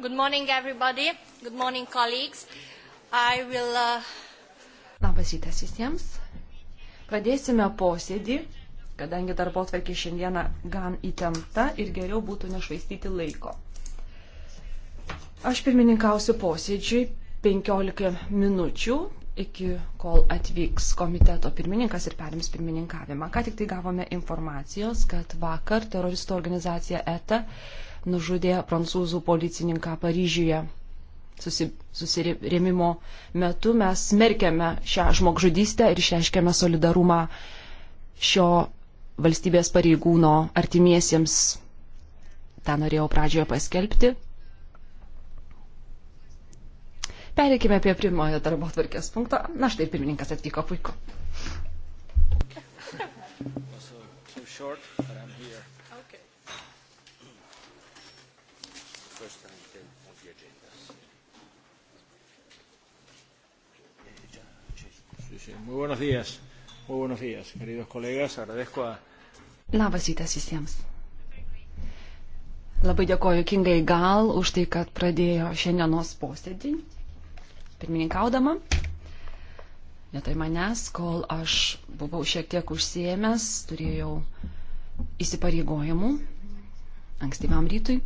Good morning, everybody. Good morning, colleagues. I will. Uh... Labas rytas visiems. Pradėsime posėdį, kadangi darbo atvarkė šiandieną gan įtempta ir geriau būtų nešvaistyti laiko. Aš pirmininkausiu posėdžiui 15 minučių iki kol atvyks komiteto pirmininkas ir perims pirmininkavimą. Ką tik tai gavome informacijos, kad vakar teroristų organizacija ETA nužudė prancūzų policininką Paryžiuje. Susi, susirėmimo metu mes smerkiame šią žmogžudystę ir išreiškiame solidarumą šio valstybės pareigūno artimiesiems. Ta norėjau pradžioje paskelbti. Pereikime prie pirmojo darbo tvarkės punkto. Na štai pirmininkas atvyko puiku. so, so short, Sí, muy buenos días. Muy buenos días, queridos colegas. Agradezco a. Labas rytas visiems. Labai dėkoju Kingai Gal už tai, kad pradėjo šiandienos posėdį, pirmininkaudama. Netai manęs, kol aš buvau šiek tiek užsiemęs, turėjau įsipareigojimų ankstyvam rytui.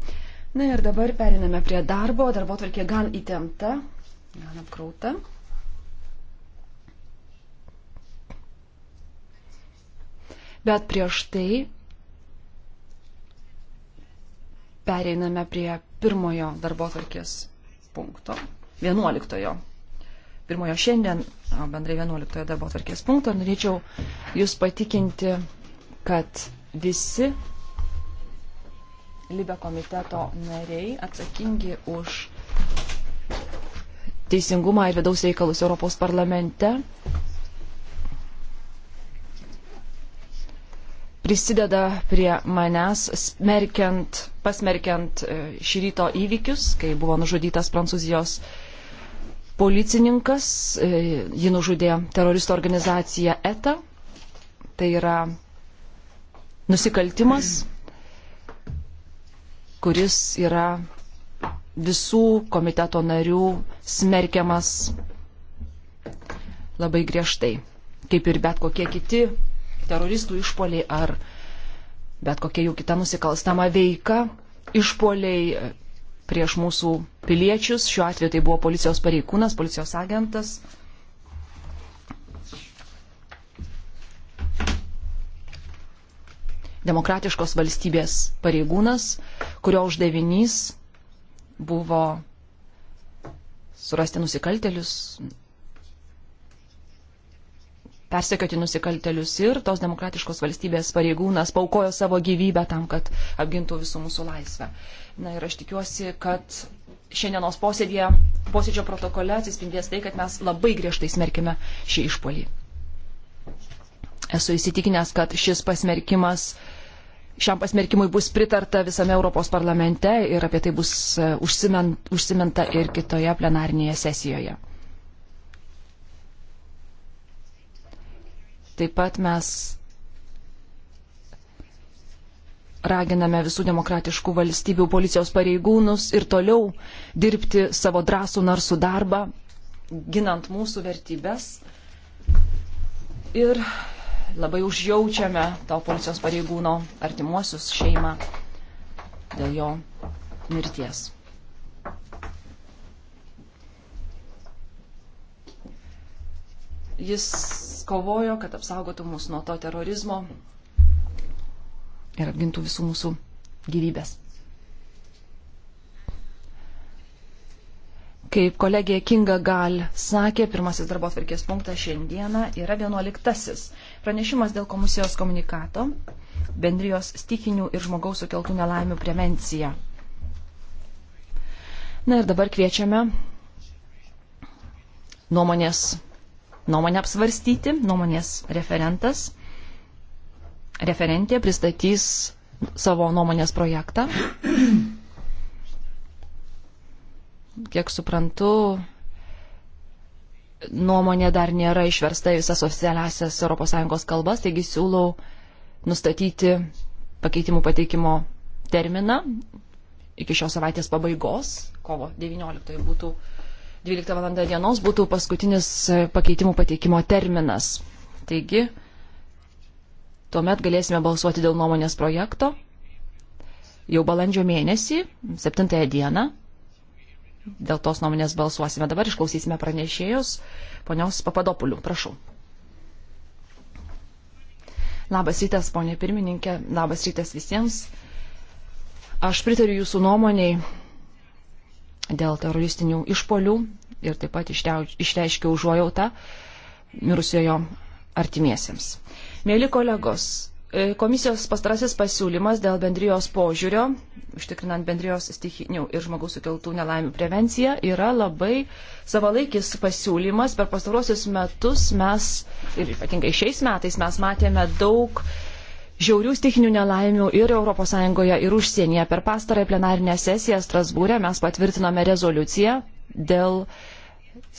Na ir dabar periname prie darbo. Darbo tvarkė gan įtempta, gan apkrauta. bet prieš tai pereiname prie pirmojo darbo tvarkės punkto, vienuoliktojo. Pirmojo šiandien, bendrai vienuoliktojo darbo tvarkės punkto, norėčiau Jūs patikinti, kad visi Libe komiteto nariai atsakingi už teisingumą ir vidaus reikalus Europos parlamente prisideda prie manęs, smerkiant, pasmerkiant e, šį ryto įvykius, kai buvo nužudytas Prancūzijos policininkas, e, jį nužudė teroristų organizacija ETA. Tai yra nusikaltimas, kuris yra visų komiteto narių smerkiamas labai griežtai, kaip ir bet kokie kiti teroristų išpoliai ar bet kokia jų kita nusikalstama veika, išpoliai e, prieš mūsų piliečius, šiuo atveju tai buvo policijos pareikūnas, policijos agentas. Demokratiškos valstybės pareigūnas, kurio uždavinys buvo surasti nusikaltelius, persekioti nusikaltelius ir tos demokratiškos valstybės pareigūnas paukojo savo gyvybę tam, kad apgintų visų mūsų laisvę. Na ir aš tikiuosi, kad šiandienos posėdėje, posėdžio protokole atsispindės tai, kad mes labai griežtai smerkime šį išpolį. Esu įsitikinęs, kad šis pasmerkimas šiam pasmerkimui bus pritarta visame Europos parlamente ir apie tai bus e, užsimenta ir kitoje plenarinėje sesijoje. Taip pat mes raginame visų demokratiškų valstybių policijos pareigūnus ir toliau dirbti savo drąsų narsų darbą, ginant mūsų vertybės. Ir labai užjaučiame to policijos pareigūno artimuosius šeimą dėl jo mirties. Jis Dievas kovojo, kad apsaugotų mus nuo to terorizmo ir apgintų visų mūsų gyvybės. Kaip kolegė Kinga Gal sakė, pirmasis darbo atvirkės punktas šiandieną yra vienuoliktasis. Pranešimas dėl komisijos komunikato - bendrijos stikinių ir žmogaus sukeltų nelaimių prevencija. Na ir dabar kviečiame nuomonės nuomonę apsvarstyti. Nuomonės referentas, referentė pristatys savo nuomonės projektą. Kiek suprantu, nuomonė dar nėra išversta į visas oficialiasias ES kalbas, taigi siūlau nustatyti pakeitimų pateikimo terminą iki šios savaitės pabaigos, kovo 19 būtų 12 val. dienos būtų paskutinis e, pakeitimų pateikimo terminas. Taigi, tuomet galėsime balsuoti dėl nuomonės projekto jau balandžio mėnesį, 7 dieną. Dėl tos nuomonės balsuosime. Dabar išklausysime pranešėjus. Ponios Papadopulių, prašau. Labas rytas, ponė pirmininkė, labas rytas visiems. Aš pritariu jūsų nuomoniai dėl teroristinių išpolių ir taip pat išreiškė užuojautą mirusiojo artimiesiems. Mėly kolegos, e, komisijos pastarasis pasiūlymas dėl bendrijos požiūrio, užtikrinant bendrijos stichinių ir žmogaus sukeltų nelaimių prevenciją, yra labai savalaikis pasiūlymas. Per pastarosius metus mes, ir ypatingai šiais metais, mes matėme daug žiaurių stichinių nelaimių ir ES ir užsienyje. Per pastarąją plenarinę sesiją Strasbūrė mes patvirtinome rezoliuciją dėl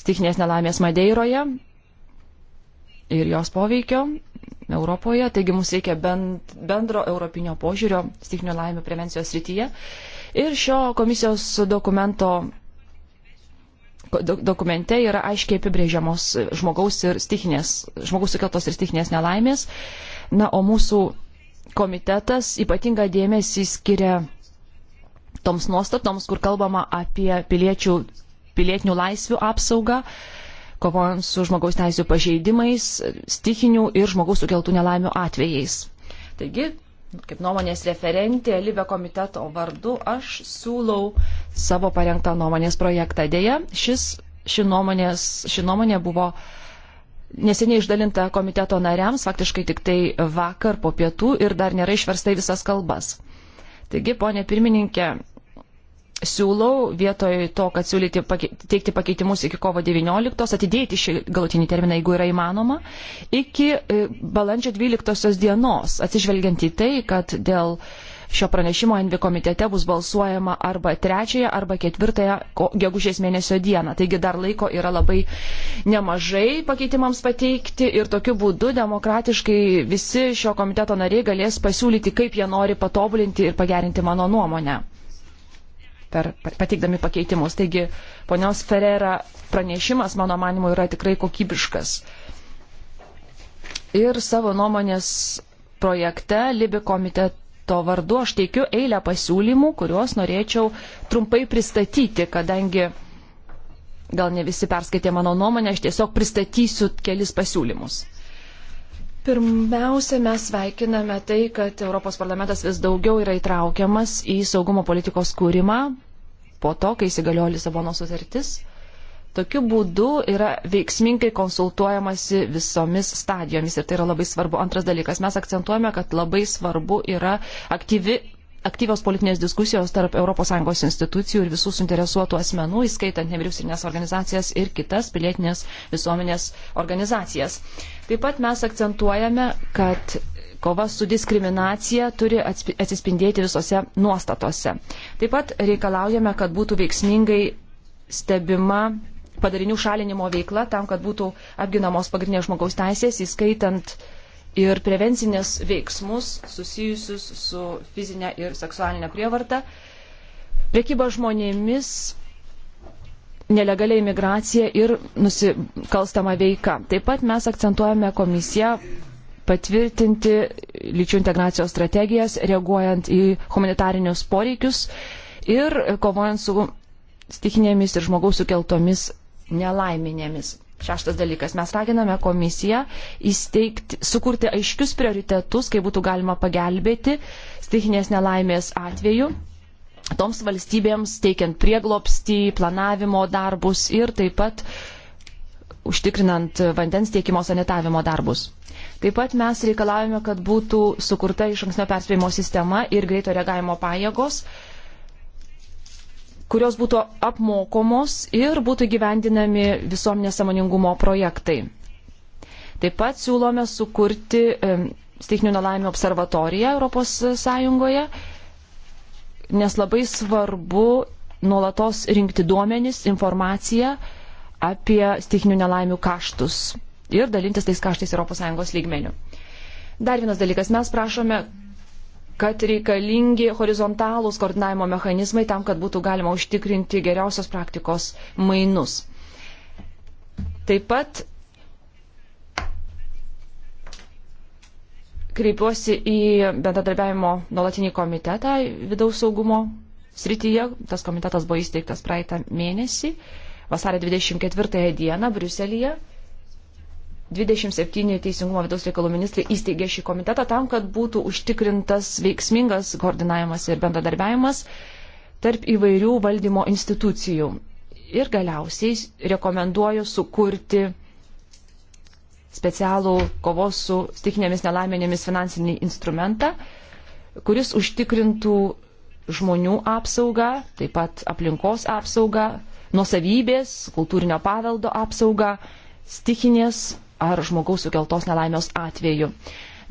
stichinės nelaimės Madeiroje ir jos poveikio Europoje. Taigi mums reikia bend, bendro europinio požiūrio stichinių nelaimių prevencijos rytyje. Ir šio komisijos dokumento dokumente yra aiškiai apibrėžiamos žmogaus ir stichinės, žmogaus sukeltos ir stichinės nelaimės. Na, o mūsų komitetas ypatingą dėmesį skiria toms nuostatoms, kur kalbama apie piliečių, pilietinių laisvių apsaugą, kovojant su žmogaus teisų pažeidimais, stikinių ir žmogaus sukeltų nelaimių atvejais. Taigi, kaip nuomonės referentė, Libė komiteto vardu, aš siūlau savo parengtą nuomonės projektą. Deja, šis, ši, nuomonės, ši nuomonė buvo uh, neseniai išdalinta komiteto nariams, faktiškai tik tai vakar po pietų ir dar nėra išversta į visas kalbas. Taigi, ponė pirmininkė, siūlau vietoj to, kad siūlyti teikti pakeitimus iki kovo 19, atidėti šį galutinį terminą, jeigu yra įmanoma, iki e, balandžio 12 dienos, atsižvelgiant į tai, kad dėl uh, šio pranešimo Envi komitete bus balsuojama arba trečiąją, arba ketvirtąją gegužės mėnesio dieną. Taigi dar laiko yra labai nemažai pakeitimams pateikti ir tokiu būdu demokratiškai visi šio komiteto nariai galės pasiūlyti, kaip jie nori patobulinti ir pagerinti mano nuomonę per pateikdami pakeitimus. Taigi, ponios Ferrera pranešimas, mano manimu, yra tikrai kokybiškas. Ir savo nuomonės projekte Libi komitet, to vardu aš teikiu eilę pasiūlymų, kuriuos norėčiau trumpai pristatyti, kadangi gal ne visi perskaitė mano nuomonę, aš tiesiog pristatysiu kelis pasiūlymus. Pirmiausia, mes sveikiname tai, kad Europos parlamentas vis daugiau yra įtraukiamas į saugumo politikos kūrimą po to, kai įsigaliojo Lisabono sutartis. Tokiu būdu yra veiksmingai konsultuojamasi visomis stadijomis ir tai yra labai svarbu. Antras dalykas, mes akcentuojame, kad labai svarbu yra aktyvi aktyvios politinės diskusijos tarp ES institucijų ir visų suinteresuotų asmenų, įskaitant nevyriausybinės organizacijas ir kitas pilietinės visuomenės organizacijas. Taip pat mes akcentuojame, kad kova su diskriminacija turi atsispindėti visose nuostatose. Taip pat reikalaujame, kad būtų veiksmingai stebima padarinių šalinimo veikla tam, kad būtų apginamos pagrindinės žmogaus teisės, įskaitant ir prevencinės veiksmus susijusius su fizinė ir seksualinė prievarta. Priekyba žmonėmis, nelegalia imigracija ir nusikalstama veika. Taip pat mes akcentuojame komisiją patvirtinti lyčių integracijos strategijas, reaguojant į humanitarinius poreikius ir kovojant su stikinėmis ir žmogaus sukeltomis nelaiminėmis. Šeštas dalykas. Mes raginame komisiją įsteigti, sukurti aiškius prioritetus, kai būtų galima pagelbėti stichinės nelaimės atveju toms valstybėms, teikiant prieglopstį, planavimo darbus ir taip pat užtikrinant vandens tiekimo sanitavimo darbus. Taip pat mes reikalavome, kad būtų sukurta iš anksnio perspėjimo sistema ir greito reagavimo pajėgos, kurios būtų apmokomos ir būtų gyvendinami visuomenės samoningumo projektai. Taip pat siūlome sukurti stichnių nelaimio observatoriją ES, nes labai svarbu nuolatos rinkti duomenis, informaciją apie stichnių nelaimių kaštus ir dalintis tais kaštais ES lygmenių. Dar vienas dalykas, mes prašome kad reikalingi horizontalūs koordinavimo mechanizmai tam, kad būtų galima užtikrinti geriausios praktikos mainus. Taip pat kreipiuosi į bendradarbiavimo nuolatinį komitetą vidaus saugumo srityje. Tas komitetas buvo įsteigtas praeitą mėnesį, vasario 24 dieną Briuselėje. 27 teisingumo vidaus reikalų ministrai įsteigė šį komitetą tam, kad būtų užtikrintas veiksmingas koordinavimas ir bendradarbiavimas tarp įvairių valdymo institucijų. Ir galiausiai rekomenduoju sukurti specialų kovos su stikinėmis nelaimėmis finansinį instrumentą, kuris užtikrintų žmonių apsaugą, taip pat aplinkos apsaugą, nuosavybės, kultūrinio paveldo apsaugą, stikinės ar žmogaus sukeltos nelaimės atveju.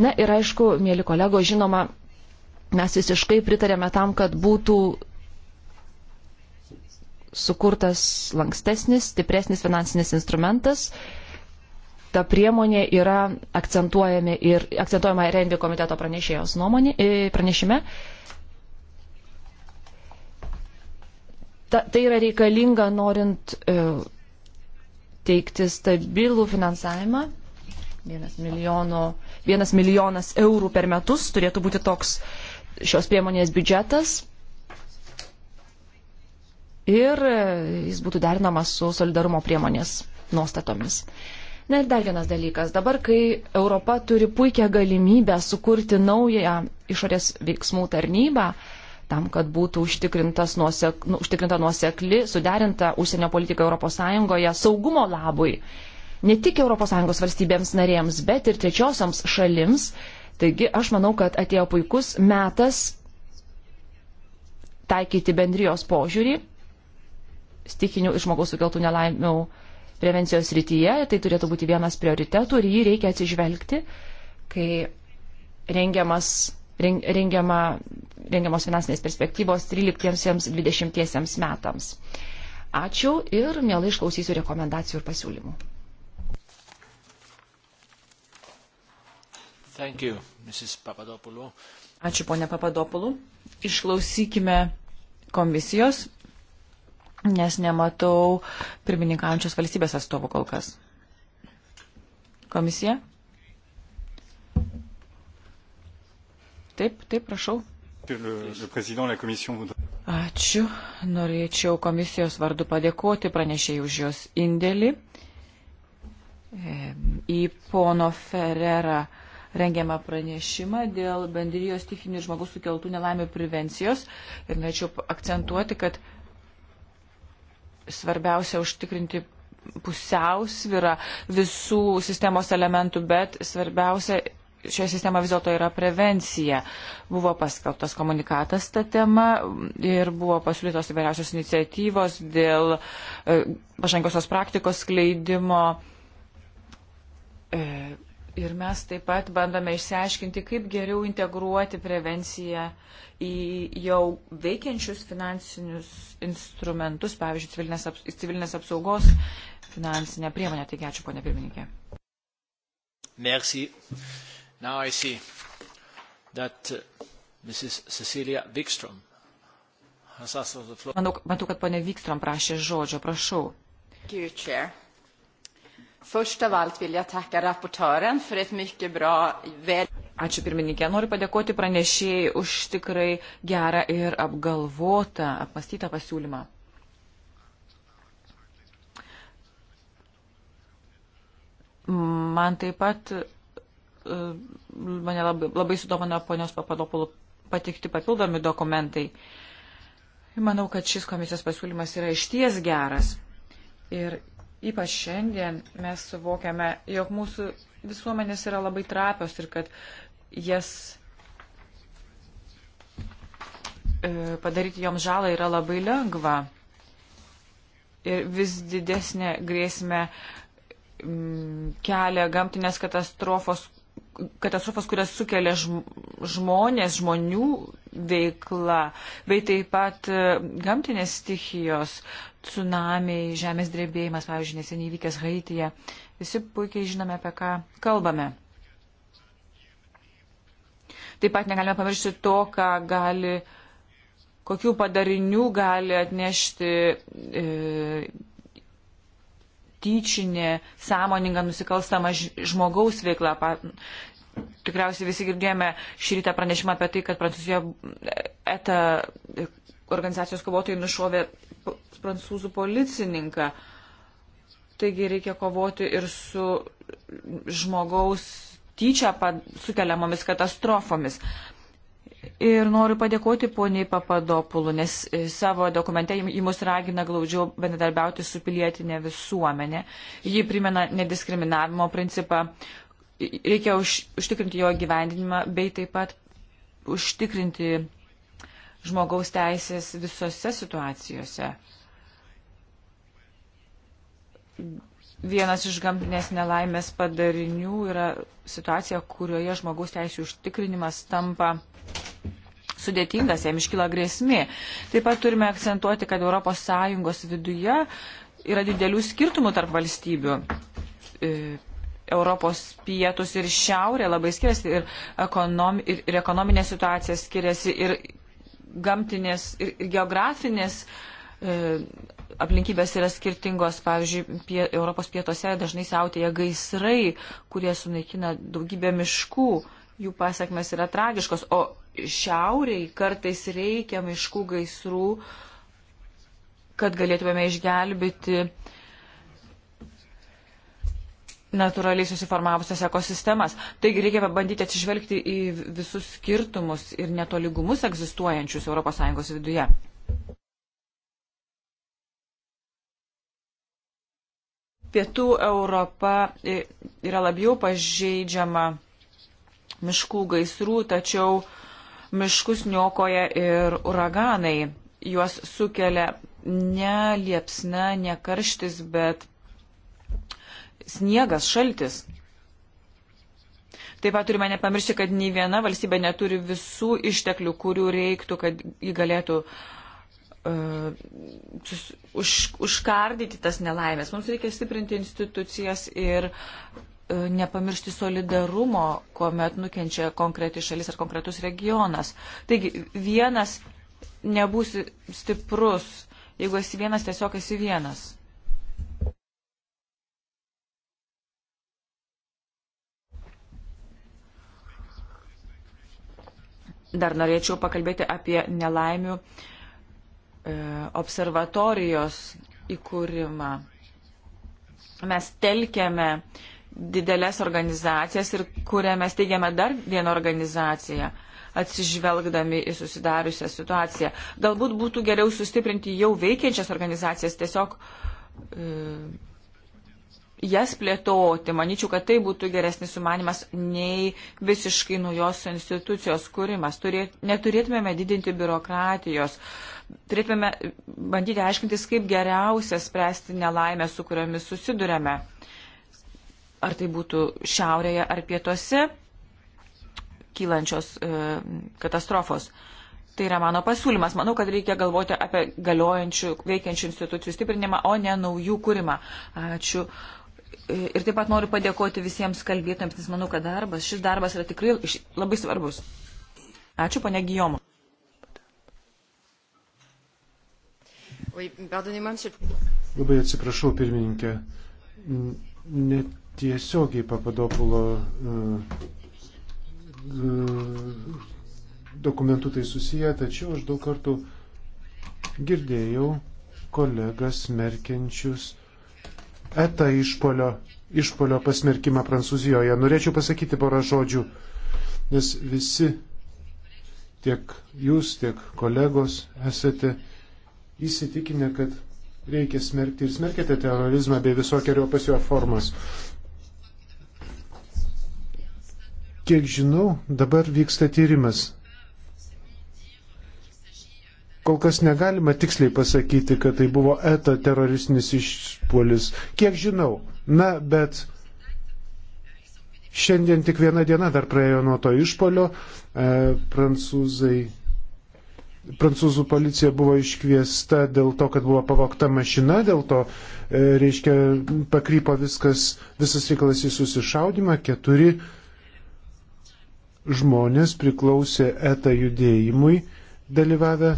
Na ir aišku, mėly kolego, žinoma, mes visiškai pritarėme tam, kad būtų sukurtas lankstesnis, stipresnis finansinis instrumentas. Ta priemonė yra akcentuojama ir, akcentuojama ir Envi komiteto pranešėjos nuomonė, e, pranešime. Ta, tai yra reikalinga norint. E, teikti stabilų finansavimą. Vienas, milijono, vienas milijonas eurų per metus turėtų būti toks šios priemonės biudžetas. Ir jis būtų derinamas su solidarumo priemonės nuostatomis. Na ir dar vienas dalykas. Dabar, kai Europa turi puikią galimybę sukurti naują išorės veiksmų tarnybą, tam, kad būtų nuosek, nu, užtikrinta nuosekli, suderinta užsienio politika ES saugumo labui. Ne tik ES valstybėms narėms, bet ir trečiosiams šalims. Taigi aš manau, kad atėjo puikus metas taikyti bendrijos požiūrį stikinių ir žmogaus sukeltų nelaimių prevencijos rytyje. Tai turėtų būti vienas prioritetų ir jį reikia atsižvelgti, kai rengiamas rengiama rengiamos finansinės perspektyvos 13-20 metams. Ačiū ir mielai išklausysiu rekomendacijų ir pasiūlymų. Thank you, Mrs. Papadopoulou. Ačiū, ponė Papadopoulou. Išklausykime komisijos, nes nematau pirmininkaujančios valstybės atstovų kol kas. Komisija? Taip, taip, prašau. Ačiū. Norėčiau komisijos vardu padėkoti pranešėjai už jos indėlį į pono Ferrerą rengiamą pranešimą dėl bendrijos stichinių žmogus sukeltų nelaimių prevencijos. Ir norėčiau akcentuoti, kad svarbiausia užtikrinti pusiausvyrą visų sistemos elementų, bet svarbiausia šioje sistemoje vis dėlto yra prevencija. Buvo paskelbtas komunikatas tą temą ir buvo pasiūlytos įvairiausios iniciatyvos dėl e, pažangiosios praktikos skleidimo. E, ir mes taip pat bandome išsiaiškinti, kaip geriau integruoti prevenciją į jau veikiančius finansinius instrumentus, pavyzdžiui, civilinės, aps, civilinės apsaugos finansinę priemonę. Taigi ačiū, ponė pirmininkė. Merci. Now I see that uh, Mrs. Cecilia Wikström has asked for the floor. Manau, matau, kad ponė Wikström prašė žodžio, prašau. Thank you, Chair. Först av allt vill jag tacka rapportören för ett mycket bra väl... Ačiū pirmininkė, noriu padėkoti pranešėjai už tikrai gerą ir apgalvotą, apmastytą pasiūlymą. Man taip pat mane labai, labai sudomino ponios Papadopulų patikti papildomi dokumentai. Manau, kad šis komisijos pasiūlymas yra išties geras. Ir ypač šiandien mes suvokiame, jog mūsų visuomenės yra labai trapios ir kad jas e, padaryti joms žalą yra labai lengva. Ir vis didesnė grėsmė kelia gamtinės katastrofos, katastrofos, kurias sukelia žmonės, žmonių veikla, bei taip pat e, gamtinės stichijos, tsunamiai, žemės drebėjimas, pavyzdžiui, neseniai vykęs Haityje. Visi puikiai žinome, apie ką kalbame. Taip pat negalime pamiršti to, ką gali, kokių padarinių gali atnešti e, tyčinė, sąmoninga, nusikalstama žmogaus veikla. Tikriausiai visi girdėjome šį rytą pranešimą apie tai, kad Prancūzijoje ETA organizacijos kovotojai nušovė prancūzų policininką. Taigi reikia kovoti ir su žmogaus tyčia sukeliamomis katastrofomis. Ir noriu padėkoti poniai Papadopulų, nes e, savo dokumente į mus ragina glaudžiau bendradarbiauti su pilietinė visuomenė. Ji primena nediskriminavimo principą, reikia už, užtikrinti jo gyvendinimą, bei taip pat užtikrinti žmogaus teisės visose situacijose. Vienas iš gamtinės nelaimės padarinių yra situacija, kurioje žmogaus teisų užtikrinimas tampa sudėtingas, jam iškyla grėsmė. Taip pat turime akcentuoti, kad ES viduje yra didelių skirtumų tarp valstybių. E, Europos pietus ir šiaurė labai skiriasi ir, ekonomi, ir, ir ekonominė situacija skiriasi ir gamtinės ir, ir geografinės e, aplinkybės yra skirtingos. Pavyzdžiui, pie, Europos pietuose dažnai siautėja gaisrai, kurie sunaikina daugybę miškų, jų pasiekmes yra tragiškos, o šiauriai kartais reikia miškų gaisrų, kad galėtumėme išgelbėti natūraliai susiformavusias ekosistemas. Taigi reikia bandyti atsižvelgti į visus skirtumus ir netoligumus egzistuojančius ES viduje. Pietų Europa yra labiau pažeidžiama miškų gaisrų, tačiau uh, miškus niokoja ir uraganai. Juos sukelia ne liepsna, ne karštis, bet sniegas, šaltis. Taip pat turime nepamiršti, kad nei viena valstybė neturi visų išteklių, kurių reiktų, kad jį galėtų uh, už, užkardyti tas nelaimės. Mums reikia stiprinti institucijas ir E, nepamiršti solidarumo, kuomet nukenčia konkreti šalis ar konkretus regionas. Taigi vienas nebūsi stiprus, jeigu esi vienas, tiesiog esi vienas. Dar norėčiau pakalbėti apie nelaimių e, observatorijos įkūrimą. Mes telkėme e, didelės organizacijas ir kuriame steigiame dar vieną organizaciją atsižvelgdami į susidariusią situaciją. Galbūt būtų geriau sustiprinti jau veikiančias organizacijas, tiesiog e, jas plėtoti. Maničiau, kad tai būtų geresnis sumanimas nei visiškai naujos institucijos kūrimas. Turėt, neturėtumėme didinti biurokratijos. Turėtume bandyti aiškintis, kaip geriausia spręsti nelaimę, su kuriomis susidurėme ar tai būtų šiaurėje ar pietuose kylančios e, katastrofos. Tai yra mano pasiūlymas. Manau, kad reikia galvoti apie galiojančių, veikiančių institucijų stiprinimą, o ne naujų kūrimą. Ačiū. E, ir taip pat noriu padėkoti visiems kalbėtams, nes manau, kad darbas, šis darbas yra tikrai labai svarbus. Ačiū, ponia Gijomo. Labai atsiprašau, pirmininkė. Net tiesiogiai Papadopulo e, e, dokumentų tai susiję, tačiau aš daug kartų girdėjau kolegas smerkiančius eta išpolio, išpolio pasmerkimą Prancūzijoje. Norėčiau pasakyti porą žodžių, nes visi tiek jūs, tiek kolegos esate įsitikinę, kad reikia smerkti ir smerkite terorizmą bei visokiojo pasio formas. Kiek žinau, dabar vyksta tyrimas. Kol kas negalima tiksliai pasakyti, kad tai buvo ETA teroristinis išpuolis. Kiek žinau, na, bet šiandien tik viena diena dar praėjo nuo to išpolio. E, prancūzai, prancūzų policija buvo iškviesta dėl to, kad buvo pavokta mašina, dėl to, e, reiškia, pakrypo viskas, visas reikalas į susišaudimą. Keturi žmonės priklausė ETA judėjimui dalyvavę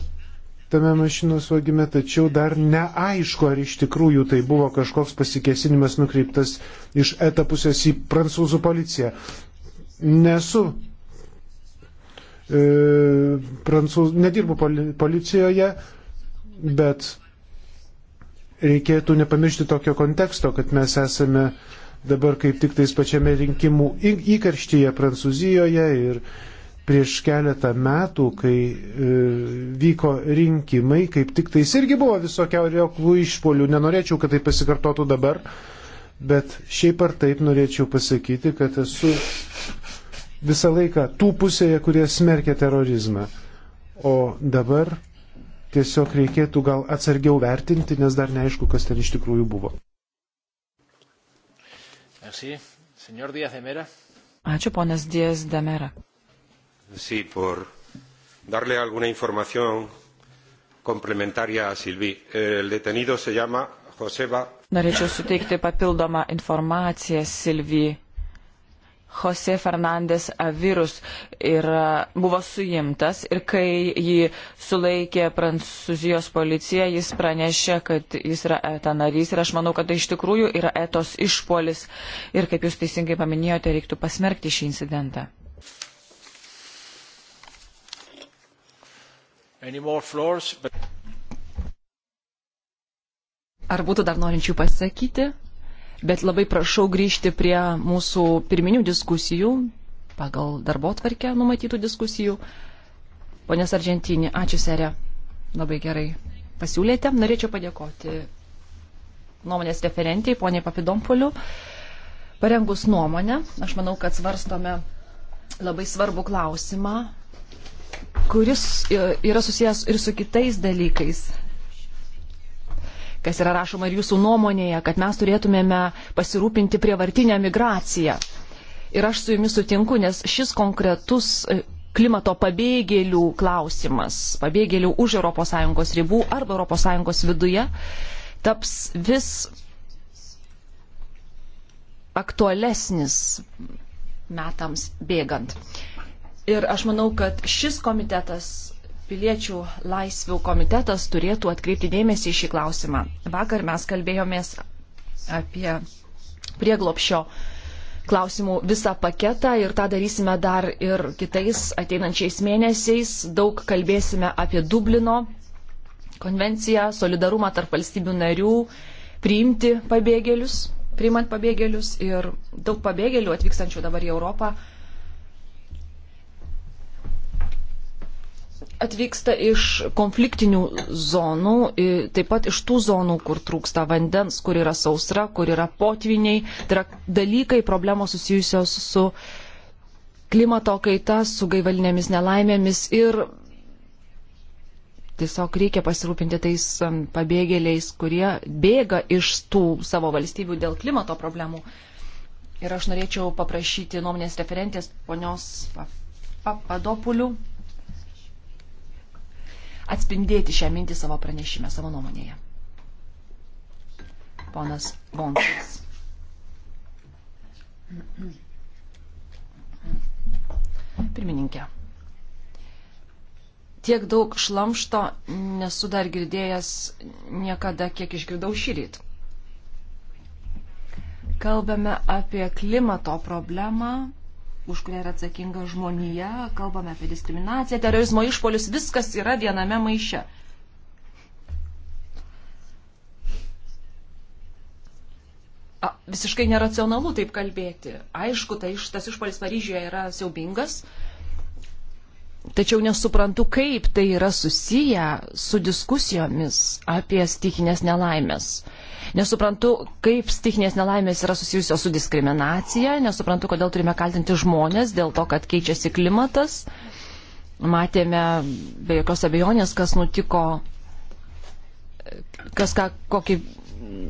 tame mašinos vagime, tačiau dar neaišku, ar iš tikrųjų tai buvo kažkoks pasikesinimas nukreiptas iš ETA pusės į prancūzų policiją. Nesu e, prancūzų, nedirbu policijoje, bet reikėtų nepamiršti tokio konteksto, kad mes esame e, dabar kaip tik tais pačiame rinkimų įkarštyje Prancūzijoje ir prieš keletą metų, kai e, vyko rinkimai, kaip tik tais irgi buvo visokiaurio išpolių. Nenorėčiau, kad tai pasikartotų dabar, bet šiaip ar taip norėčiau pasakyti, kad esu visą laiką tų pusėje, kurie smerkia terorizmą. O dabar tiesiog reikėtų gal atsargiau vertinti, nes dar neaišku, kas ten iš tikrųjų buvo. Sí. Senor Díaz de Mera. Ačiū, ponas Díaz de Mera. Sí, por darle alguna información complementaria a Silvi. El detenido se llama Joseba. Norėčiau suteikti papildomą informaciją Silvi. Jose Fernandez Avirus ir e, buvo suimtas ir kai jį sulaikė prancūzijos policija, jis pranešė, kad jis yra ETA narys ir aš manau, kad tai iš tikrųjų yra ETOS išpolis ir kaip jūs teisingai paminėjote, reiktų pasmerkti šį incidentą. Floors, but... Ar būtų dar norinčių pasakyti? bet labai prašau grįžti prie mūsų pirminių diskusijų, pagal darbo tvarkę numatytų diskusijų. Ponės Argentinė, ačiū serė, labai gerai pasiūlėte. Norėčiau padėkoti nuomonės referentiai, poniai Papidompoliu, parengus nuomonę. Aš manau, kad svarstome labai svarbų klausimą, kuris yra susijęs ir su kitais dalykais kas yra rašoma ir jūsų nuomonėje, kad mes turėtumėme pasirūpinti prievartinę migraciją. Ir aš su jumis sutinku, nes šis konkretus e, klimato pabėgėlių klausimas, pabėgėlių už ES ribų arba ES viduje, taps vis aktualesnis metams bėgant. Ir aš manau, kad šis komitetas piliečių laisvių komitetas turėtų atkreipti dėmesį į šį klausimą. Vakar mes kalbėjomės apie prieglopšio klausimų visą paketą ir tą darysime dar ir kitais ateinančiais mėnesiais. Daug kalbėsime apie Dublino konvenciją, solidarumą tarp valstybių narių, priimti pabėgėlius, priimant pabėgėlius ir daug pabėgėlių atvykstančių dabar į Europą atvyksta iš konfliktinių zonų, taip pat iš tų zonų, kur trūksta vandens, kur yra sausra, kur yra potviniai. Tai yra dalykai, problemos susijusios su klimato kaita, su gaivalinėmis nelaimėmis ir tiesiog reikia pasirūpinti tais um, pabėgėliais, kurie bėga iš tų savo valstybių dėl klimato problemų. Ir aš norėčiau paprašyti nuomonės referentės ponios Papadopulių. Pa, atspindėti šią mintį savo pranešime, savo nuomonėje. Ponas Bonsas. Pirmininkė. Tiek daug šlamšto nesu dar girdėjęs niekada, kiek išgirdau šį rytą. Kalbame apie klimato problemą, už kurią yra atsakinga žmonija, kalbame apie diskriminaciją, terorizmo išpolius, viskas yra viename maiše. A, visiškai neracionalu taip kalbėti. Aišku, tai iš, tas išpolis Paryžiuje yra siaubingas, tačiau nesuprantu, kaip tai yra susiję su diskusijomis apie stikinės nelaimės. Uh, Nesuprantu, kaip stichinės nelaimės yra susijusios su diskriminacija, nesuprantu, kodėl turime kaltinti žmonės dėl to, kad keičiasi klimatas. Matėme be jokios abejonės, kas nutiko, kas ką, kokį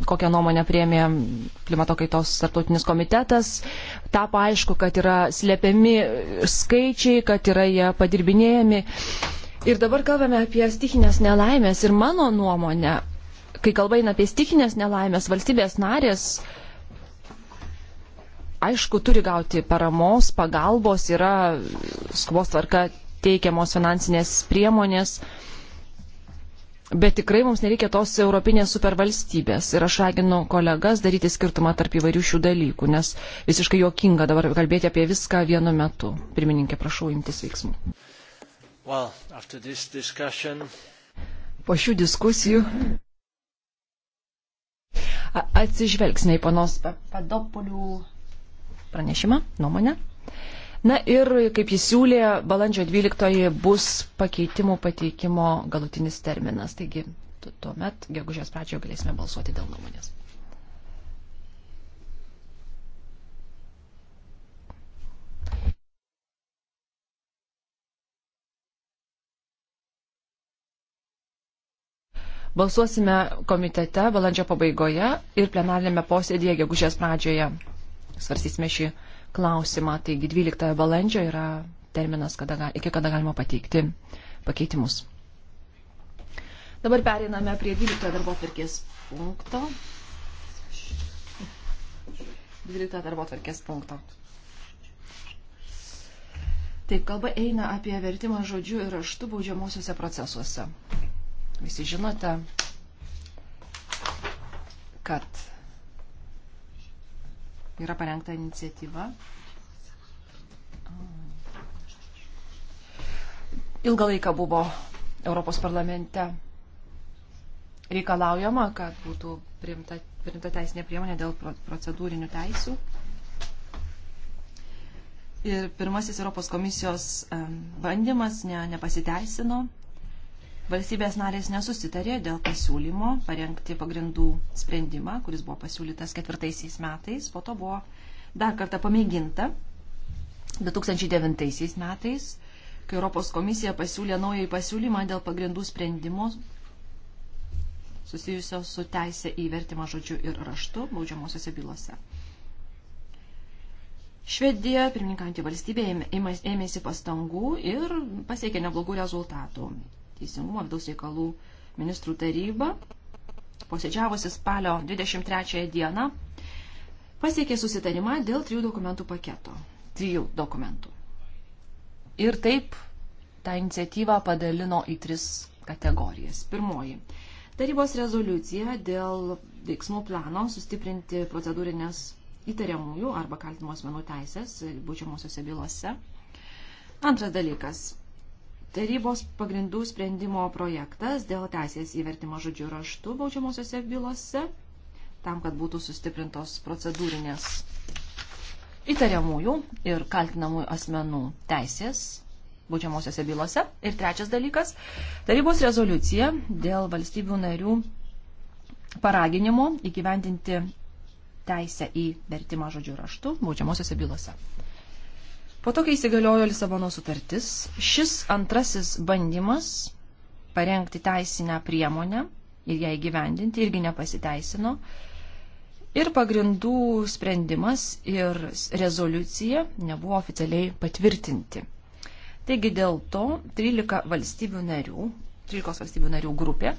kokią nuomonę priemė klimato kaitos tarptautinis komitetas. Tapo aišku, kad yra slėpiami skaičiai, kad yra jie padirbinėjami. Ir dabar kalbame apie stichinės nelaimės ir mano nuomonė, Kai kalba eina apie stikinės nelaimės, valstybės narės, aišku, turi gauti paramos, pagalbos, yra skubos tvarka teikiamos finansinės priemonės. Bet tikrai mums nereikia tos europinės supervalstybės. Ir aš raginu kolegas daryti skirtumą tarp įvairių šių dalykų, nes visiškai jokinga dabar kalbėti apie viską vienu metu. Pirmininkė, prašau imtis veiksmų. Well, discussion... Po šių diskusijų Atsižvelgsime į panos Padopolių pranešimą, nuomonę. Na ir, kaip jis siūlė, balandžio 12 bus pakeitimų pateikimo galutinis terminas. Taigi, tuomet, gegužės pradžioje galėsime balsuoti dėl nuomonės. Balsuosime komitete balandžio pabaigoje ir plenarinėme posėdėje gegužės pradžioje. Svarstysime šį klausimą. Taigi 12 balandžio yra terminas, kada, iki kada galima pateikti pakeitimus. Dabar periname prie 12 darbo atvarkės punkto. 12 darbo atvarkės punkto. Taip, kalba eina apie vertimą žodžių ir raštų baudžiamosiuose procesuose. Visi žinote, kad yra parengta iniciatyva. Ilgą laiką buvo Europos parlamente reikalaujama, kad būtų priimta, priimta teisinė priemonė dėl procedūrinių teisių. Ir pirmasis Europos komisijos bandymas ne, nepasiteisino, Valstybės narės nesusitarė dėl pasiūlymo parengti pagrindų sprendimą, kuris buvo pasiūlytas ketvirtaisiais metais, po to buvo dar kartą pamėginta 2009 metais, kai Europos komisija pasiūlė naują pasiūlymą dėl pagrindų sprendimo susijusios su teisė į vertimą žodžiu ir raštu baudžiamosiose bylose. Švedija, pirmininkantį valstybė, ėmėsi pastangų ir pasiekė neblogų rezultatų teisingumo vidaus reikalų ministrų taryba, posėdžiavusi spalio 23 dieną, pasiekė susitarimą dėl trijų dokumentų paketo. Trijų dokumentų. Ir taip tą iniciatyvą padalino į tris kategorijas. Pirmoji. Tarybos rezoliucija dėl veiksmų plano sustiprinti procedūrinės įtariamųjų arba kaltinimo asmenų teisės būčiamosiose bylose. Antras dalykas Tarybos pagrindų sprendimo projektas dėl teisės įvertimo žodžių raštų baudžiamosiose bylose, tam, kad būtų sustiprintos procedūrinės įtariamųjų ir kaltinamųjų asmenų teisės baudžiamosiose bylose. Ir trečias dalykas - tarybos rezoliucija dėl valstybių narių paraginimo įgyvendinti teisę į vertimą žodžių raštų baudžiamosiose bylose. Po to, kai įsigaliojo Lisabono sutartis, šis antrasis bandymas parengti teisinę priemonę ir ją įgyvendinti irgi nepasiteisino. Ir pagrindų sprendimas ir rezoliucija nebuvo oficialiai patvirtinti. Taigi dėl to 13 valstybių narių, 13 valstybių narių grupė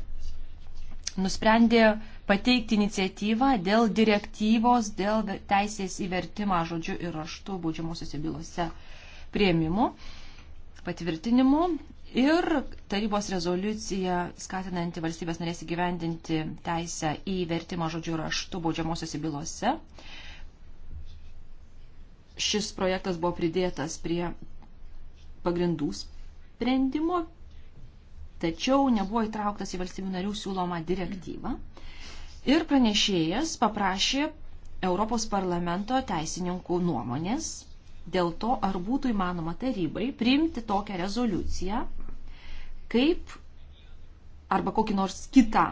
nusprendė pateikti iniciatyvą dėl direktyvos, dėl teisės įvertimą žodžiu ir raštu būdžiamosiuose bylose prieimimu, patvirtinimu. Ir tarybos rezoliucija skatinanti valstybės narės įgyvendinti teisę į vertimą žodžių raštu baudžiamosiose bylose. Šis projektas buvo pridėtas prie pagrindų sprendimo tačiau nebuvo įtrauktas į valstybių narių siūlomą direktyvą. Ir pranešėjas paprašė Europos parlamento teisininkų nuomonės dėl to, ar būtų įmanoma tarybai priimti tokią rezoliuciją, kaip arba kokį nors kitą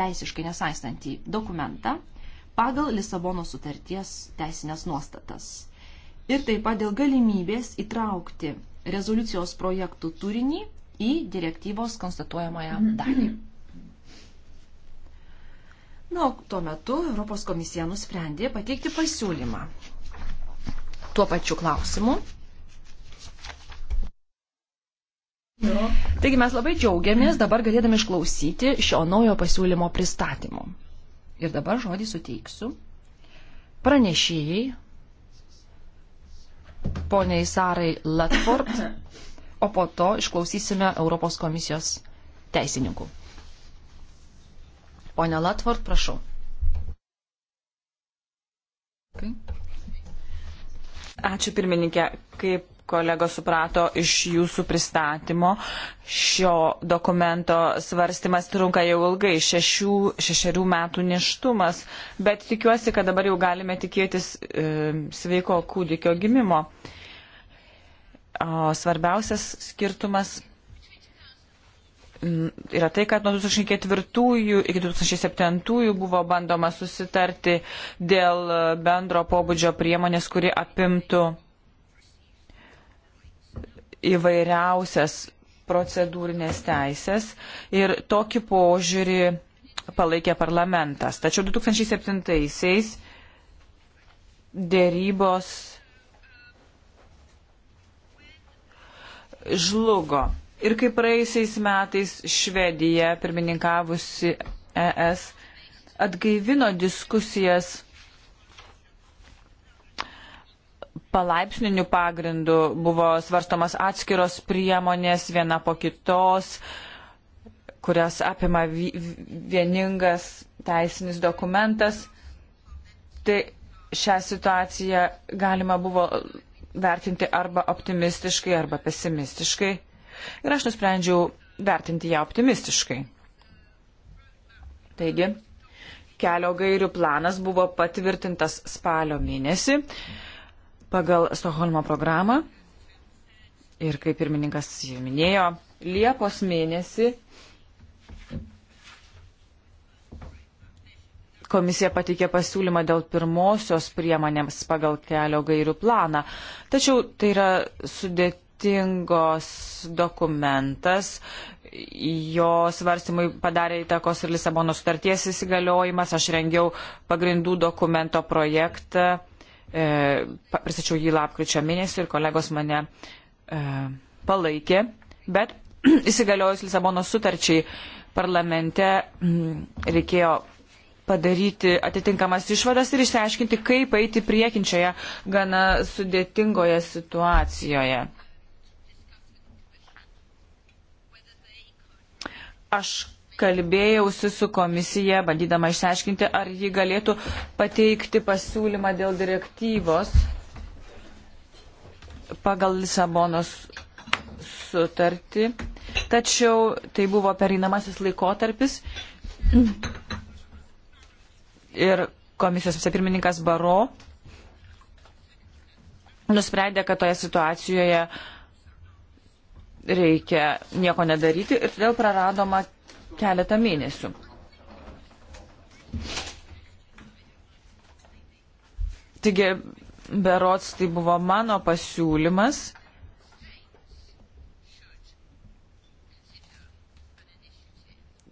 teisiškai nesaistantį dokumentą pagal Lisabono sutarties teisinės nuostatas. Ir taip pat dėl galimybės įtraukti rezoliucijos projektų turinį į direktyvos konstatuojamąją mhm. dalį. Na, nu, tuo metu Europos komisija nusprendė pateikti pasiūlymą tuo pačiu klausimu. Taigi mes labai džiaugiamės dabar galėdami išklausyti šio naujo pasiūlymo pristatymo. Ir dabar žodį suteiksiu pranešėjai poniai Sarai Latford o po to išklausysime Europos komisijos teisininkų. Pone Latvart, prašau. Ačiū pirmininkė. Kaip kolego suprato iš jūsų pristatymo, šio dokumento svarstymas trunka jau ilgai, šešių, šešerių metų neštumas, bet tikiuosi, kad dabar jau galime tikėtis e, sveiko kūdikio gimimo. E, O svarbiausias skirtumas mm, yra tai, kad nuo 2004 iki 2007 buvo bandoma susitarti dėl bendro pobūdžio priemonės, kuri apimtų įvairiausias procedūrinės teisės ir tokį požiūrį palaikė parlamentas. Tačiau 2007-aisiais dėrybos žlugo. Ir kaip praeisiais metais Švedija, pirmininkavusi ES, atgaivino diskusijas palaipsniniu pagrindu, buvo svarstomas atskiros priemonės viena po kitos, kurias apima vieningas teisinis dokumentas. Tai šią situaciją galima buvo vertinti arba optimistiškai, arba pesimistiškai. Ir aš nusprendžiau vertinti ją optimistiškai. Taigi, kelio gairių planas buvo patvirtintas spalio mėnesį pagal Stoholmo programą. Ir kaip pirmininkas minėjo, Liepos mėnesį Komisija pateikė pasiūlymą dėl pirmosios priemonėms pagal kelio gairių planą. Tačiau tai yra sudėtingos dokumentas. Jo svarstymui padarė įtakos ir Lisabono sutarties įsigaliojimas. Aš rengiau pagrindų dokumento projektą. E, pristačiau jį lapkričio mėnesį ir kolegos mane e, palaikė. Bet įsigaliojus Lisabono sutarčiai parlamente mm, reikėjo padaryti atitinkamas išvadas ir išsiaiškinti, kaip eiti priekinčioje gana sudėtingoje situacijoje. Aš kalbėjausi su komisija, bandydama išsiaiškinti, ar ji galėtų pateikti pasiūlymą dėl direktyvos pagal Lisabonos sutartį. Tačiau tai buvo pereinamasis laikotarpis ir komisijos vicepirmininkas Baro nusprendė, kad toje situacijoje reikia nieko nedaryti ir todėl praradoma keletą mėnesių. Taigi, berots tai buvo mano pasiūlymas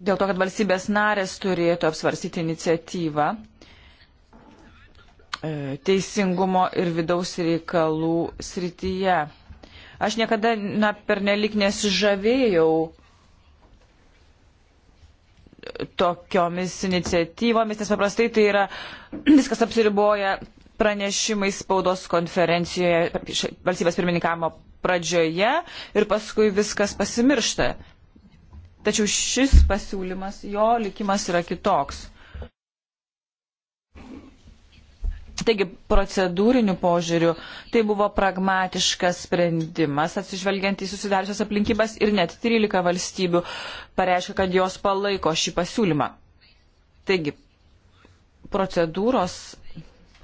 dėl to, kad valstybės narės turėtų apsvarstyti iniciatyvą e, teisingumo ir vidaus reikalų srityje. Aš niekada na, per nelik nesižavėjau tokiomis iniciatyvomis, nes paprastai tai yra viskas apsiriboja pranešimai spaudos konferencijoje valstybės pirmininkavimo pradžioje ir paskui viskas pasimiršta. Tačiau šis pasiūlymas, jo likimas yra kitoks. Taigi procedūriniu požiūriu tai buvo pragmatiškas sprendimas, atsižvelgiant į susidariusias aplinkybės ir net 13 valstybių pareiškia, kad jos palaiko šį pasiūlymą. Taigi, procedūros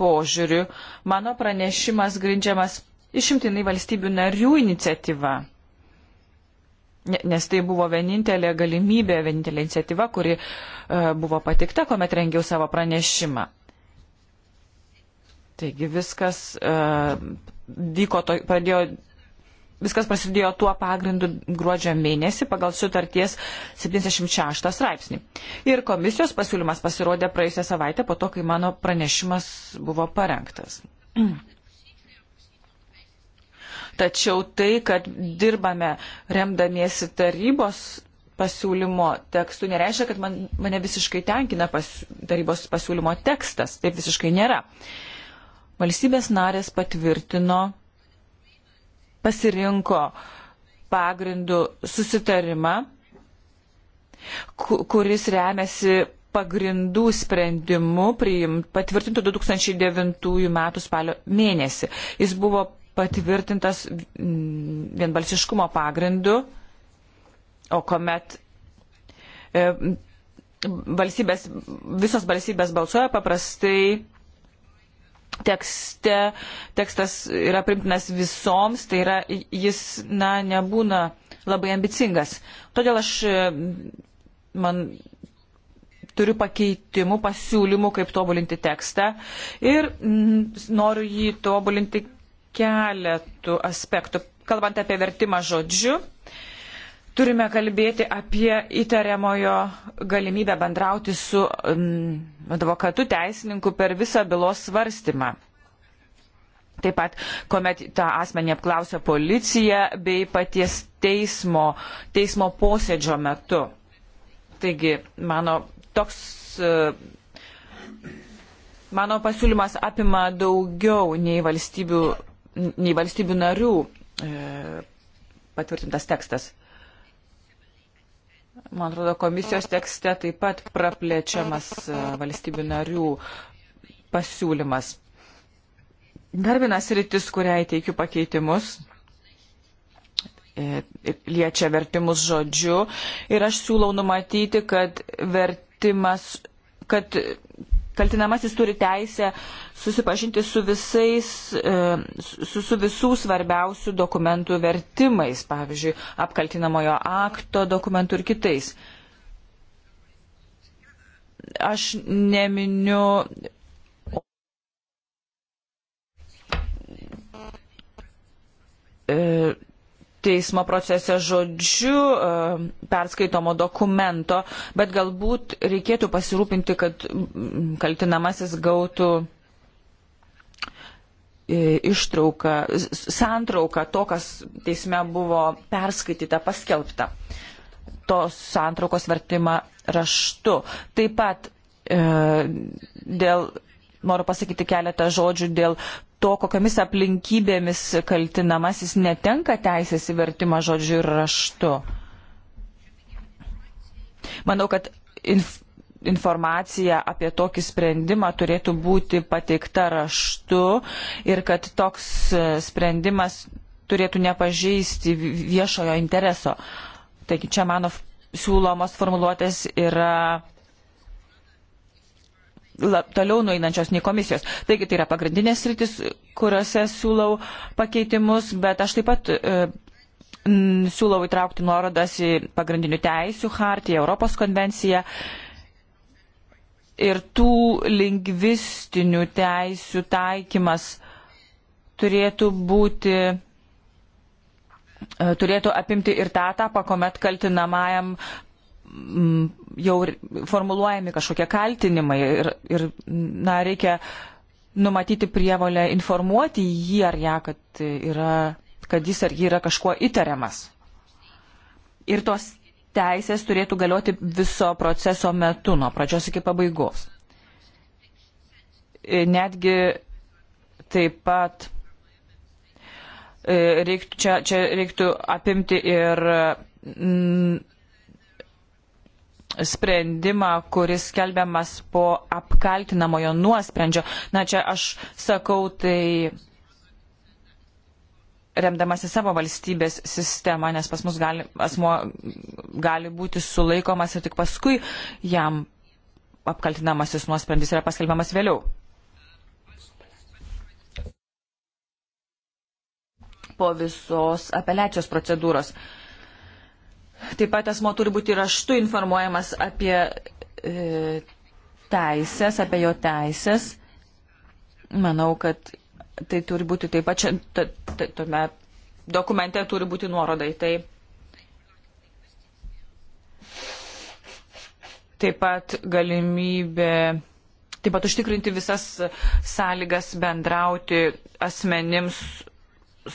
požiūriu mano pranešimas grindžiamas išimtinai valstybių narių iniciatyva nes tai buvo vienintelė galimybė, vienintelė iniciatyva, kuri e, buvo patikta, kuomet rengiau savo pranešimą. Taigi viskas, e, vyko, to, pradėjo, viskas prasidėjo tuo pagrindu gruodžio mėnesį pagal sutarties 76 straipsnį. Ir komisijos pasiūlymas pasirodė praėjusią savaitę po to, kai mano pranešimas buvo parengtas. Tačiau tai, kad dirbame remdamiesi tarybos pasiūlymo tekstu, nereiškia, kad man, mane visiškai tenkina pas, tarybos pasiūlymo tekstas. Taip visiškai nėra. Valstybės narės patvirtino, pasirinko pagrindų susitarimą, kuris remiasi pagrindų sprendimu patvirtintų 2009 m. spalio mėnesį. Jis buvo patvirtintas vienbalsiškumo pagrindu, o kuomet e, valstybės, visos valstybės balsuoja paprastai. Tekste, tekstas yra primtinas visoms, tai yra jis, na, nebūna labai ambicingas. Todėl aš e, man turiu pakeitimų, pasiūlymų, kaip tobulinti tekstą ir mm, noriu jį tobulinti keletų aspektų. Kalbant apie vertimą žodžiu, turime kalbėti apie įtariamojo galimybę bendrauti su um, advokatu teisininku per visą bylos svarstymą. Taip pat, kuomet tą asmenį apklausia policija bei paties teismo, teismo posėdžio metu. Taigi, mano toks. Uh, Mano pasiūlymas apima daugiau nei valstybių nei valstybių narių e, patvirtintas tekstas. Man atrodo, komisijos tekste taip pat praplečiamas e, valstybių narių pasiūlymas. Dar vienas rytis, kuriai teikiu pakeitimus, e, liečia vertimus žodžiu ir aš siūlau numatyti, kad vertimas, kad kaltinamasis turi teisę susipažinti su visais, e, su, su visų svarbiausių dokumentų vertimais, pavyzdžiui, apkaltinamojo akto dokumentų ir kitais. Aš neminiu. E, teismo procese žodžiu e, perskaitomo dokumento, bet galbūt reikėtų pasirūpinti, kad mm, kaltinamasis gautų e, ištrauką, santrauką to, kas teisme buvo perskaityta, paskelbta. Tos santraukos vertimą raštu. Taip pat e, dėl, noriu pasakyti keletą žodžių dėl to, kokiamis aplinkybėmis kaltinamasis netenka teisės į vertimą žodžiu ir raštu. Manau, kad inf informacija apie tokį sprendimą turėtų būti pateikta raštu ir kad toks e, sprendimas turėtų nepažeisti viešojo intereso. Taigi čia mano siūlomos formuluotės yra lab, toliau nueinančios nei komisijos. Taigi tai yra pagrindinės rytis, kuriuose siūlau pakeitimus, bet aš taip pat e, m, siūlau įtraukti nuorodas į pagrindinių teisių hartiją, Europos konvenciją ir tų lingvistinių teisių taikymas turėtų būti e, turėtų apimti ir tą etapą, kuomet kaltinamajam jau formuluojami kažkokie kaltinimai ir, ir na, reikia numatyti prievalę informuoti jį ar ją, kad, yra, kad jis ar ji yra kažkuo įtariamas. Ir tos teisės turėtų galioti viso proceso metu, nuo pradžios iki pabaigos. E, netgi taip pat e, reiktų, čia, čia reiktų apimti ir. Mm, sprendimą, kuris skelbiamas po apkaltinamojo nuosprendžio. Na čia aš sakau, tai remdamasi savo valstybės sistemą, nes pas mus gali, asmo gali būti sulaikomas ir tik paskui jam apkaltinamasis nuosprendis yra paskelbiamas vėliau. Po visos apeliacijos procedūros. Uh, Taip pat asmo turi būti raštu informuojamas apie e, teisės, apie jo teisės. Manau, kad tai turi būti taip pat, ta, ta, tuomet dokumente turi būti nuorodai. Tai taip pat galimybė, taip pat užtikrinti visas sąlygas bendrauti asmenims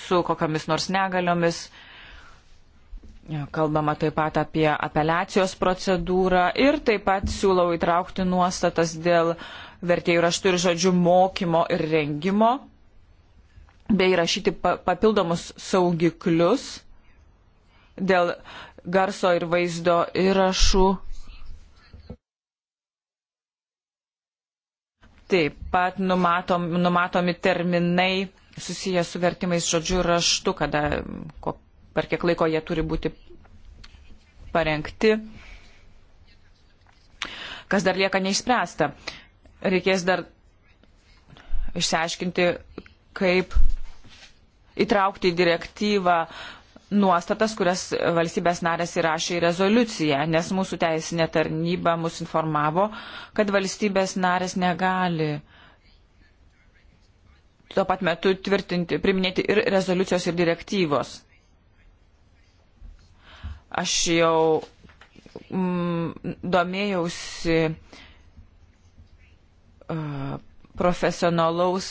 su kokiamis nors negaliomis. E, Kalbama taip pat apie apeliacijos procedūrą ir taip pat siūlau įtraukti nuostatas dėl vertėjų raštų ir žodžių mokymo ir rengimo, bei rašyti papildomus saugiklius dėl garso ir vaizdo įrašų. Taip pat numatom, numatomi terminai susijęs su vertimais žodžiu raštu, kada per kiek laiko jie turi būti parengti, kas dar lieka neišspręsta. Reikės dar išsiaiškinti, kaip įtraukti į direktyvą nuostatas, kurias valstybės narės įrašė į rezoliuciją, nes mūsų teisinė tarnyba mus informavo, kad valstybės narės negali tuo pat metu tvirtinti, priminėti ir rezoliucijos, ir direktyvos. Aš jau mm, domėjausi uh, profesionalaus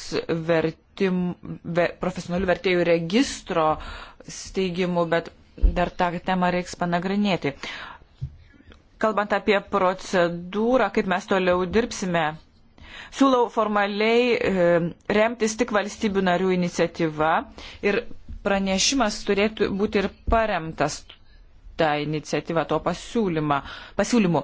vertim, ve, profesionalių vertėjų registro steigimu, bet dar tą temą reiks panagrinėti. Kalbant apie procedūrą, kaip mes toliau dirbsime, siūlau formaliai e, remtis tik valstybių narių iniciatyva ir pranešimas turėtų būti ir paremtas tą iniciatyvą, to pasiūlymu.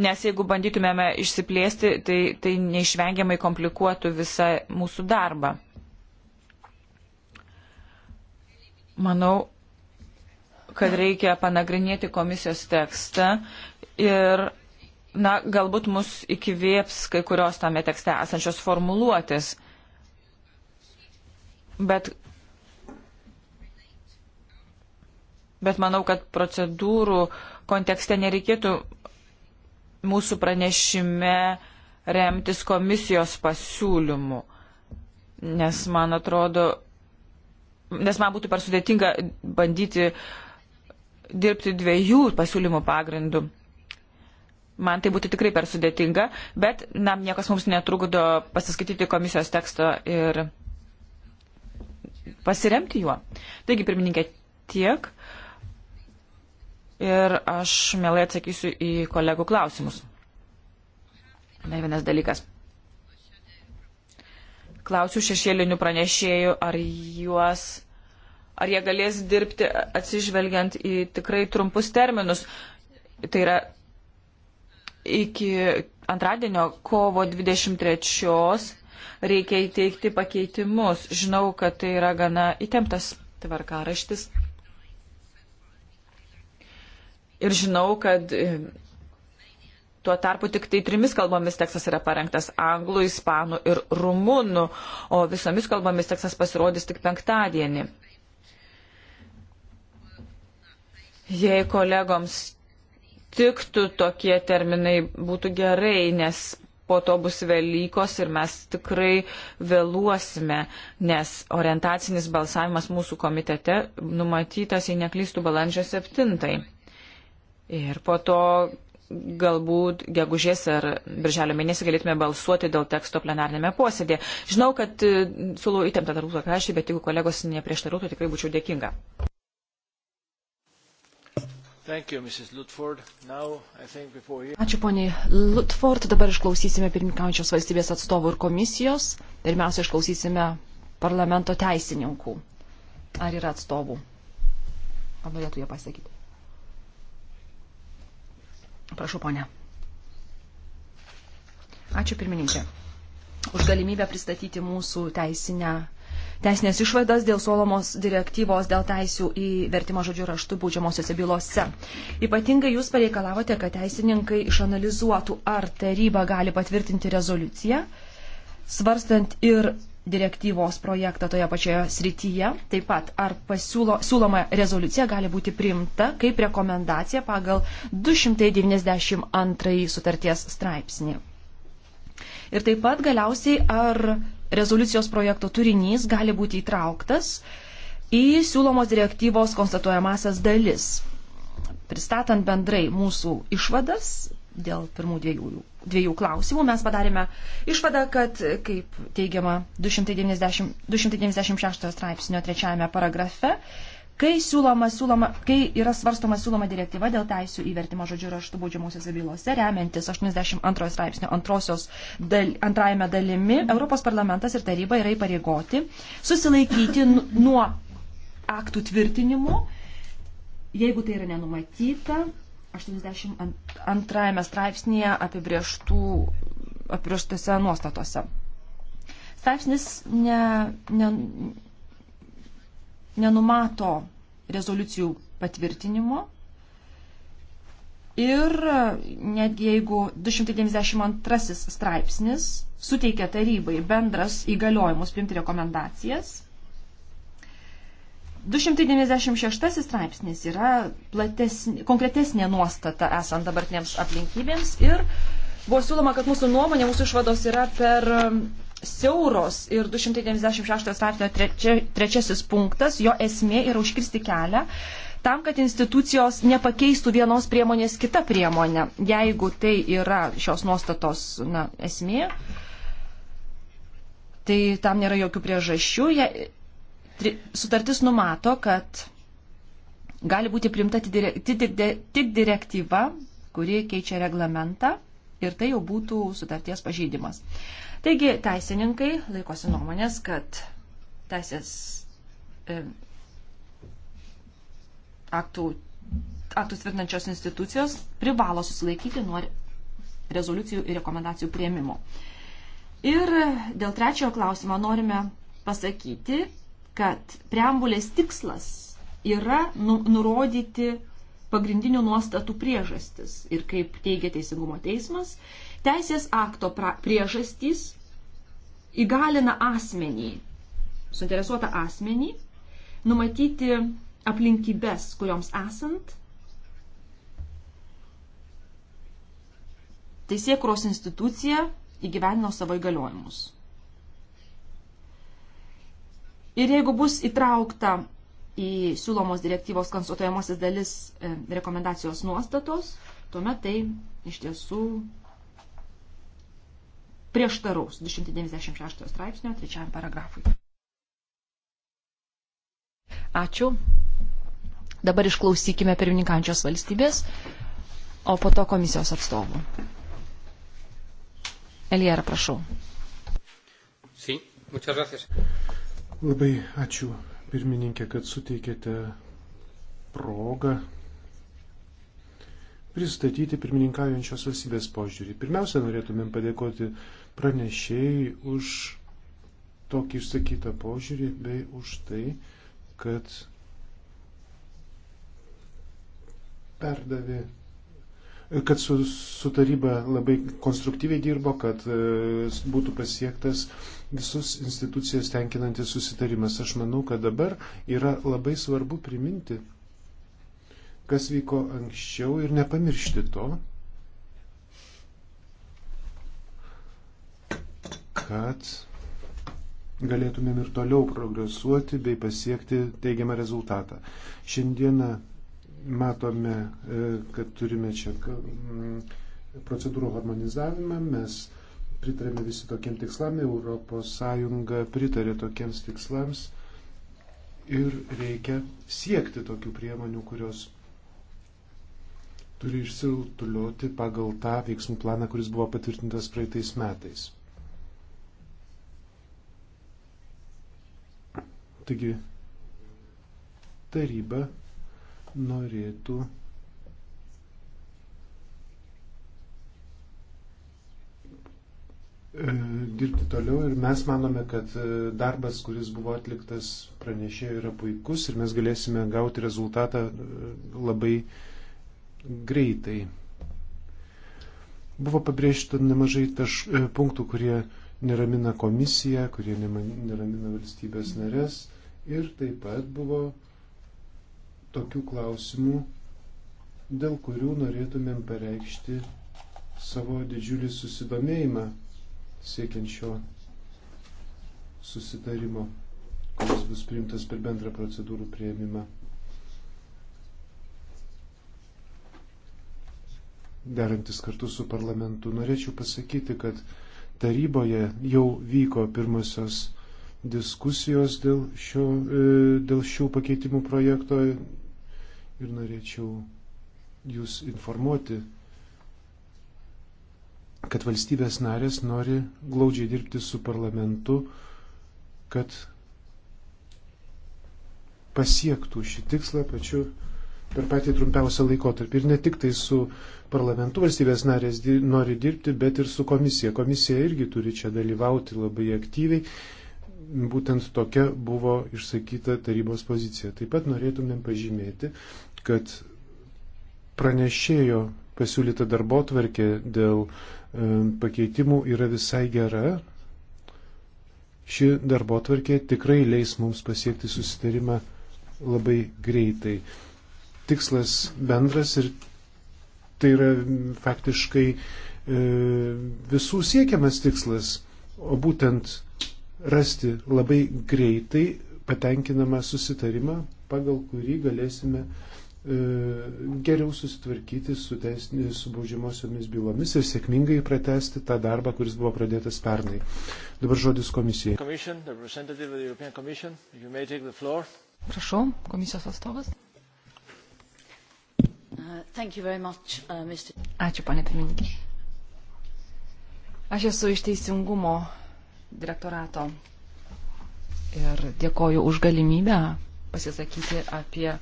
Nes jeigu bandytumėme išsiplėsti, tai, tai neišvengiamai komplikuotų visą mūsų darbą. Manau, kad reikia panagrinėti komisijos tekstą ir, na, galbūt mus įkvėps kai kurios tame tekste esančios formuluotės. Bet Bet manau, kad procedūrų kontekste nereikėtų mūsų pranešime remtis komisijos pasiūlymu, nes man atrodo, nes man būtų per sudėtinga bandyti dirbti dviejų pasiūlymų pagrindų. Man tai būtų tikrai per sudėtinga, bet nam niekas mums netrukdo pasiskaityti komisijos teksto ir pasiremti juo. Taigi, pirmininkė, tiek ir aš mielai atsakysiu į kolegų klausimus. Na, vienas dalykas. Klausiu šešėlinių pranešėjų, ar juos. Ar jie galės dirbti atsižvelgiant į tikrai trumpus terminus? Tai yra iki antradienio kovo 23 reikia įteikti pakeitimus. Žinau, kad tai yra gana įtemptas tvarkaraštis. Ir žinau, kad e, tuo tarpu tik tai trimis kalbomis tekstas yra parengtas - anglų, ispanų ir rumunų, o visomis kalbomis tekstas pasirodys tik penktadienį. Jei kolegoms tiktų tokie terminai, būtų gerai, nes po to bus Velykos ir mes tikrai vėluosime, nes orientacinis balsavimas mūsų komitete numatytas, jei neklystų, balandžio 7. Ir po to galbūt gegužės ar birželio mėnesį galėtume balsuoti dėl teksto plenarnėme posėdėje. Žinau, kad e, siūlau įtemptą darbų tvarkaraštį, bet jeigu kolegos neprieštarautų, tikrai būčiau dėkinga. You, Now, before... Ačiū poniai Lutford. Dabar išklausysime pirmininkaujančios valstybės atstovų ir komisijos. Pirmiausia, išklausysime parlamento teisininkų. Ar yra atstovų? Ar norėtų jie pasakyti? Prašau, ponė. Ačiū pirmininkė už galimybę pristatyti mūsų teisinę, teisinės išvadas dėl Solomos direktyvos dėl teisių į vertimo žodžių raštų būdžiamosiose bylose. Ypatingai jūs pareikalavote, kad teisininkai išanalizuotų, ar taryba gali patvirtinti rezoliuciją, svarstant ir direktyvos projektą toje pačioje srityje. Taip pat, ar pasiūlo, siūloma rezoliucija gali būti priimta kaip rekomendacija pagal 292 sutarties straipsnį. Ir taip pat galiausiai, ar rezoliucijos projekto turinys gali būti įtrauktas į siūlomos direktyvos konstatuojamasias dalis. Pristatant bendrai mūsų išvadas, dėl pirmų dviejų, dviejų klausimų mes padarėme išvadą, kad, kaip teigiama 290, 296 straipsnio trečiajame paragrafe, kai, siūloma, siūloma, kai yra svarstoma siūloma direktyva dėl teisų įvertimo žodžių raštų baudžiamosiose bylose, remiantis 82 straipsnio antrosios dal, antrajame dalimi, Europos parlamentas ir taryba yra įpareigoti susilaikyti nuo aktų tvirtinimo jeigu tai yra nenumatyta 82 straipsnėje apibrieštų, apibrieštose nuostatose. Straipsnis ne, ne, nenumato rezoliucijų patvirtinimo ir netgi jeigu 292 straipsnis suteikia tarybai bendras įgaliojimus priimti rekomendacijas, 296 straipsnis yra platesnė, konkretesnė nuostata esant dabartiniams aplinkybėms ir buvo siūloma, kad mūsų nuomonė, mūsų išvados yra per um, siauros ir 296 straipsnio trečia, trečiasis punktas, jo esmė yra užkirsti kelią tam, kad institucijos nepakeistų vienos priemonės kitą priemonę, jeigu tai yra šios nuostatos na, esmė. Tai tam nėra jokių priežasčių. Je, Sutartis numato, kad gali būti primta tik direktyva, kuri keičia reglamentą ir tai jau būtų sutarties pažeidimas. Taigi teisininkai laikosi nuomonės, kad teisės e, aktų, aktų tvirtinančios institucijos privalo susilaikyti nuo rezoliucijų ir rekomendacijų prieimimo. Ir dėl trečiojo klausimo norime pasakyti, kad preambulės tikslas yra nu, nurodyti pagrindinių nuostatų priežastis. Ir kaip teigia Teisingumo teismas, teisės akto priežastys įgalina asmenį, suinteresuotą asmenį, numatyti aplinkybės, kurioms esant teisėkros institucija įgyvendino savo įgaliojimus. Ir jeigu bus įtraukta į siūlomos direktyvos konsultuojamosis dalis e, rekomendacijos nuostatos, tuomet tai iš tiesų prieštaraus 296 straipsnio trečiajam paragrafui. Ačiū. Dabar išklausykime pirmininkančios valstybės, o po to komisijos atstovų. Eliera, prašau. Sí, muchas gracias. Labai ačiū pirmininkė, kad suteikėte progą pristatyti pirmininkaujančios valstybės požiūrį. Pirmiausia, norėtumėm padėkoti pranešėjai už tokį išsakytą požiūrį bei už tai, kad perdavė kad su, su taryba labai konstruktyviai dirbo, kad e, būtų pasiektas visus institucijas tenkinantis susitarimas. Aš manau, kad dabar yra labai svarbu priminti, kas vyko anksčiau ir nepamiršti to, kad galėtumėm ir toliau progresuoti bei pasiekti teigiamą rezultatą. Šiandieną matome, e, kad turime čia procedūrų harmonizavimą, mes pritarėme visi tokiem tikslam, ES pritarė tokiems tikslams ir reikia siekti tokių priemonių, kurios turi išsiltuliuoti pagal tą veiksmų planą, kuris buvo patvirtintas praeitais metais. Taigi, taryba norėtų e, dirbti toliau ir mes manome, kad e, darbas, kuris buvo atliktas pranešėjo, yra puikus ir mes galėsime gauti rezultatą e, labai greitai. Buvo pabrėžta nemažai taš, punktų, kurie neramina komisiją, kurie neramina valstybės narės ir taip pat buvo tokių klausimų, dėl kurių norėtumėm pareikšti savo didžiulį susidomėjimą siekiant šio susitarimo, kuris bus priimtas per bendrą procedūrų prieimimą. Darantis kartu su parlamentu, norėčiau pasakyti, kad taryboje jau vyko pirmosios diskusijos dėl, šio, e, dėl šių pakeitimų projekto ir norėčiau jūs informuoti, kad valstybės narės nori glaudžiai dirbti su parlamentu, kad pasiektų šį tikslą pačiu per patį trumpiausią laikotarpį. Ir ne tik tai su parlamentu valstybės narės di nori dirbti, bet ir su komisija. Komisija irgi turi čia dalyvauti labai aktyviai. Būtent tokia buvo išsakyta tarybos pozicija. Taip pat norėtumėm pažymėti, kad pranešėjo pasiūlyta darbo tvarkė dėl e, pakeitimų yra visai gera. Ši darbo tvarkė tikrai leis mums pasiekti susitarimą labai greitai. Tikslas bendras ir tai yra faktiškai e, visų siekiamas tikslas, o būtent rasti labai greitai patenkinamą susitarimą, pagal kurį galėsime uh, E, geriau susitvarkyti su, teisnė, su baudžiamosiomis bylomis ir sėkmingai pratesti tą darbą, kuris buvo pradėtas pernai. Dabar žodis komisijai. Prašau, komisijos atstovas. Uh, much, uh, Ačiū, pane pirmininkė. Aš esu iš Teisingumo direktorato ir dėkoju už galimybę pasisakyti apie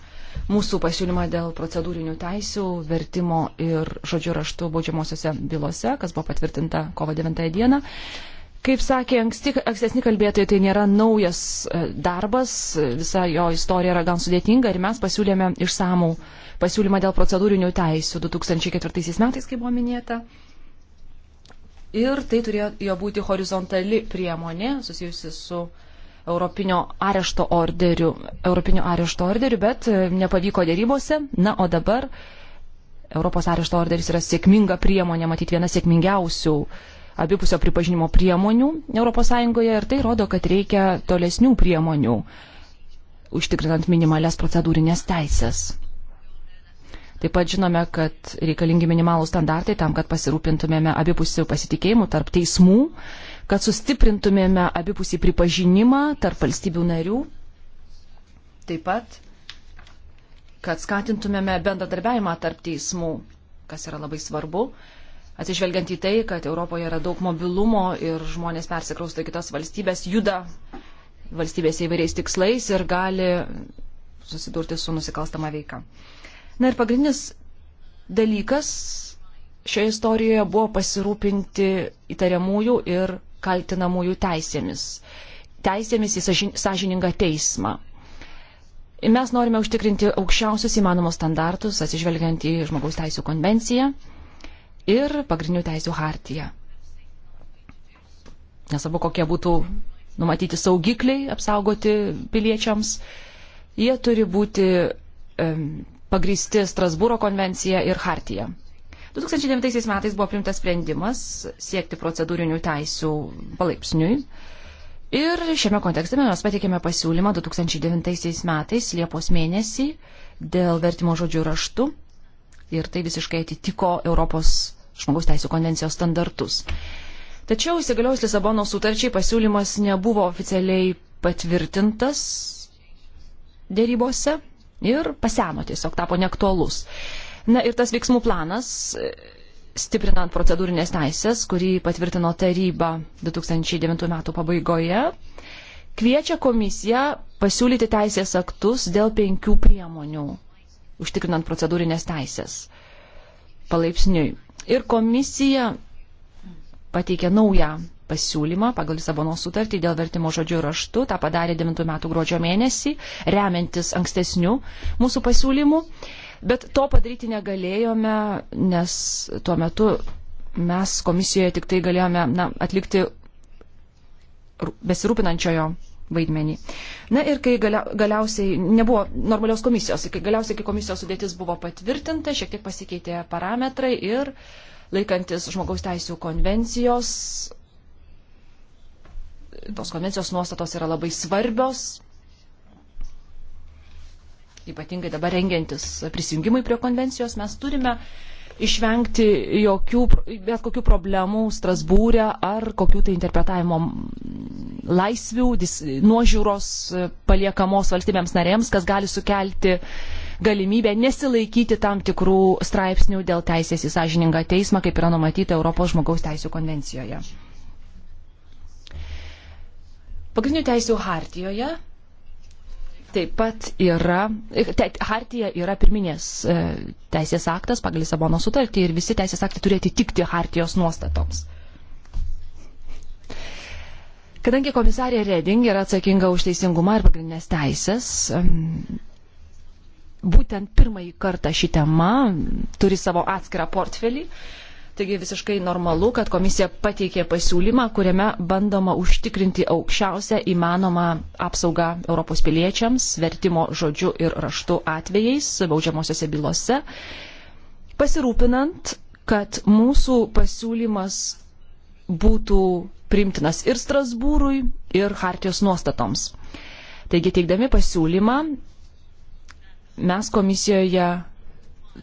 mūsų pasiūlymą dėl procedūrinių teisių, vertimo ir žodžių raštų baudžiamosiose bylose, kas buvo patvirtinta kovo 9 dieną. Kaip sakė anksti, ankstesni kalbėtojai, tai nėra naujas e, darbas, visa jo istorija yra gan sudėtinga ir mes pasiūlėme išsamų pasiūlymą dėl procedūrinių teisių 2004 metais, kai buvo minėta. Ir tai turėjo būti horizontali priemonė susijusi su uh, Europinio arešto orderiu, Europinio arešto orderiu bet e, nepavyko dėrybose. Na, o dabar Europos arešto orderis yra sėkminga priemonė, matyt, viena sėkmingiausių abipusio pripažinimo priemonių ES ir tai rodo, kad reikia tolesnių priemonių, užtikrinant minimalias procedūrinės teisės. Taip pat žinome, kad reikalingi minimalų standartai tam, kad pasirūpintumėme abipusių pasitikėjimų tarp teismų, kad sustiprintumėme abipusį pripažinimą tarp valstybių narių, taip pat, kad skatintumėme bendradarbiavimą tarp teismų, kas yra labai svarbu, atsižvelgiant į tai, kad Europoje yra daug mobilumo ir žmonės persikrausto į kitas valstybės, juda valstybėse įvairiais tikslais ir gali susidurti su nusikalstama veika. Na ir pagrindinis dalykas šioje istorijoje buvo pasirūpinti įtariamųjų ir kaltinamųjų teisėmis, teisėmis į sąžiningą teismą. Mes norime užtikrinti aukščiausius įmanomus standartus, atsižvelgiant į žmogaus teisų konvenciją ir pagrindinių teisų hartiją. Nesvarbu, kokie būtų numatyti saugikliai apsaugoti piliečiams, jie turi būti um, pagristi Strasbūro konvencija ir hartija. 2009 metais buvo primtas sprendimas siekti procedūrinių teisių palaipsniui. Ir šiame kontekste mes pateikėme pasiūlymą 2009 metais Liepos mėnesį dėl vertimo žodžių raštų. Ir tai visiškai atitiko Europos žmogaus teisų konvencijos standartus. Tačiau įsigaliojus Lisabono sutarčiai pasiūlymas nebuvo oficialiai patvirtintas dėrybose ir paseno tiesiog tapo neaktualus. Na ir tas veiksmų planas, stiprinant procedūrinės teisės, kurį patvirtino taryba 2009 metų pabaigoje, kviečia komisiją pasiūlyti teisės aktus dėl penkių priemonių, užtikrinant procedūrinės teisės palaipsniui. Ir komisija pateikė naują pasiūlymą pagal Lisabono sutartį dėl vertimo žodžių raštu, tą padarė 9 metų gruodžio mėnesį, remiantis ankstesnių mūsų pasiūlymų. Bet to padaryti negalėjome, nes tuo metu mes komisijoje tik tai galėjome na, atlikti besirūpinančiojo vaidmenį. Na ir kai galia, galiausiai nebuvo normalios komisijos, kai galiausiai kai komisijos sudėtis buvo patvirtinta, šiek tiek pasikeitė parametrai ir laikantis žmogaus teisų konvencijos, tos konvencijos nuostatos yra labai svarbios, ypatingai dabar rengiantis prisijungimui prie konvencijos, mes turime išvengti jokių, bet kokių problemų Strasbūrė ar kokių tai interpretavimo laisvių, dis, nuožiūros e, paliekamos valstybėms narėms, kas gali sukelti galimybę nesilaikyti tam tikrų straipsnių dėl teisės į sąžiningą teismą, kaip yra numatyta Europos žmogaus teisų konvencijoje. Pagrindinių teisų hartijoje taip pat yra, te, Hartija yra pirminės e, teisės aktas pagal Lisabono sutartį ir visi teisės aktai turi atitikti Hartijos nuostatoms. Kadangi komisarė Reding yra atsakinga už teisingumą ir pagrindinės teisės, būtent pirmąjį kartą ši tema turi savo atskirą portfelį. Uh, Taigi visiškai normalu, kad komisija pateikė pasiūlymą, kuriame bandoma užtikrinti aukščiausią įmanomą apsaugą Europos piliečiams vertimo žodžiu ir raštu atvejais baudžiamosiose bylose, pasirūpinant, kad mūsų pasiūlymas būtų primtinas ir Strasbūrui, ir Hartijos nuostatoms. Taigi teikdami pasiūlymą, mes komisijoje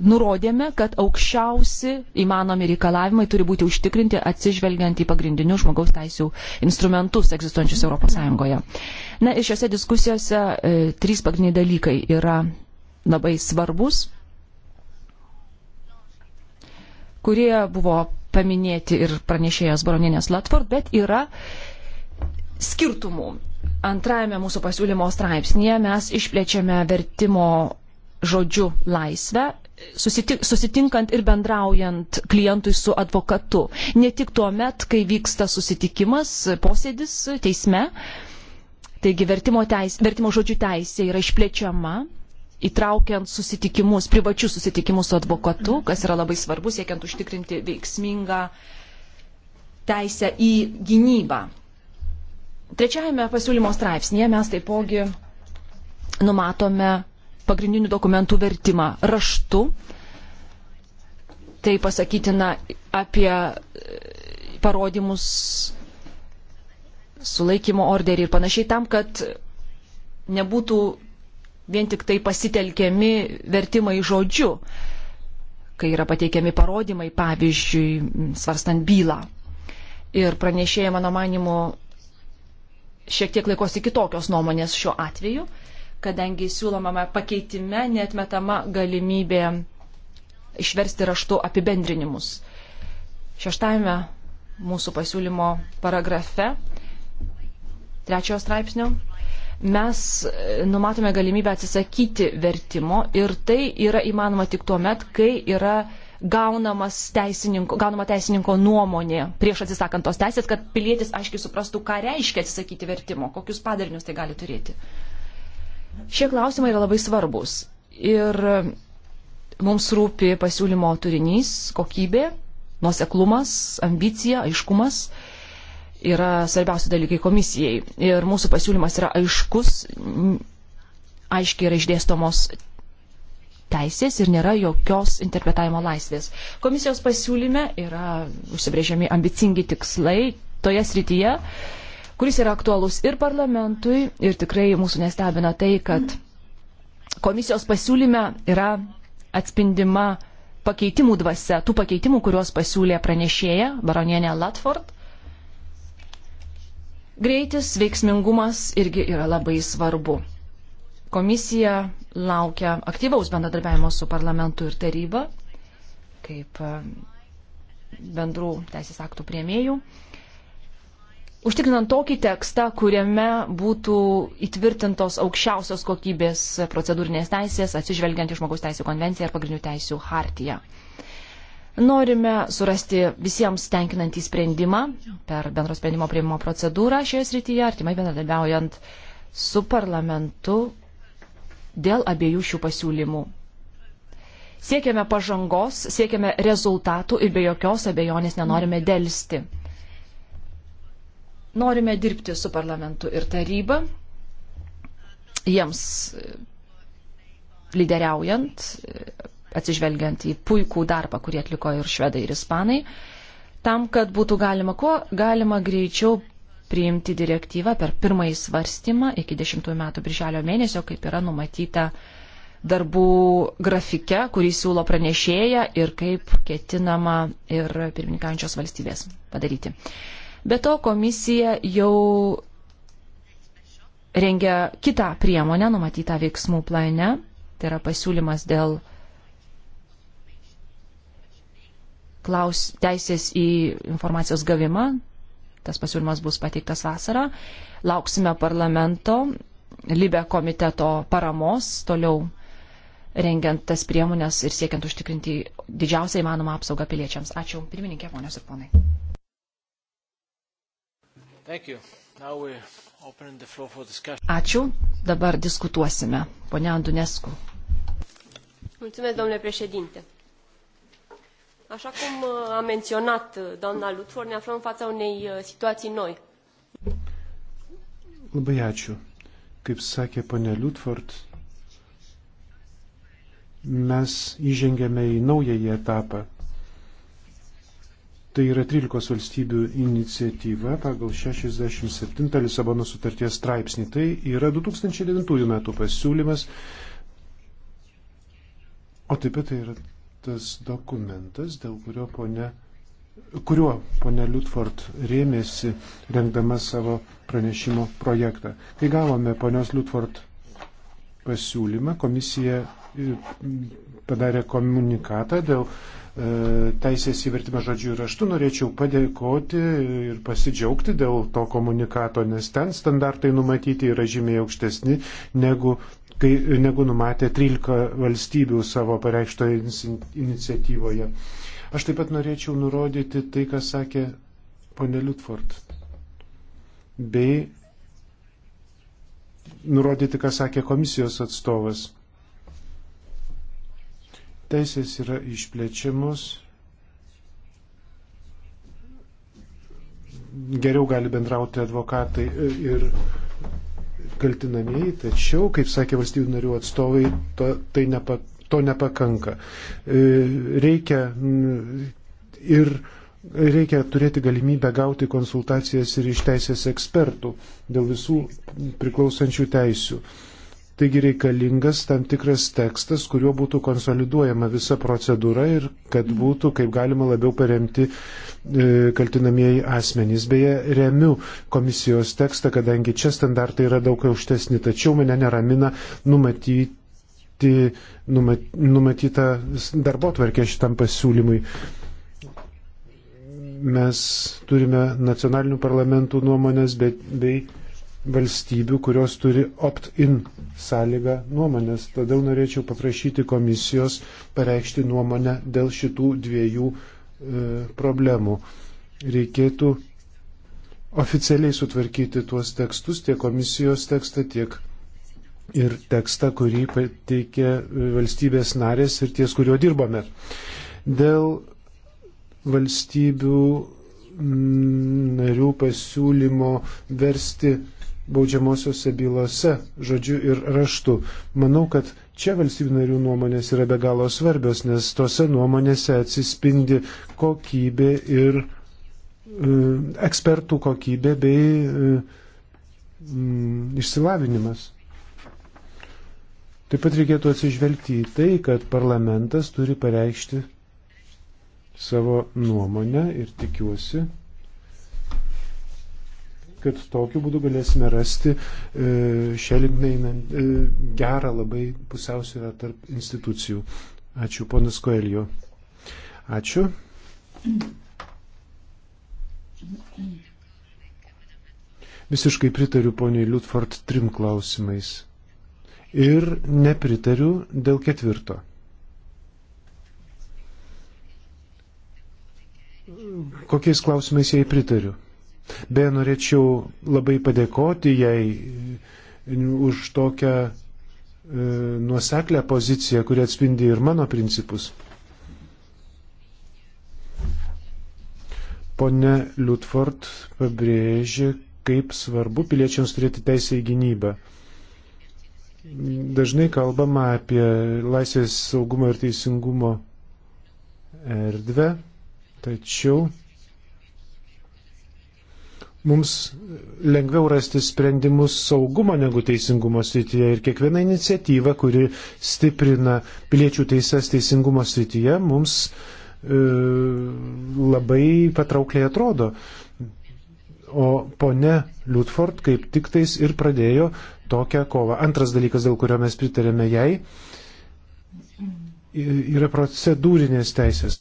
nurodėme, kad aukščiausi įmanomi reikalavimai turi būti užtikrinti atsižvelgiant į pagrindinius žmogaus teisų instrumentus egzistuojančius ES. Na ir šiuose diskusijose e, trys pagrindiniai dalykai yra labai svarbus, kurie buvo paminėti ir pranešėjos baroninės Latford, bet yra skirtumų. Antrajame mūsų pasiūlymo straipsnėje mes išplečiame vertimo žodžių laisvę susitinkant ir bendraujant klientui su advokatu. Ne tik tuo met, kai vyksta susitikimas, posėdis teisme. Taigi vertimo, teis, vertimo žodžių teisė yra išplečiama, įtraukiant susitikimus, privačius susitikimus su advokatu, kas yra labai svarbu, siekiant užtikrinti veiksmingą teisę į gynybą. Trečiajame pasiūlymo straipsnėje mes taipogi numatome pagrindinių dokumentų vertimą raštu. Tai pasakytina apie e, parodymus, sulaikymo orderį ir panašiai tam, kad nebūtų vien tik tai pasitelkiami vertimai žodžiu, kai yra pateikiami parodymai, pavyzdžiui, svarstant bylą. Ir pranešėja, mano manimu, šiek tiek laikosi kitokios nuomonės šiuo atveju kadangi siūlomame pakeitime netmetama galimybė išversti raštu apibendrinimus. Šeštame mūsų pasiūlymo paragrafe, trečiojo straipsnio, mes e, numatome galimybę atsisakyti vertimo ir tai yra įmanoma tik tuo met, kai yra teisininko, gaunama teisininko nuomonė prieš atsisakant tos teisės, kad pilietis aiškiai suprastų, ką reiškia atsisakyti vertimo, kokius padarinius tai gali turėti. Šie klausimai yra labai svarbus ir mums rūpi pasiūlymo turinys, kokybė, nuoseklumas, ambicija, aiškumas yra svarbiausi dalykai komisijai. Ir mūsų pasiūlymas yra aiškus, aiškiai yra išdėstomos teisės ir nėra jokios interpretavimo laisvės. Komisijos pasiūlyme yra užsibrėžiami ambicingi tikslai toje srityje, uh, kuris yra aktualus ir parlamentui, ir tikrai mūsų nestebina tai, kad komisijos pasiūlyme yra atspindima pakeitimų dvasia, tų pakeitimų, kuriuos pasiūlė pranešėja baronienė Latford. Greitis, veiksmingumas irgi yra labai svarbu. Komisija laukia aktyvaus bendradarbiavimo su parlamentu ir taryba, kaip e, bendrų teisės aktų priemėjų užtikrinant tokį tekstą, kuriame būtų įtvirtintos aukščiausios kokybės procedūrinės teisės, atsižvelgiant į žmogaus teisų konvenciją ir pagrindinių teisų hartiją. Norime surasti visiems tenkinantį sprendimą per bendro sprendimo prieimimo procedūrą šioje srityje, artimai bendradarbiaujant su parlamentu dėl abiejų šių pasiūlymų. Siekiame pažangos, siekiame rezultatų ir be jokios abejonės nenorime dėlsti norime dirbti su parlamentu ir taryba, jiems e, lyderiaujant, e, atsižvelgiant į puikų darbą, kurį atliko ir švedai, ir ispanai, tam, kad būtų galima, ko galima greičiau priimti direktyvą per pirmąjį svarstymą iki 10 metų birželio mėnesio, kaip yra numatyta darbų grafike, kurį siūlo pranešėja ir kaip ketinama ir pirmininkančios valstybės padaryti. Be to komisija jau rengia kitą priemonę numatytą veiksmų plane, tai yra pasiūlymas dėl klaus, teisės į informacijos gavimą. Tas pasiūlymas bus pateiktas vasarą. Lauksime parlamento, Libe komiteto paramos toliau rengiant tas priemonės ir siekiant užtikrinti didžiausią įmanomą apsaugą piliečiams. Ačiū pirmininkė, ponios ir ponai. Ačiū. Dabar diskutuosime. Pone Andunescu. Mulțumesc, domnule președinte. Așa cum uh, a menționat uh, doamna Lutfor, ne aflăm în fața unei uh, situații noi. Labai ačiū. Kaip sakė ponė Liutford, mes įžengėme į naująjį etapą Tai yra 13 valstybių iniciatyva pagal 67 Lisabono sutarties straipsnį. Tai yra 2009 metų pasiūlymas. O taip pat tai yra tas dokumentas, dėl kurio ponė, kuriuo ponė Liutford rėmėsi rengdama savo pranešimo projektą. Kai gavome ponios Liutford pasiūlymą, komisija padarė komunikatą dėl e, teisės įvertimą žodžių ir aš tu norėčiau padėkoti ir pasidžiaugti dėl to komunikato, nes ten standartai numatyti yra žymiai aukštesni negu, kai, negu numatė 13 valstybių savo pareikštoje iniciatyvoje. Aš taip pat norėčiau nurodyti tai, ką sakė ponė Liutford. Bei nurodyti, ką sakė komisijos atstovas. Teisės yra išplečiamos, geriau gali bendrauti advokatai ir kaltinamieji, tačiau, kaip sakė valstybių narių atstovai, to, tai nepa, to nepakanka. E, reikia ir reikia turėti galimybę gauti konsultacijas ir iš teisės ekspertų dėl visų priklausančių teisių. Taigi reikalingas tam tikras tekstas, kuriuo būtų konsoliduojama visa procedūra ir kad būtų kaip galima labiau paremti e, kaltinamieji asmenys. Beje, remiu komisijos tekstą, kadangi čia standartai yra daug aukštesni, tačiau mane neramina numatyti, numat, numatyta darbo tvarkė šitam pasiūlymui mes turime nacionalinių parlamentų nuomonės, bet bei valstybių, kurios turi opt-in sąlygą nuomonės. Todėl norėčiau paprašyti komisijos pareikšti nuomonę dėl šitų dviejų e, problemų. Reikėtų oficialiai sutvarkyti tuos tekstus, tiek komisijos tekstą, tiek ir tekstą, kurį pateikė e, valstybės narės ir ties, kuriuo dirbame. Dėl valstybių narių pasiūlymo versti baudžiamosiuose bylose, žodžiu ir raštu. Manau, kad čia valstybių narių nuomonės yra be galo svarbios, nes tose nuomonėse atsispindi kokybė ir e, ekspertų kokybė bei e, m, išsilavinimas. Taip pat reikėtų atsižvelgti į tai, kad parlamentas turi pareikšti savo nuomonę ir tikiuosi, kad tokiu būdu galėsime rasti e, šią linkmę einant e, gerą labai pusiausvyrą tarp institucijų. Ačiū, ponas Koelio. Ačiū. Visiškai pritariu poniai Liutford trim klausimais. Ir nepritariu dėl ketvirto. kokiais klausimais jai pritariu. Beje, norėčiau labai padėkoti jai e, už tokią e, nuoseklę poziciją, kuri atspindi ir mano principus. Pone Liutford pabrėžė, kaip svarbu piliečiams turėti teisę į gynybą. Dažnai kalbama apie laisvės saugumo ir teisingumo erdvę, tačiau mums lengviau rasti sprendimus saugumo negu teisingumo srityje ir kiekviena iniciatyva, kuri stiprina piliečių teises teisingumo srityje, mums e, labai patraukliai atrodo. O ponia Liutford kaip tik tais ir pradėjo tokią kovą. Antras dalykas, dėl kurio mes pritarėme jai, yra procedūrinės teisės.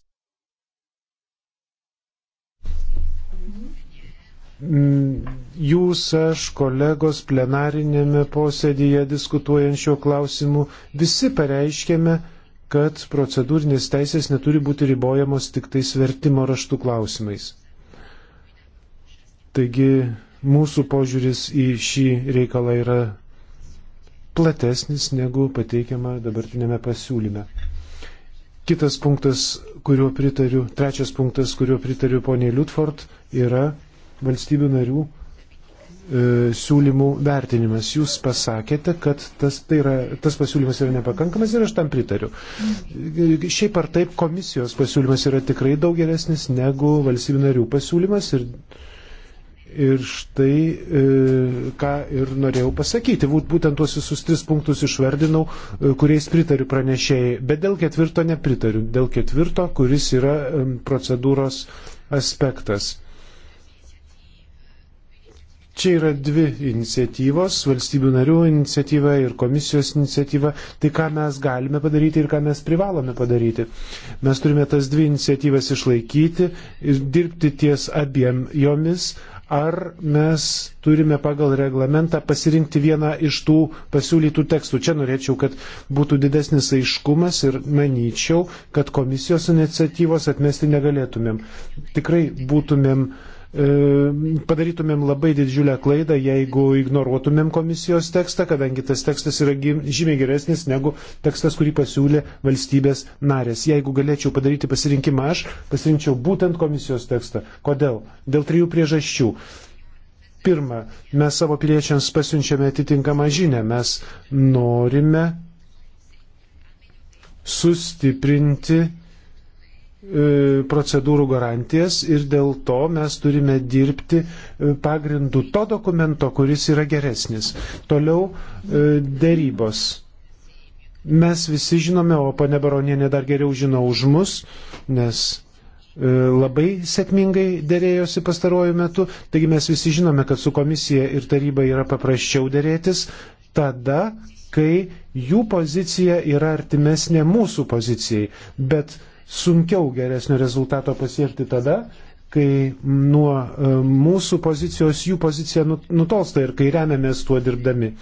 Mm, jūs, aš, kolegos plenarinėme posėdėje diskutuojančio klausimu, visi pareiškėme, kad procedūrinės teisės neturi būti ribojamos tik tais vertimo raštų klausimais. Taigi mūsų požiūris į šį reikalą yra platesnis negu pateikiama dabartinėme pasiūlyme. Kitas punktas, kuriuo pritariu, trečias punktas, kuriuo pritariu poniai Liutford, yra valstybių narių e, siūlymų vertinimas. Jūs pasakėte, kad tas, tai yra, tas pasiūlymas yra nepakankamas ir aš tam pritariu. E, šiaip ar taip komisijos pasiūlymas yra tikrai daug geresnis negu valstybių narių pasiūlymas ir, ir štai e, ką ir norėjau pasakyti. Būtent tuos visus tris punktus išvardinau, e, kuriais pritariu pranešėjai, bet dėl ketvirto nepritariu. Dėl ketvirto, kuris yra e, procedūros aspektas Čia yra dvi iniciatyvos - valstybių narių iniciatyva ir komisijos iniciatyva. Tai ką mes galime padaryti ir ką mes privalome padaryti. Mes turime tas dvi iniciatyvas išlaikyti ir dirbti ties abiem jomis. Ar mes turime pagal reglamentą pasirinkti vieną iš tų pasiūlytų tekstų? Čia norėčiau, kad būtų didesnis aiškumas ir manyčiau, kad komisijos iniciatyvos atmesti negalėtumėm. Tikrai būtumėm uh, E, padarytumėm labai didžiulę klaidą, jeigu ignoruotumėm komisijos tekstą, kadangi tas tekstas yra žymiai geresnis negu tekstas, kurį pasiūlė valstybės narės. Jeigu galėčiau padaryti pasirinkimą aš, pasirinkčiau būtent komisijos tekstą. Kodėl? Dėl trijų priežasčių. Pirma, mes savo piliečiams pasiunčiame atitinkamą žinę. Mes norime sustiprinti E, procedūrų garantijas ir dėl to mes turime dirbti e, pagrindu to dokumento, kuris yra geresnis. Toliau e, dėrybos. Mes visi žinome, o pane Baronienė dar geriau žino už mus, nes labai sėkmingai dėrėjosi pastaruoju metu, taigi mes visi žinome, kad su komisija ir taryba yra paprasčiau dėrėtis tada, kai jų pozicija yra artimesnė mūsų pozicijai. Bet sunkiau geresnio rezultato pasiekti tada, kai nuo e, mūsų pozicijos jų pozicija nu, nutolsta ir kai remiamės tuo dirbdami.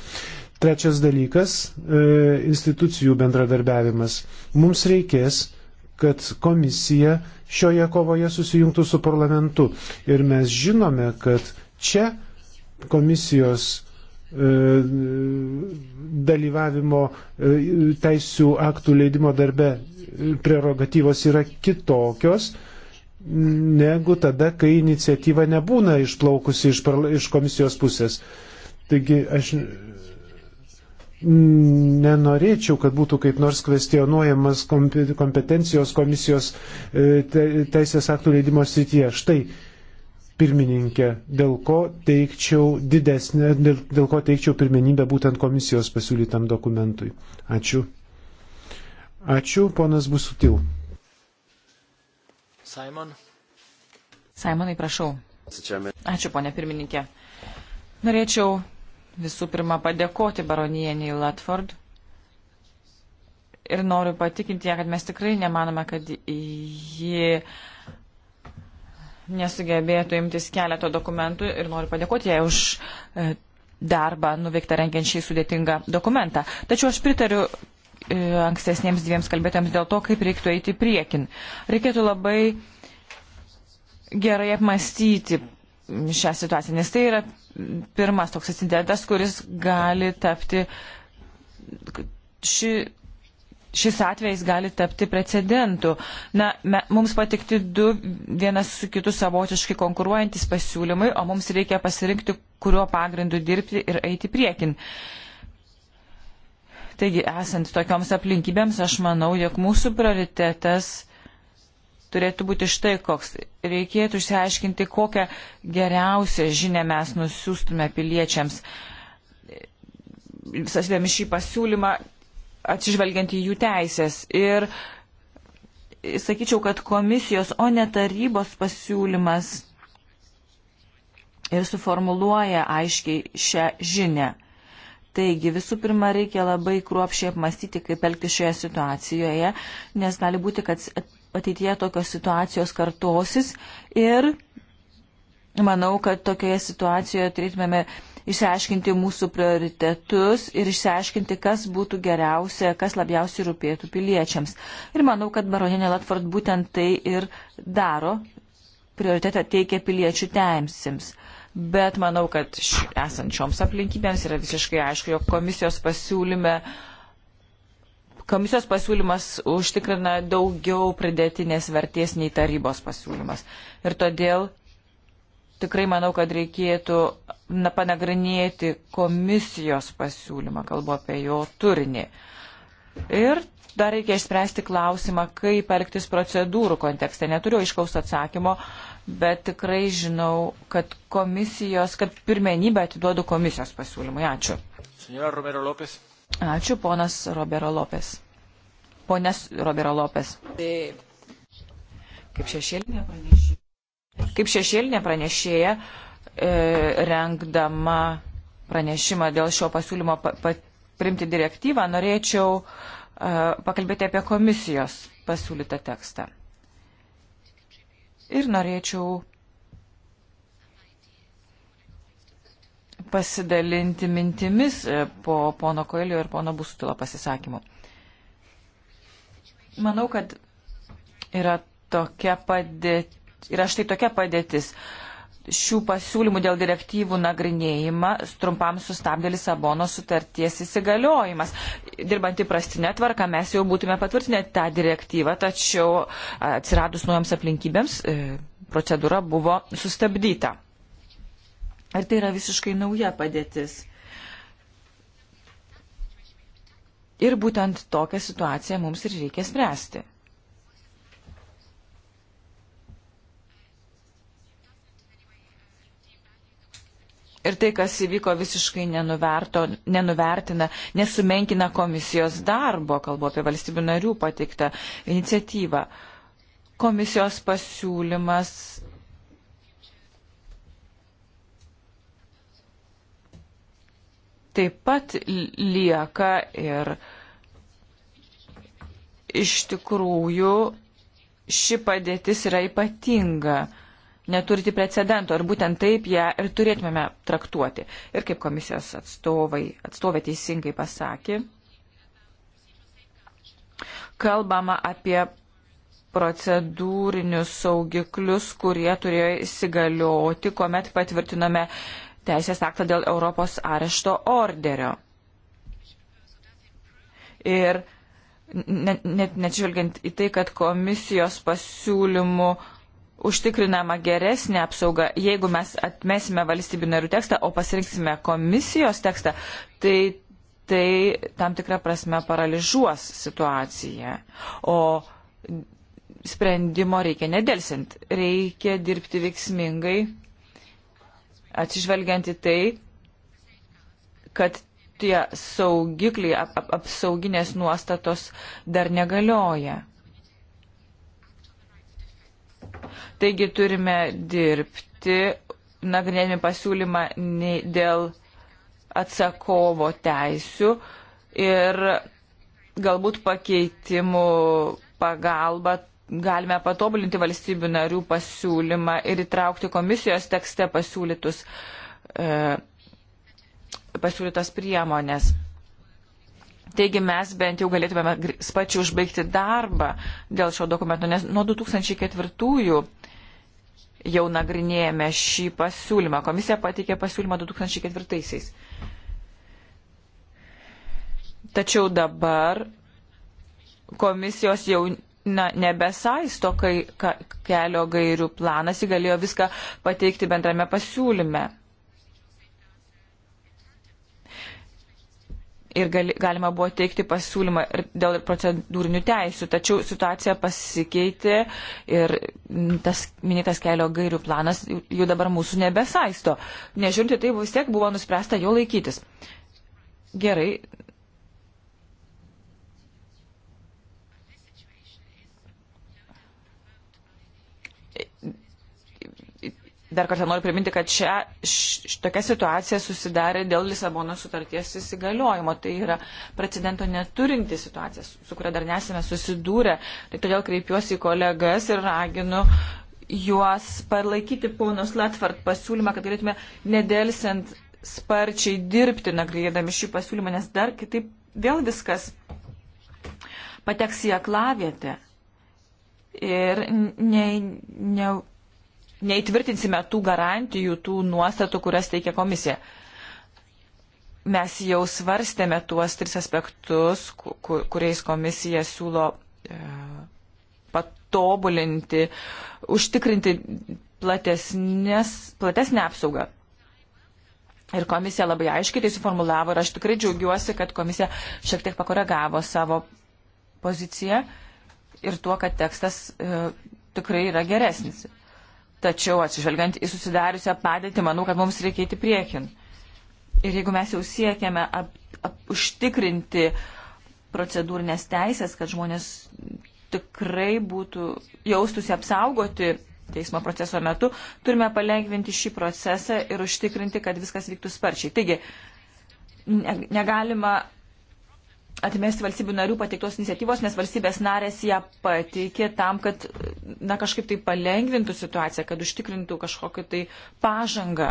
Trečias dalykas e, - institucijų bendradarbiavimas. Mums reikės, kad komisija šioje kovoje susijungtų su parlamentu. Ir mes žinome, kad čia komisijos E, dalyvavimo e, teisų aktų leidimo darbe e, prerogatyvos yra kitokios negu tada, kai iniciatyva nebūna išplaukusi iš, parla, iš komisijos pusės. Taigi aš nenorėčiau, kad būtų kaip nors kvestionuojamas kompetencijos komisijos teisės aktų leidimo srityje. Štai pirmininkė, dėl ko teikčiau didesnę, dėl, dėl ko teikčiau pirmenybę būtent komisijos pasiūlytam dokumentui. Ačiū. Ačiū, ponas Busutil. Simon. Simonai, prašau. Ačiū, ponė pirmininkė. Norėčiau visų pirma padėkoti baronieniai Latford ir noriu patikinti ją, kad mes tikrai nemanome, kad ji. Jį nesugebėtų imtis keleto dokumentų ir noriu padėkoti jai už e, darbą nuveiktą rengiant šį sudėtingą dokumentą. Tačiau aš pritariu e, ankstesniems dviems kalbėtams dėl to, kaip reiktų eiti priekin. Reikėtų labai gerai apmastyti šią situaciją, nes tai yra pirmas toks incidentas, kuris gali tapti ši šis atvejis gali tapti precedentu. Na, me, mums patikti du vienas su kitu savotiškai konkuruojantis pasiūlymai, o mums reikia pasirinkti, kuriuo pagrindu dirbti ir eiti priekin. Taigi, esant tokioms aplinkybėms, aš manau, jog mūsų prioritetas turėtų būti štai koks. Reikėtų išsiaiškinti, kokią geriausią žinę mes nusiųstume piliečiams. Sasvėmi šį pasiūlymą atsižvelgiant į jų teisės. Ir sakyčiau, kad komisijos, o ne tarybos pasiūlymas ir suformuluoja aiškiai šią žinę. Taigi visų pirma reikia labai kruopšiai apmastyti, kaip elgti šioje situacijoje, nes gali būti, kad ateityje tokios situacijos kartosis ir manau, kad tokioje situacijoje turėtumėme išsiaiškinti mūsų prioritetus ir išsiaiškinti, kas būtų geriausia, kas labiausiai rūpėtų piliečiams. Ir manau, kad baroninė Latford būtent tai ir daro, prioritetą teikia piliečių teimsims. Bet manau, kad esant šioms aplinkybėms yra visiškai aišku, jog komisijos pasiūlyme komisijos pasiūlymas užtikrina daugiau pridėtinės vertės nei tarybos pasiūlymas. Ir todėl tikrai manau, kad reikėtų panagrinėti komisijos pasiūlymą, kalbu apie jo turinį. Ir dar reikia išspręsti klausimą, kaip elgtis procedūrų kontekste. Neturiu aiškaus atsakymo, bet tikrai žinau, kad komisijos, kad pirmenybę atiduodu komisijos pasiūlymui. Ačiū. Senora Romero Lopes. Ačiū, ponas Robero Lopes. Ponas Robero Lopes. Kaip šešėlinė pranešėja. Kaip šešėlinė pranešėja E, rengdama pranešimą dėl šio pasiūlymo primti direktyvą, norėčiau e, pakalbėti apie komisijos pasiūlytą tekstą. Ir norėčiau pasidalinti mintimis e, po pono Koelio ir pono Bustilo pasisakymų. Manau, kad yra tokia padėtis. Ir aš tai tokia padėtis. Uh, šių pasiūlymų dėl direktyvų nagrinėjimą trumpam sustabdė Lisabono sutarties įsigaliojimas. Dirbant įprastinę tvarką mes jau būtume patvirtinę tą direktyvą, tačiau atsiradus naujoms aplinkybėms e, procedūra buvo sustabdyta. Ir tai yra visiškai nauja padėtis. Ir būtent tokią situaciją mums ir reikia spręsti. ir tai, kas įvyko, visiškai nenuverto, nenuvertina, nesumenkina komisijos darbo, kalbu apie valstybių narių pateiktą iniciatyvą. Komisijos pasiūlymas. Taip pat lieka ir iš tikrųjų ši padėtis yra ypatinga neturti precedento ir būtent taip ją ir turėtumėme traktuoti. Ir kaip komisijos atstovai, atstovė teisingai pasakė, kalbama apie procedūrinius saugiklius, kurie turėjo įsigalioti, kuomet patvirtinome teisės aktą dėl Europos arešto orderio. Ir net nežvelgiant į tai, kad komisijos pasiūlymų uh, užtikrinama geresnė apsauga, jeigu mes atmesime valstybių narių tekstą, o pasirinksime komisijos tekstą, tai tai tam tikrą prasme paralyžuos situaciją. O sprendimo reikia nedelsint, reikia dirbti veiksmingai, atsižvelgiant į tai, kad tie saugikliai, ap, ap, apsauginės nuostatos dar negalioja. Taigi turime dirbti, nagrinėdami pasiūlymą dėl atsakovo teisių ir galbūt pakeitimų pagalba galime patobulinti valstybių narių pasiūlymą ir įtraukti komisijos tekste pasiūlytus, e, pasiūlytas priemonės. Taigi mes bent jau galėtume sparčiai užbaigti darbą dėl šio dokumento, nes nuo 2004 jau nagrinėjame šį pasiūlymą. Komisija pateikė pasiūlymą 2004-aisiais. Tačiau dabar komisijos jau na, nebesaisto, kai ka, kelio gairių planas įgalėjo viską pateikti bendrame pasiūlyme. ir gali, galima buvo teikti pasiūlymą dėl procedūrinių teisų, tačiau situacija pasikeitė ir tas minėtas kelio gairių planas jų dabar mūsų nebesaisto. Nežiūrinti tai vis tiek buvo nuspręsta jo laikytis. Gerai, dar kartą noriu priminti, kad šią, šitokia situacija susidarė dėl Lisabono sutarties įsigaliojimo. Tai yra precedento neturinti situacija, su kuria dar nesame susidūrę. Tai todėl kreipiuosi į kolegas ir raginu juos palaikyti ponos Latvart pasiūlymą, kad galėtume nedelsiant sparčiai dirbti nagrėdami šį pasiūlymą, nes dar kitaip vėl viskas pateks į aklavietę ir ne, ne, neįtvirtinsime tų garantijų, tų nuostatų, kurias teikia komisija. Mes jau svarstėme tuos tris aspektus, kur, kuriais komisija siūlo e, patobulinti, užtikrinti platesnę apsaugą. Ir komisija labai aiškiai tai suformulavo ir aš tikrai džiaugiuosi, kad komisija šiek tiek pakoregavo savo poziciją ir tuo, kad tekstas e, tikrai yra geresnis. Tačiau atsižvelgiant į susidariusią padėtį, manau, kad mums reikia įti priekin. Ir jeigu mes jau siekiame ap, ap, užtikrinti procedūrinės teisės, kad žmonės tikrai būtų jaustųsi apsaugoti teismo proceso metu, turime palengvinti šį procesą ir užtikrinti, kad viskas vyktų sparčiai. Taigi, negalima atmesti valstybių narių pateiktos iniciatyvos, nes valstybės narės ją pateikė tam, kad na, kažkaip tai palengvintų situaciją, kad užtikrintų kažkokią tai pažangą.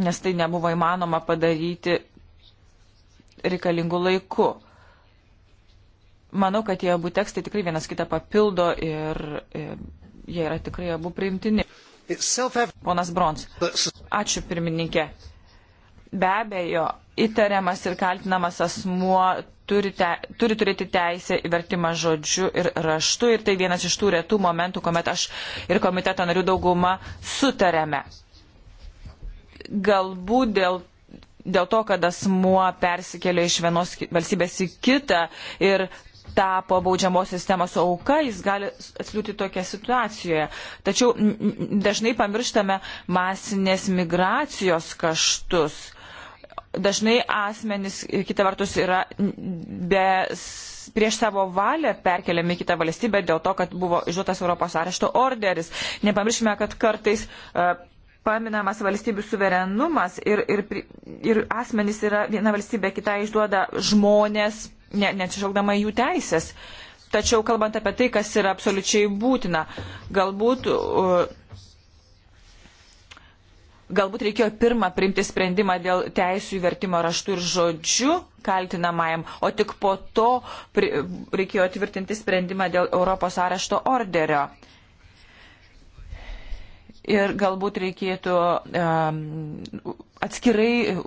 Nes tai nebuvo įmanoma padaryti reikalingų laiku. Manau, kad tie abu tekstai tikrai vienas kitą papildo ir jie yra tikrai abu priimtini. Ponas Brons. Ačiū pirmininkė. Be abejo, įtariamas ir kaltinamas asmuo turi, te, turi turėti teisę įvertimą žodžiu ir raštu. Ir tai vienas iš tų retų momentų, kuomet aš ir komiteto narių dauguma sutarėme. Galbūt dėl dėl to, kad asmuo persikėlė iš vienos valstybės į kitą ir tapo baudžiamos sistemos auka, jis gali atsidurti tokia situacijoje. Tačiau dažnai pamirštame masinės migracijos kaštus dažnai asmenys kita vertus yra be, prieš savo valią perkeliami į kitą valstybę dėl to, kad buvo išduotas Europos arešto orderis. Nepamirškime, kad kartais uh, paminamas valstybių suverenumas ir, ir, ir asmenys yra viena valstybė kitą išduoda žmonės, ne, neatsižvelgdama jų teisės. Tačiau kalbant apie tai, kas yra absoliučiai būtina, galbūt uh, galbūt reikėjo pirmą priimti sprendimą dėl teisų įvertimo raštų ir žodžių kaltinamajam, o tik po to pri, reikėjo tvirtinti sprendimą dėl Europos arešto orderio. Ir galbūt reikėtų um, atskirai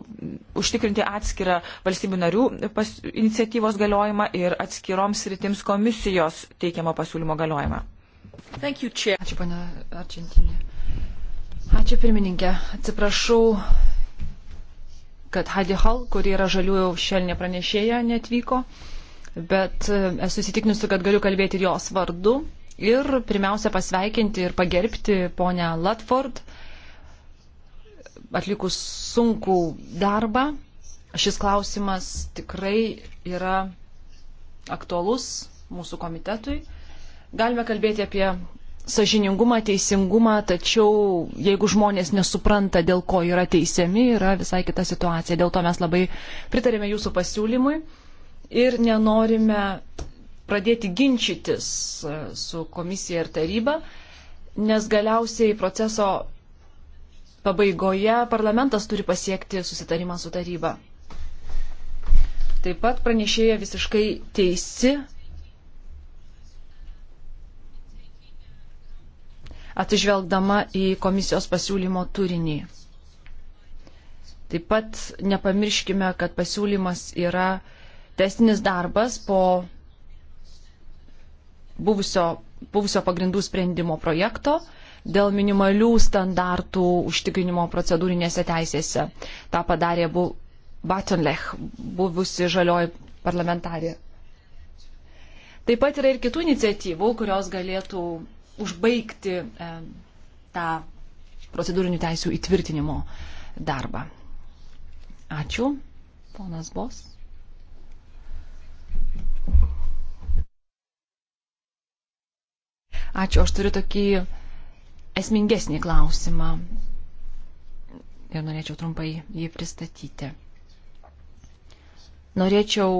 užtikrinti atskirą valstybių narių pas, iniciatyvos galiojimą ir atskiroms rytims komisijos teikiamo pasiūlymo galiojimą. You, Ačiū, pana Argentinė. Ačiū pirmininkė. Atsiprašau, kad Hadi Hall, kuri yra žaliųjų šelnė pranešėja, netvyko, bet e, esu įsitikinusi, kad galiu kalbėti ir jos vardu. Ir pirmiausia pasveikinti ir pagerbti ponę Latford, atlikus sunkų darbą. Šis klausimas tikrai yra aktualus mūsų komitetui. Galime kalbėti apie sažiningumą, teisingumą, tačiau jeigu žmonės nesupranta, dėl ko yra teisiami, yra visai kita situacija. Dėl to mes labai pritarėme jūsų pasiūlymui ir nenorime pradėti ginčytis e, su komisija ir taryba, nes galiausiai proceso pabaigoje parlamentas turi pasiekti susitarimą su taryba. Taip pat pranešėja visiškai teisi, atsižvelgdama į komisijos pasiūlymo turinį. Taip pat nepamirškime, kad pasiūlymas yra testinis darbas po buvusio, buvusio pagrindų sprendimo projekto dėl minimalių standartų užtikrinimo procedūrinėse teisėse. Ta padarė bu, Batonlech, buvusi žalioji parlamentarė. Taip pat yra ir kitų iniciatyvų, kurios galėtų užbaigti e, tą procedūrinių teisų įtvirtinimo darbą. Ačiū, ponas Bos. Ačiū, aš turiu tokį esmingesnį klausimą ir norėčiau trumpai jį pristatyti. Norėčiau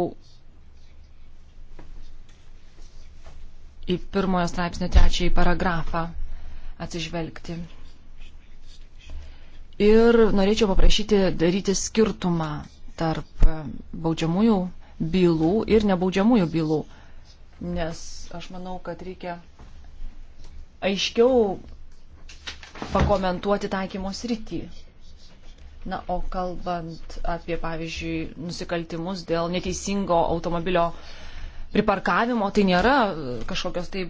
į pirmojo straipsnio trečiąjį paragrafą atsižvelgti. Ir norėčiau paprašyti daryti skirtumą tarp baudžiamųjų bylų ir nebaudžiamųjų bylų, nes aš manau, kad reikia aiškiau pakomentuoti taikymo srity. Na, o kalbant apie, pavyzdžiui, nusikaltimus dėl neteisingo automobilio uh, priparkavimo, tai nėra e, kažkokios tai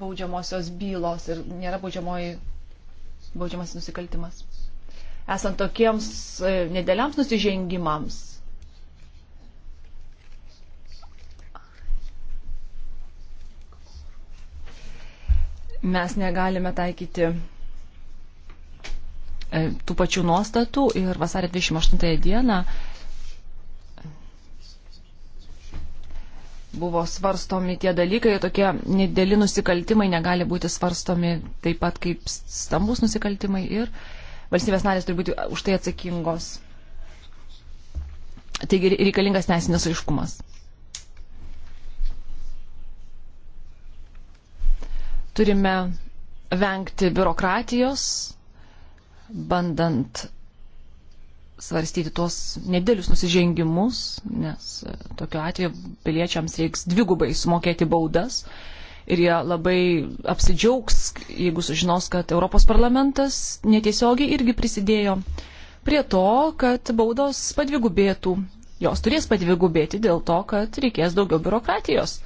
baudžiamosios bylos ir nėra baudžiamas nusikaltimas. Esant tokiems e, nedėliams nusižengimams. Mes negalime taikyti e, tų pačių nuostatų ir vasario 28 dieną buvo svarstomi tie dalykai, tokie nedėli nusikaltimai negali būti svarstomi taip pat kaip stambus nusikaltimai ir valstybės narės turi būti už tai atsakingos. Taigi reikalingas teisinis aiškumas. Turime vengti biurokratijos, bandant svarstyti tuos nedėlius nusižengimus, nes e, tokiu atveju piliečiams reiks dvigubai sumokėti baudas ir jie labai apsidžiaugs, jeigu sužinos, kad Europos parlamentas netiesiogiai irgi prisidėjo prie to, kad baudos padvigubėtų. Jos turės padvigubėti dėl to, kad reikės daugiau biurokratijos,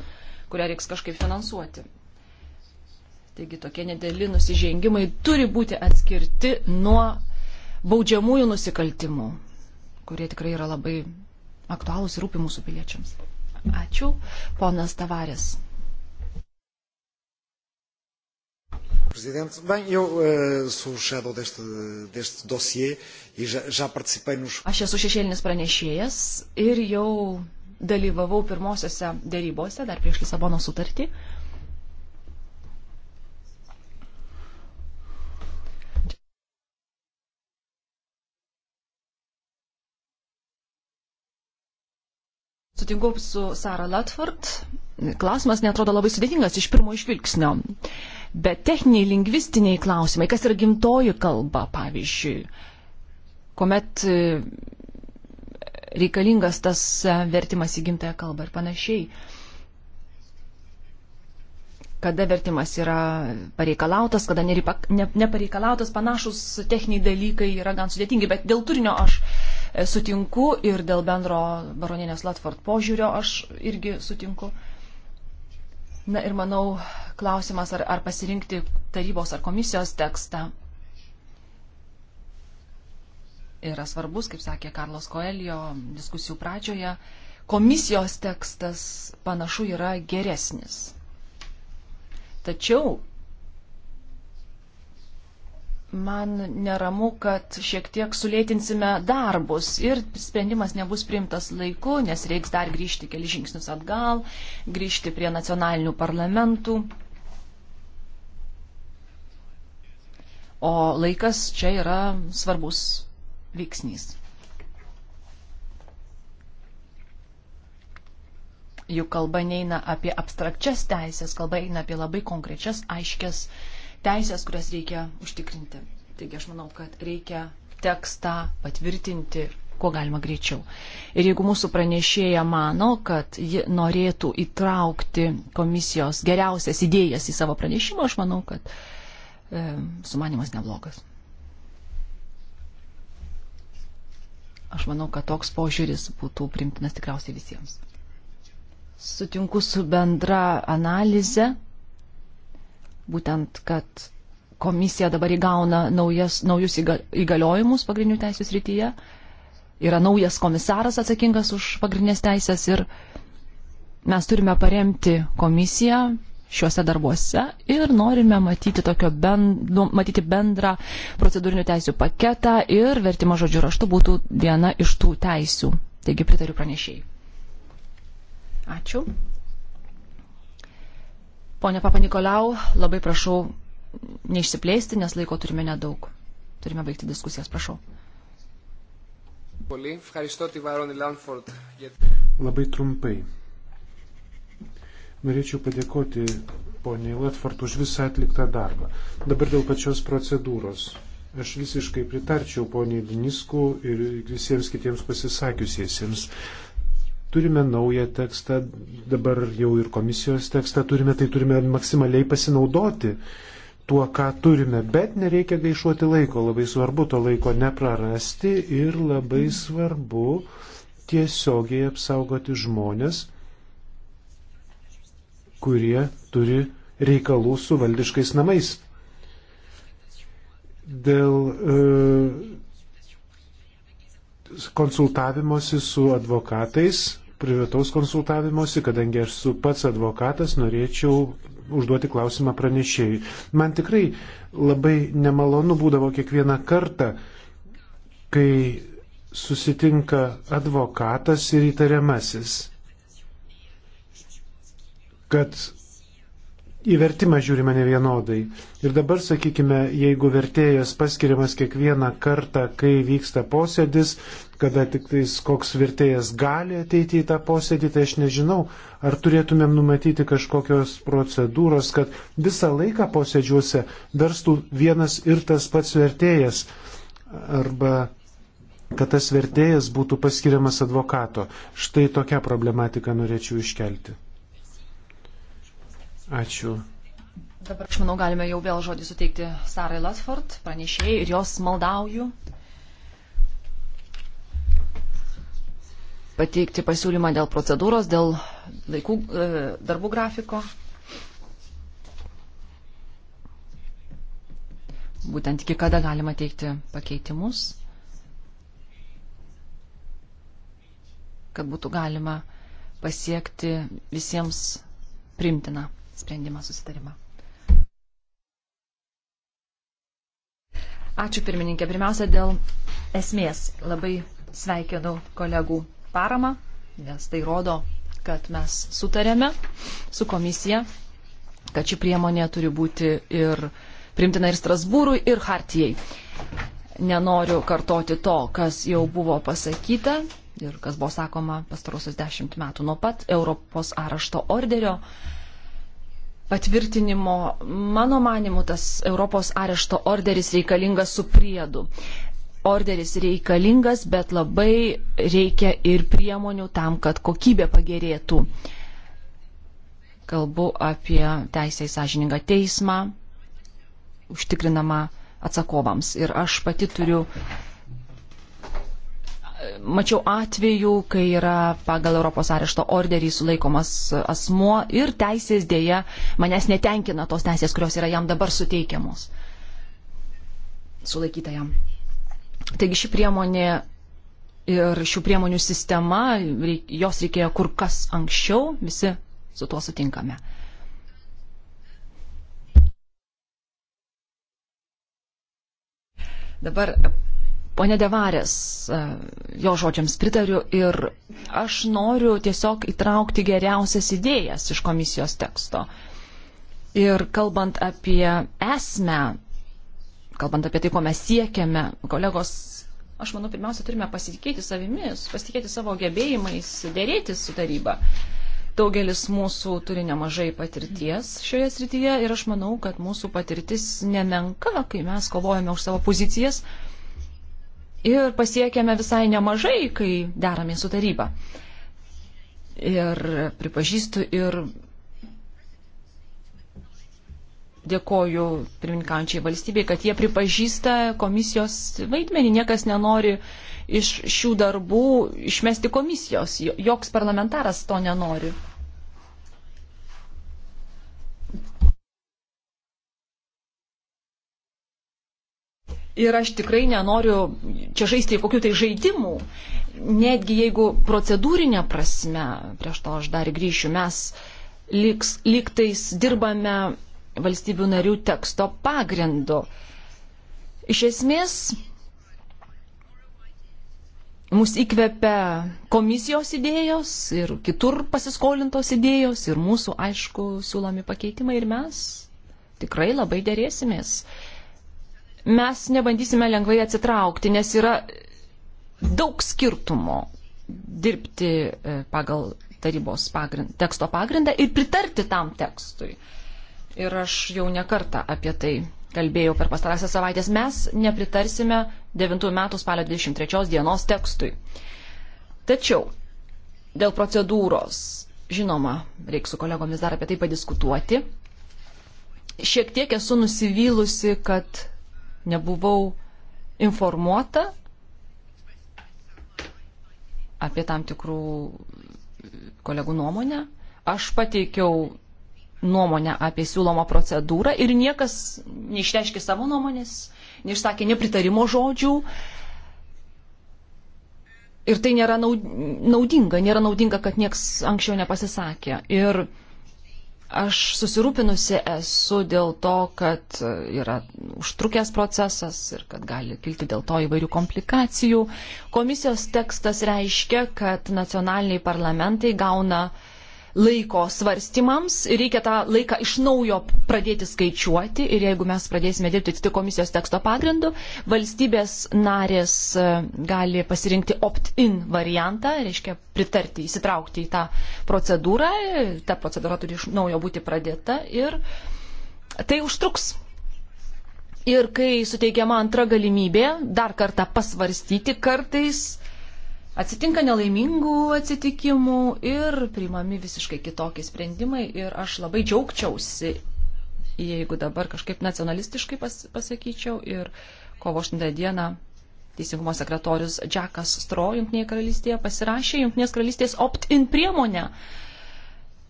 kurią reiks kažkaip finansuoti. Taigi tokie nedėli nusižengimai turi būti atskirti nuo baudžiamųjų nusikaltimų, kurie tikrai yra labai aktualūs ir rūpi mūsų piliečiams. Ačiū, ponas Tavarės. Presidente, bem, eu uh, sou o shadow deste, deste dossiê e já, já participei nos. Aš esu šešėlinis pranešėjas ir jau dalyvavau pirmosiose dėrybose dar prieš Lisabono sutartį. Uh, sutinku su Sara Latford. Klausimas netrodo labai sudėtingas iš pirmo žvilgsnio. Bet techniniai, lingvistiniai klausimai, kas yra gimtoji kalba, pavyzdžiui, kuomet e, reikalingas tas e, vertimas į gimtąją kalbą ir panašiai. Kada vertimas yra pareikalautas, kada nereipa, ne, nepareikalautas, panašus techniniai dalykai yra gan sudėtingi, bet dėl turinio aš sutinku ir dėl bendro baroninės Latford požiūrio aš irgi sutinku. Na ir manau, klausimas, ar, ar pasirinkti tarybos ar komisijos tekstą yra svarbus, kaip sakė Karlos Koelio diskusijų pradžioje. Komisijos tekstas panašu yra geresnis. Tačiau man neramu, kad šiek tiek sulėtinsime darbus ir sprendimas nebus priimtas laiku, nes reiks dar grįžti keli žingsnius atgal, grįžti prie nacionalinių parlamentų. O laikas čia yra svarbus veiksnys. Juk kalba neina apie abstrakčias teisės, kalba eina apie labai konkrečias, aiškias teisės teisės, kurias reikia užtikrinti. Taigi aš manau, kad reikia tekstą patvirtinti kuo galima greičiau. Ir jeigu mūsų pranešėja mano, kad ji norėtų įtraukti komisijos geriausias idėjas į savo pranešimą, aš manau, kad e, sumanimas neblogas. Aš manau, kad toks požiūris būtų primtinas tikriausiai visiems. Sutinku su bendra analize būtent, kad komisija dabar įgauna naujas, naujus įgaliojimus pagrindinių teisų srityje, yra naujas komisaras atsakingas už pagrindinės teisės ir mes turime paremti komisiją šiuose darbuose ir norime matyti, bend, matyti bendrą procedūrinių teisų paketą ir vertimo žodžių raštu būtų viena iš tų teisių. Taigi pritariu pranešėjai. Ačiū. Pone Papa Nikolau, labai prašau neišsiplėsti, nes laiko turime nedaug. Turime baigti diskusijas, prašau. Labai trumpai. Norėčiau padėkoti poniai Latford už visą atliktą darbą. Dabar dėl pačios procedūros. Aš visiškai pritarčiau poniai Diniskų ir visiems kitiems pasisakiusiesiems. Turime naują tekstą, dabar jau ir komisijos tekstą turime, tai turime maksimaliai pasinaudoti tuo, ką turime, bet nereikia gaišuoti laiko, labai svarbu to laiko neprarasti ir labai svarbu tiesiogiai apsaugoti žmonės, kurie turi reikalų su valdiškais namais. Dėl e, konsultavimosi su advokatais privataus konsultavimosi, kadangi aš su pats advokatas norėčiau užduoti klausimą pranešėjui. Man tikrai labai nemalonu būdavo kiekvieną kartą, kai susitinka advokatas ir įtariamasis, kad į vertimą žiūrime ne vienodai. Ir dabar, sakykime, jeigu vertėjas paskiriamas kiekvieną kartą, kai vyksta posėdis, kada tik tais koks vertėjas gali ateiti į tą posėdį, tai aš nežinau, ar turėtumėm numatyti kažkokios procedūros, kad visą laiką posėdžiuose verstų vienas ir tas pats vertėjas. Arba kad tas vertėjas būtų paskiriamas advokato. Štai tokią problematiką norėčiau iškelti. Ačiū. Dabar aš manau, galime jau vėl žodį suteikti Sarai Latford, pranešėjai ir jos maldauju pateikti pasiūlymą dėl procedūros, dėl laikų e, darbų grafiko. Būtent iki kada galima teikti pakeitimus, kad būtų galima pasiekti visiems primtiną sprendimą susitarimą. Ačiū pirmininkė. Pirmiausia, dėl esmės labai sveikinu kolegų paramą, nes tai rodo, kad mes sutarėme su komisija, kad ši priemonė turi būti ir primtina ir Strasbūrui, ir Hartijai. Nenoriu kartoti to, kas jau buvo pasakyta ir kas buvo sakoma pastarosius dešimt metų nuo pat Europos arešto orderio. Uh, patvirtinimo, mano manimu, tas Europos arešto orderis reikalingas su priedu. Orderis reikalingas, bet labai reikia ir priemonių tam, kad kokybė pagerėtų. Kalbu apie teisę į sąžiningą teismą, užtikrinamą atsakovams. Ir aš pati turiu mačiau atvejų, kai yra pagal Europos arešto orderį sulaikomas asmuo ir teisės dėja manęs netenkina tos teisės, kurios yra jam dabar suteikiamos. Sulaikytajam. Taigi ši priemonė ir šių priemonių sistema, jos reikėjo kur kas anksčiau, visi su tuo sutinkame. Dabar Pone Devarės, e, jo žodžiams pritariu ir aš noriu tiesiog įtraukti geriausias idėjas iš komisijos teksto. Ir kalbant apie esmę, kalbant apie tai, ko mes siekiame, kolegos, aš manau, pirmiausia, turime pasitikėti savimis, pasitikėti savo gebėjimais, dėrėtis su taryba. Daugelis mūsų turi nemažai patirties šioje srityje ir aš manau, kad mūsų patirtis nemenka, kai mes kovojame už savo pozicijas ir pasiekėme visai nemažai, kai deramės su taryba. Ir pripažįstu ir dėkoju pirmininkančiai valstybei, kad jie pripažįsta komisijos vaidmenį. Niekas nenori iš šių darbų išmesti komisijos. Joks parlamentaras to nenori. Ir aš tikrai nenoriu čia žaisti kokių tai žaidimų. Netgi jeigu procedūrinė prasme, prieš to aš dar grįšiu, mes lygs, lygtais dirbame valstybių narių teksto pagrindu. Iš esmės, mus įkvepia komisijos idėjos ir kitur pasiskolintos idėjos ir mūsų, aišku, siūlomi pakeitimai ir mes tikrai labai dėrėsimės mes nebandysime lengvai atsitraukti, nes yra daug skirtumo dirbti e, pagal tarybos pagrind, teksto pagrindą ir pritarti tam tekstui. Ir aš jau nekartą apie tai kalbėjau per pastarąsias savaitės. Mes nepritarsime 9 metų spalio 23 dienos tekstui. Tačiau dėl procedūros, žinoma, reiks su kolegomis dar apie tai padiskutuoti. Šiek tiek esu nusivylusi, kad nebuvau informuota apie tam tikrų kolegų nuomonę. Aš pateikiau nuomonę apie siūlomą procedūrą ir niekas neišteiškė savo nuomonės, neišsakė nepritarimo žodžių. Ir tai nėra naudinga, nėra naudinga, kad nieks anksčiau nepasisakė. Ir Aš susirūpinusi esu dėl to, kad yra užtrukęs procesas ir kad gali kilti dėl to įvairių komplikacijų. Komisijos tekstas reiškia, kad nacionaliniai parlamentai gauna uh, laiko svarstymams, reikia tą laiką iš naujo pradėti skaičiuoti ir jeigu mes pradėsime dirbti tik tai komisijos teksto pagrindu, valstybės narės e, gali pasirinkti opt-in variantą, reiškia pritarti, įsitraukti į tą procedūrą, ta procedūra turi iš naujo būti pradėta ir tai užtruks. Ir kai suteikiama antra galimybė dar kartą pasvarstyti, kartais Atsitinka nelaimingų atsitikimų ir priimami visiškai kitokie sprendimai ir aš labai džiaugčiausi, jeigu dabar kažkaip nacionalistiškai pas, pasakyčiau ir kovo 8 dieną Teisingumo sekretorius Džekas Stro Junktinėje karalystėje pasirašė Junktinės karalystės opt-in priemonę.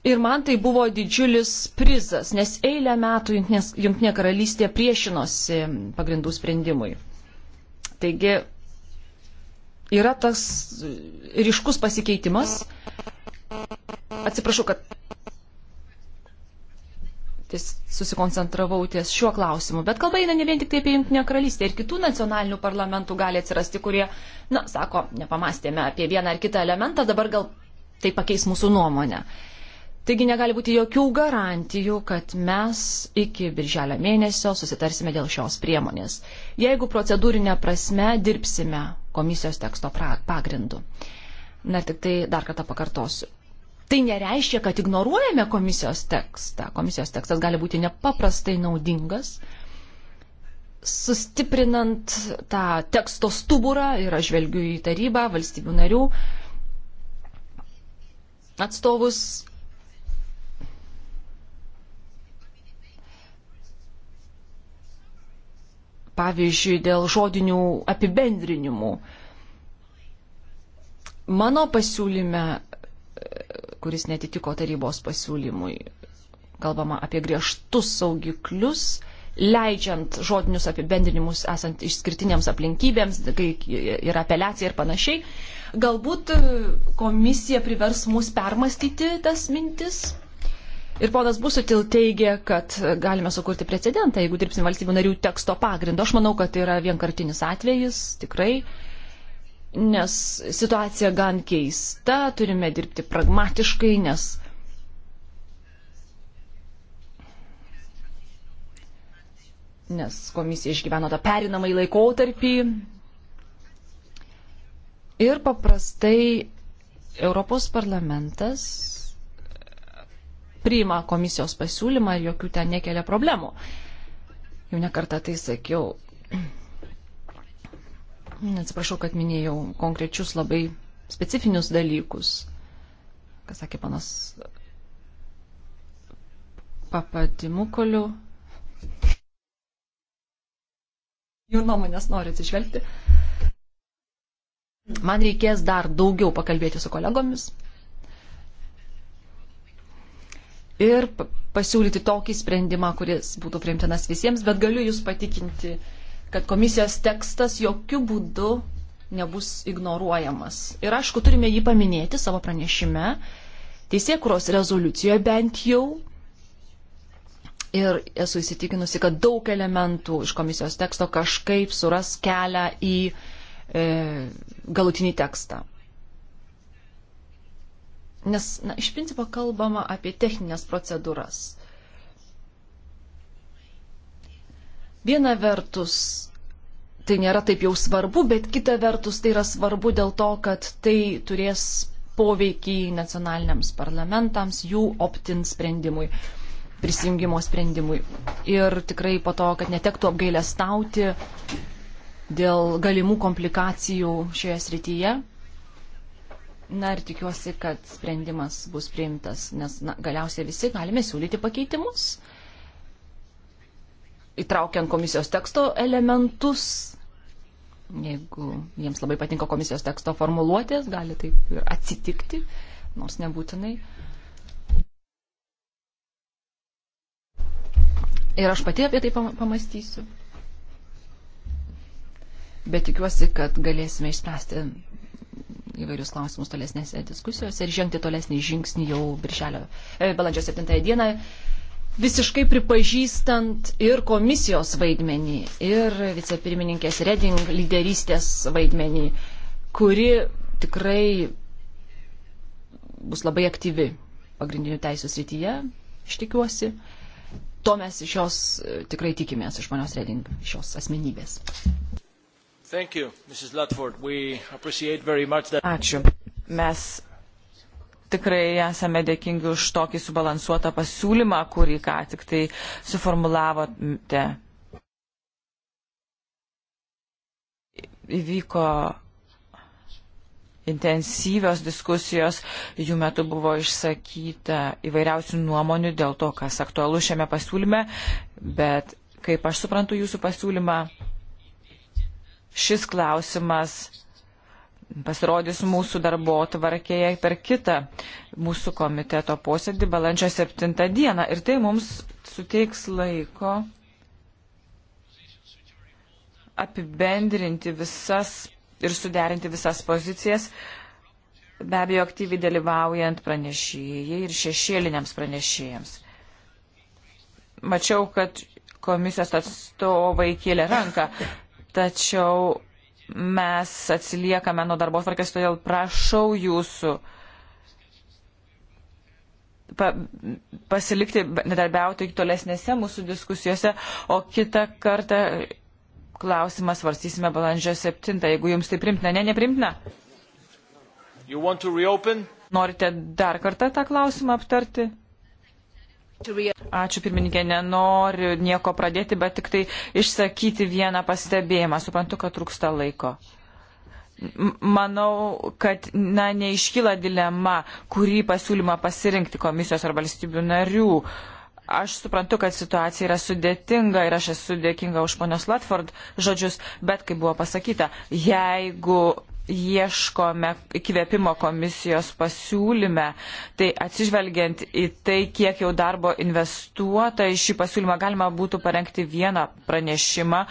Ir man tai buvo didžiulis prizas, nes eilę metų Junktinė karalystė priešinosi pagrindų sprendimui. Taigi yra tas ryškus pasikeitimas. Atsiprašau, kad ties susikoncentravau ties šiuo klausimu. Bet kalba eina ne vien tik tai apie Junktinę karalystę ir kitų nacionalinių parlamentų gali atsirasti, kurie, na, sako, nepamastėme apie vieną ar kitą elementą, dabar gal tai pakeis mūsų nuomonę. Taigi negali būti jokių garantijų, kad mes iki birželio mėnesio susitarsime dėl šios priemonės. Jeigu procedūrinė prasme dirbsime komisijos teksto pagrindu. Na tik tai dar kartą pakartosiu. Tai nereiškia, kad ignoruojame komisijos tekstą. Komisijos tekstas gali būti nepaprastai naudingas, sustiprinant tą teksto stuburą ir aš žvelgiu į tarybą valstybių narių atstovus pavyzdžiui, dėl žodinių apibendrinimų. Mano pasiūlyme, kuris netitiko tarybos pasiūlymui, kalbama apie griežtus saugiklius, leidžiant žodinius apibendrinimus esant išskirtinėms aplinkybėms, kai yra apeliacija ir panašiai. Galbūt komisija privers mus permastyti tas mintis, Ir ponas Busutil teigia, kad galime sukurti precedentą, jeigu dirbsim valstybių narių teksto pagrindu. Aš manau, kad tai yra vienkartinis atvejis, tikrai, nes situacija gan keista, turime dirbti pragmatiškai, nes nes komisija išgyveno tą perinamąjį laikotarpį. Ir paprastai Europos parlamentas priima komisijos pasiūlymą ir jokių ten nekelia problemų. Jau nekartą tai sakiau. Atsiprašau, kad minėjau konkrečius labai specifinius dalykus, kas sakė panas papatimukoliu. Jų nuomonės noriu atsižvelgti. Man reikės dar daugiau pakalbėti su kolegomis ir pasiūlyti tokį sprendimą, kuris būtų priimtinas visiems, bet galiu Jūs patikinti, kad komisijos tekstas jokių būdų nebus ignoruojamas. Ir aišku, turime jį paminėti savo pranešime, teisėkuros rezoliucijoje bent jau. Ir esu įsitikinusi, kad daug elementų iš komisijos teksto kažkaip suras kelią į e, galutinį tekstą. Nes na, iš principo kalbama apie techninės procedūras. Viena vertus, tai nėra taip jau svarbu, bet kita vertus tai yra svarbu dėl to, kad tai turės poveikį nacionaliniams parlamentams, jų optin sprendimui, prisijungimo sprendimui. Ir tikrai po to, kad netektų apgailę stauti dėl galimų komplikacijų šioje srityje, Na ir tikiuosi, kad sprendimas bus priimtas, nes na, galiausiai visi galime siūlyti pakeitimus, įtraukiant komisijos teksto elementus. Jeigu jiems labai patinka komisijos teksto formuluotės, gali taip ir atsitikti, nors nebūtinai. Ir aš pati apie tai pamastysiu. Bet tikiuosi, kad galėsime išspręsti įvairius klausimus tolesnėse diskusijose ir žengti tolesnį žingsnį jau birželio, e, balandžio 7 dieną, visiškai pripažįstant ir komisijos vaidmenį, ir vicepirmininkės Reding lyderystės vaidmenį, kuri tikrai bus labai aktyvi pagrindinių teisų srityje, aš tikiuosi. To mes iš jos e, tikrai tikimės, iš ponios Reding, iš jos asmenybės. You, that... Ačiū. Mes tikrai esame dėkingi už tokį subalansuotą pasiūlymą, kurį ką tik tai suformulavote. Įvyko intensyvios diskusijos, jų metu buvo išsakyta įvairiausių nuomonių dėl to, kas aktualu šiame pasiūlyme, bet kaip aš suprantu jūsų pasiūlymą, šis klausimas pasirodys mūsų darbo tvarkėje per kitą mūsų komiteto posėdį balandžio 7 dieną. Ir tai mums suteiks laiko apibendrinti visas ir suderinti visas pozicijas, be abejo aktyviai dalyvaujant pranešėjai ir šešėliniams pranešėjams. Mačiau, kad komisijos atstovai kėlė ranką tačiau mes atsiliekame nuo darbo tvarkės, todėl prašau jūsų pa, pasilikti, nedarbiauti tolesnėse mūsų diskusijose, o kitą kartą klausimą svarstysime balandžio 7, jeigu jums tai primtina, ne, neprimtina. Norite dar kartą tą klausimą aptarti? Ačiū pirmininkė, nenoriu nieko pradėti, bet tik tai išsakyti vieną pastebėjimą. Suprantu, kad trūksta laiko. Manau, kad na, neiškyla dilema, kurį pasiūlymą pasirinkti komisijos ar valstybių narių. Aš suprantu, kad situacija yra sudėtinga ir aš esu dėkinga už ponios Latford žodžius, bet kaip buvo pasakyta, jeigu ieškome įkvėpimo komisijos pasiūlyme, tai atsižvelgiant į tai, kiek jau darbo investuota į šį pasiūlymą, galima būtų parengti vieną pranešimą,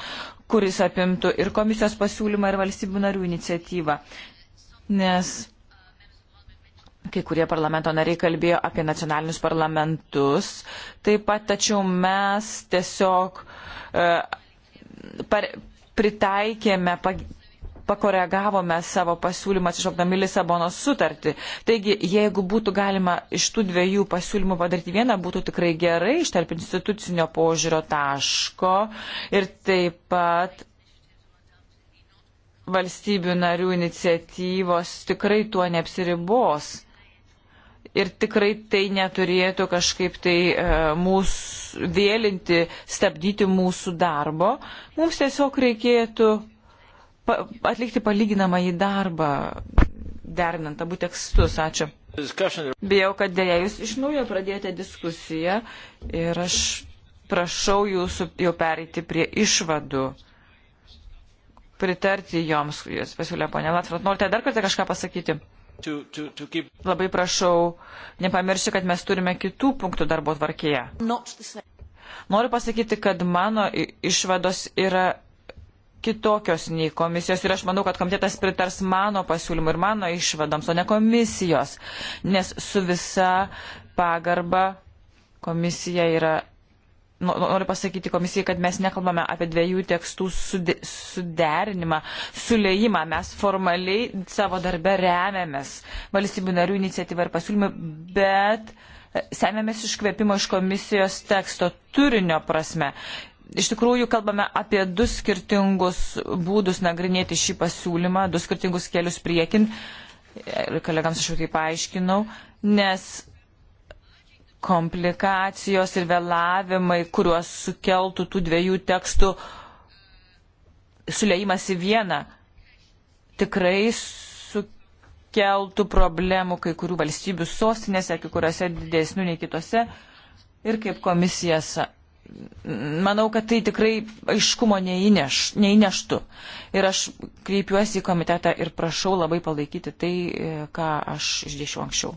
kuris apimtų ir komisijos pasiūlymą, ir valstybių narių iniciatyvą. Nes kai kurie parlamento nariai kalbėjo apie nacionalinius parlamentus, taip pat, tačiau mes tiesiog uh, par, pritaikėme. Pag pakoregavome savo pasiūlymą atsižvelgdami Lisabonos sutartį. Taigi, jeigu būtų galima iš tų dviejų pasiūlymų padaryti vieną, būtų tikrai gerai iš tarp institucinio požiūrio taško ir taip pat valstybių narių iniciatyvos tikrai tuo neapsiribos ir tikrai tai neturėtų kažkaip tai e, mūsų vėlinti, stabdyti mūsų darbo. Mums tiesiog reikėtų atlikti palyginamą į darbą, derinant abu tekstus. Ačiū. Bijau, kad dėja jūs iš naujo pradėjote diskusiją ir aš prašau jūsų jau pereiti prie išvadų, pritarti joms, jūs pasiūlė ponė Latvart. Norite dar kartą kažką pasakyti? To, to, to keep... Labai prašau, nepamiršti, kad mes turime kitų punktų darbo tvarkėje. Noriu pasakyti, kad mano išvados yra kitokios nei komisijos ir aš manau, kad komitetas pritars mano pasiūlymų ir mano išvadoms, o ne komisijos, nes su visa pagarba komisija yra. Nu, nu, noriu pasakyti komisijai, kad mes nekalbame apie dviejų tekstų suderinimą, sulėjimą. Mes formaliai savo darbe remiamės valstybių narių iniciatyvą ir pasiūlymą, bet e, semiamės iškvėpimo iš komisijos teksto turinio prasme iš tikrųjų kalbame apie du skirtingus būdus nagrinėti šį pasiūlymą, du skirtingus kelius priekin. Ir kolegams aš jau tai paaiškinau, nes komplikacijos ir vėlavimai, kuriuos sukeltų tų dviejų tekstų suleimas į vieną, tikrai sukeltų problemų kai kurių valstybių sostinėse, kai kuriuose didesnių nei kitose. Ir kaip komisija manau, kad tai tikrai aiškumo neįneš, neįneštų. Ir aš kreipiuosi į komitetą ir prašau labai palaikyti tai, e, ką aš išdėšiau anksčiau.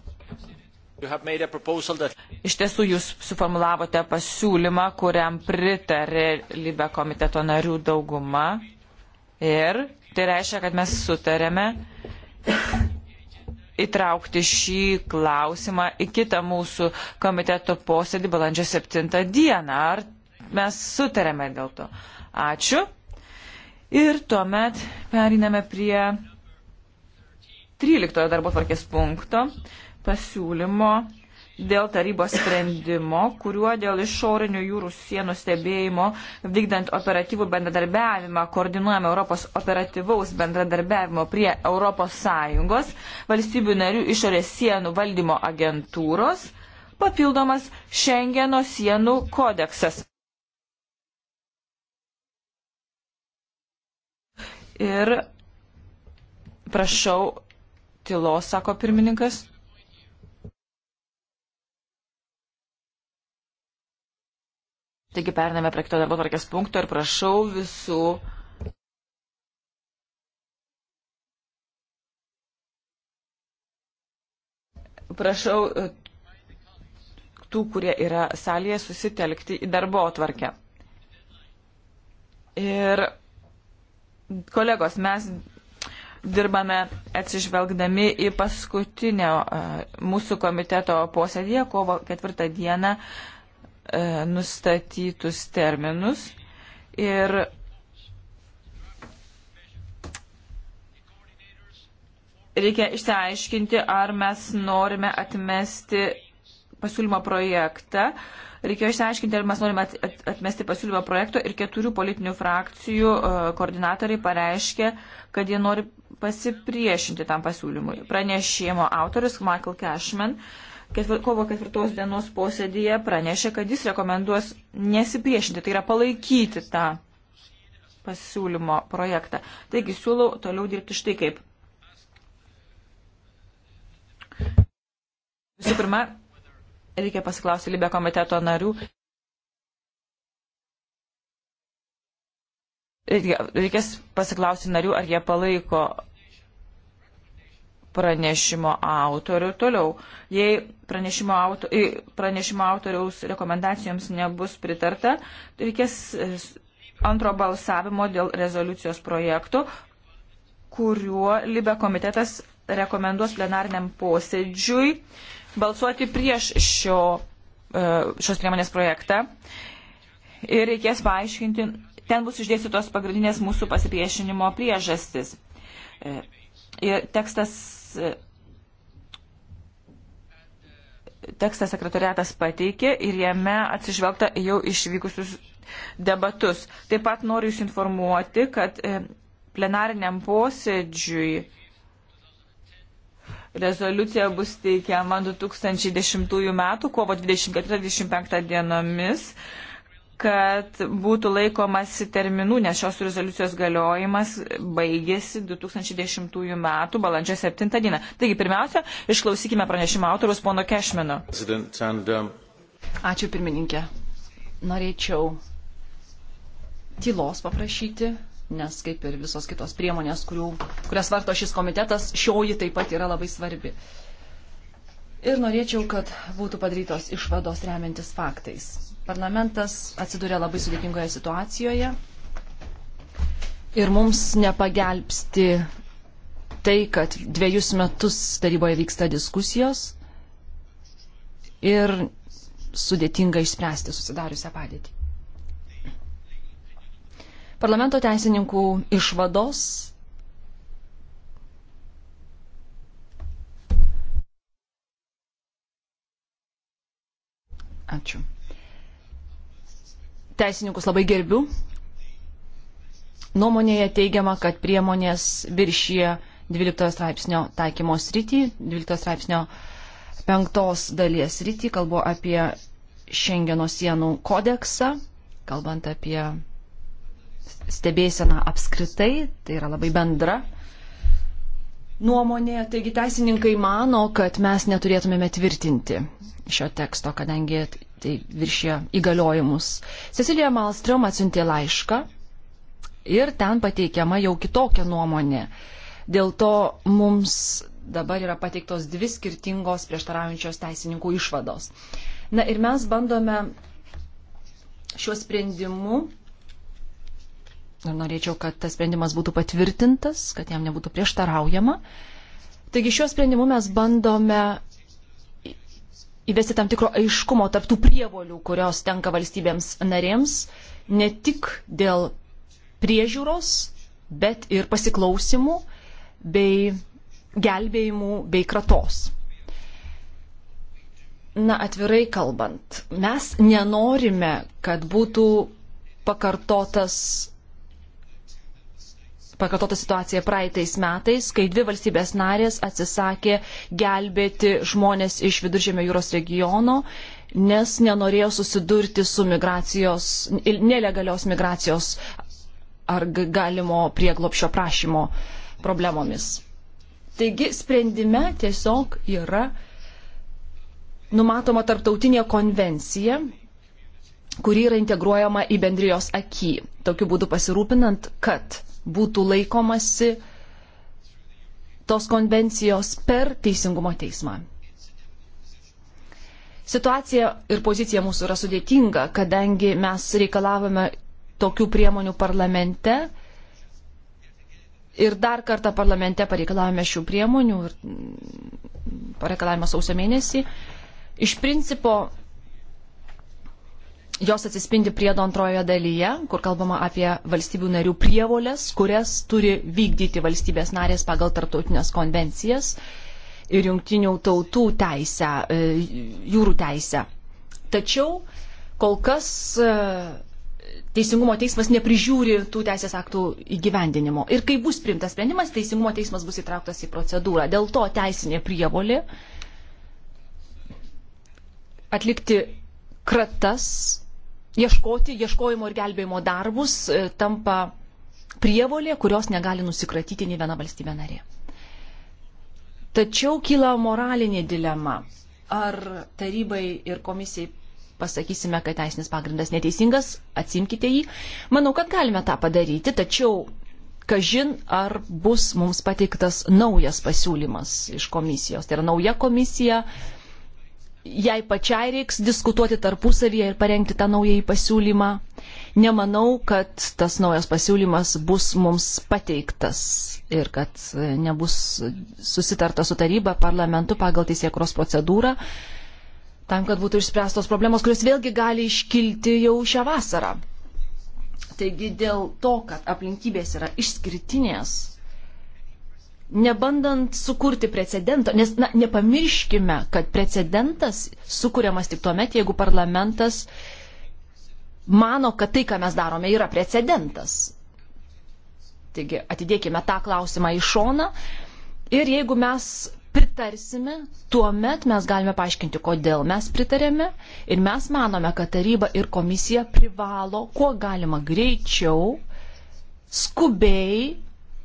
That... Iš tiesų jūs suformulavote pasiūlymą, kuriam pritarė Libe komiteto narių dauguma. Ir tai reiškia, kad mes sutarėme įtraukti šį klausimą į kitą mūsų komiteto posėdį balandžio 7 dieną. Ar mes sutarėme dėl to? Ačiū. Ir tuomet periname prie 13 darbo tvarkės punkto pasiūlymo dėl tarybos sprendimo, kuriuo dėl išorinių jūrų sienų stebėjimo vykdant operatyvų bendradarbiavimą koordinuojame Europos operatyvaus bendradarbiavimo prie ES valstybių narių išorės sienų valdymo agentūros papildomas Šengeno sienų kodeksas. Ir prašau tylos, sako pirmininkas. Taigi pername prie kito darbo tvarkės punkto ir prašau visų prašau e, tų, kurie yra salėje, susitelkti į darbo atvarkę. Ir kolegos, mes dirbame atsižvelgdami į paskutinę e, mūsų komiteto posėdėje kovo ketvirtą dieną E, nustatytus terminus ir reikia išsiaiškinti, ar mes norime atmesti pasiūlymo projektą. Reikėjo išsiaiškinti, ar mes norime atmesti pasiūlymo projekto ir keturių politinių frakcijų e, koordinatoriai pareiškė, kad jie nori pasipriešinti tam pasiūlymui. Pranešimo autorius Michael Cashman uh, ketvir, kovo ketvirtos dienos posėdėje pranešė, kad jis rekomenduos nesipriešinti, tai yra palaikyti tą pasiūlymo projektą. Taigi siūlau toliau dirbti štai kaip. Visų pirma, reikia pasiklausyti Libė komiteto narių. Reikės pasiklausyti narių, ar jie palaiko pranešimo autorių. Toliau, jei pranešimo, auto, pranešimo autoriaus rekomendacijoms nebus pritarta, tai reikės e, antro balsavimo dėl rezoliucijos projektų, kuriuo Libe komitetas rekomenduos plenariniam posėdžiui balsuoti prieš šio, e, šios priemonės projektą. Ir reikės paaiškinti, ten bus išdėstytos pagrindinės mūsų pasipriešinimo priežastis. E, ir tekstas tekstą sekretariatas pateikė ir jame atsižvelgta jau išvykusius debatus. Taip pat noriu Jūs informuoti, kad e, plenariniam posėdžiui rezoliucija bus teikiama 2010 m. kovo 24-25 dienomis kad būtų laikomasi terminų, nes šios rezoliucijos galiojimas baigėsi 2010 m. balandžio 7 d. Taigi, pirmiausia, išklausykime pranešimo autorius pono Kešmino. Um, Ačiū pirmininkė. Norėčiau tylos paprašyti, nes kaip ir visos kitos priemonės, kurių, kurias varto šis komitetas, šioji taip pat yra labai svarbi. Ir norėčiau, kad būtų padarytos išvados remiantis faktais Parlamentas atsiduria labai sudėtingoje situacijoje ir mums nepagelbsti tai, kad dviejus metus taryboje vyksta diskusijos ir sudėtinga išspręsti susidariusią padėtį. Parlamento teisininkų išvados Ačiū teisininkus labai gerbiu. Nuomonėje teigiama, kad priemonės viršyje 12 straipsnio taikymo srity, 12 straipsnio penktos dalies srity, kalbu apie Šengeno sienų kodeksą, kalbant apie stebėseną apskritai, tai yra labai bendra nuomonė. Taigi teisininkai mano, kad mes neturėtumėme tvirtinti šio teksto, kadangi tai viršė įgaliojimus. Cecilija Malstrom atsiuntė laišką ir ten pateikiama jau kitokia nuomonė. Dėl to mums dabar yra pateiktos dvi skirtingos prieštaraujančios teisininkų išvados. Na ir mes bandome šiuo sprendimu, ir norėčiau, kad tas sprendimas būtų patvirtintas, kad jam nebūtų prieštaraujama. Taigi šiuo sprendimu mes bandome įvesti tam tikro aiškumo taptų prievolių, kurios tenka valstybėms narėms, ne tik dėl priežiūros, bet ir pasiklausimų bei gelbėjimų bei kratos. Na, atvirai kalbant, mes nenorime, kad būtų pakartotas pakartota situacija praeitais metais, kai dvi valstybės narės atsisakė gelbėti žmonės iš Viduržėmio jūros regiono, nes nenorėjo susidurti su migracijos, nelegalios migracijos ar galimo prieglopšio prašymo problemomis. Taigi sprendime tiesiog yra numatoma tarptautinė konvencija, kuri yra integruojama į bendrijos akį, tokiu būdu pasirūpinant, kad būtų laikomasi tos konvencijos per Teisingumo teismą. Situacija ir pozicija mūsų yra sudėtinga, kadangi mes reikalavome tokių priemonių parlamente ir dar kartą parlamente pareikalavome šių priemonių ir pareikalavome sausio mėnesį. Iš principo jos atsispindi priedo antrojoje dalyje, kur kalbama apie valstybių narių prievolės, kurias turi vykdyti valstybės narės pagal tarptautinės konvencijas ir jungtinių tautų teisę, e, jūrų teisę. Tačiau kol kas e, Teisingumo teismas neprižiūri tų teisės aktų įgyvendinimo. Ir kai bus primtas sprendimas, Teisingumo teismas bus įtrauktas į procedūrą. Dėl to teisinė prievolė atlikti kratas ieškoti, ieškojimo ir gelbėjimo darbus e, tampa prievolė, kurios negali nusikratyti nei viena valstybė narė. Tačiau kyla moralinė dilema. Ar tarybai ir komisijai pasakysime, kad teisinis pagrindas neteisingas, atsimkite jį. Manau, kad galime tą padaryti, tačiau kažin ar bus mums pateiktas naujas pasiūlymas iš komisijos. Tai yra nauja komisija, uh, jai pačiai reiks diskutuoti tarpusavyje ir parengti tą naująjį pasiūlymą. Nemanau, kad tas naujas pasiūlymas bus mums pateiktas ir kad e, nebus susitarta su taryba parlamentu pagal teisėkros procedūrą, tam, kad būtų išspręstos problemos, kurios vėlgi gali iškilti jau šią vasarą. Taigi dėl to, kad aplinkybės yra išskirtinės, nebandant sukurti precedento, nes na, nepamirškime, kad precedentas sukūriamas tik tuo met, jeigu parlamentas mano, kad tai, ką mes darome, yra precedentas. Taigi atidėkime tą klausimą į šoną ir jeigu mes pritarsime, tuo met mes galime paaiškinti, kodėl mes pritarėme ir mes manome, kad taryba ir komisija privalo kuo galima greičiau, skubiai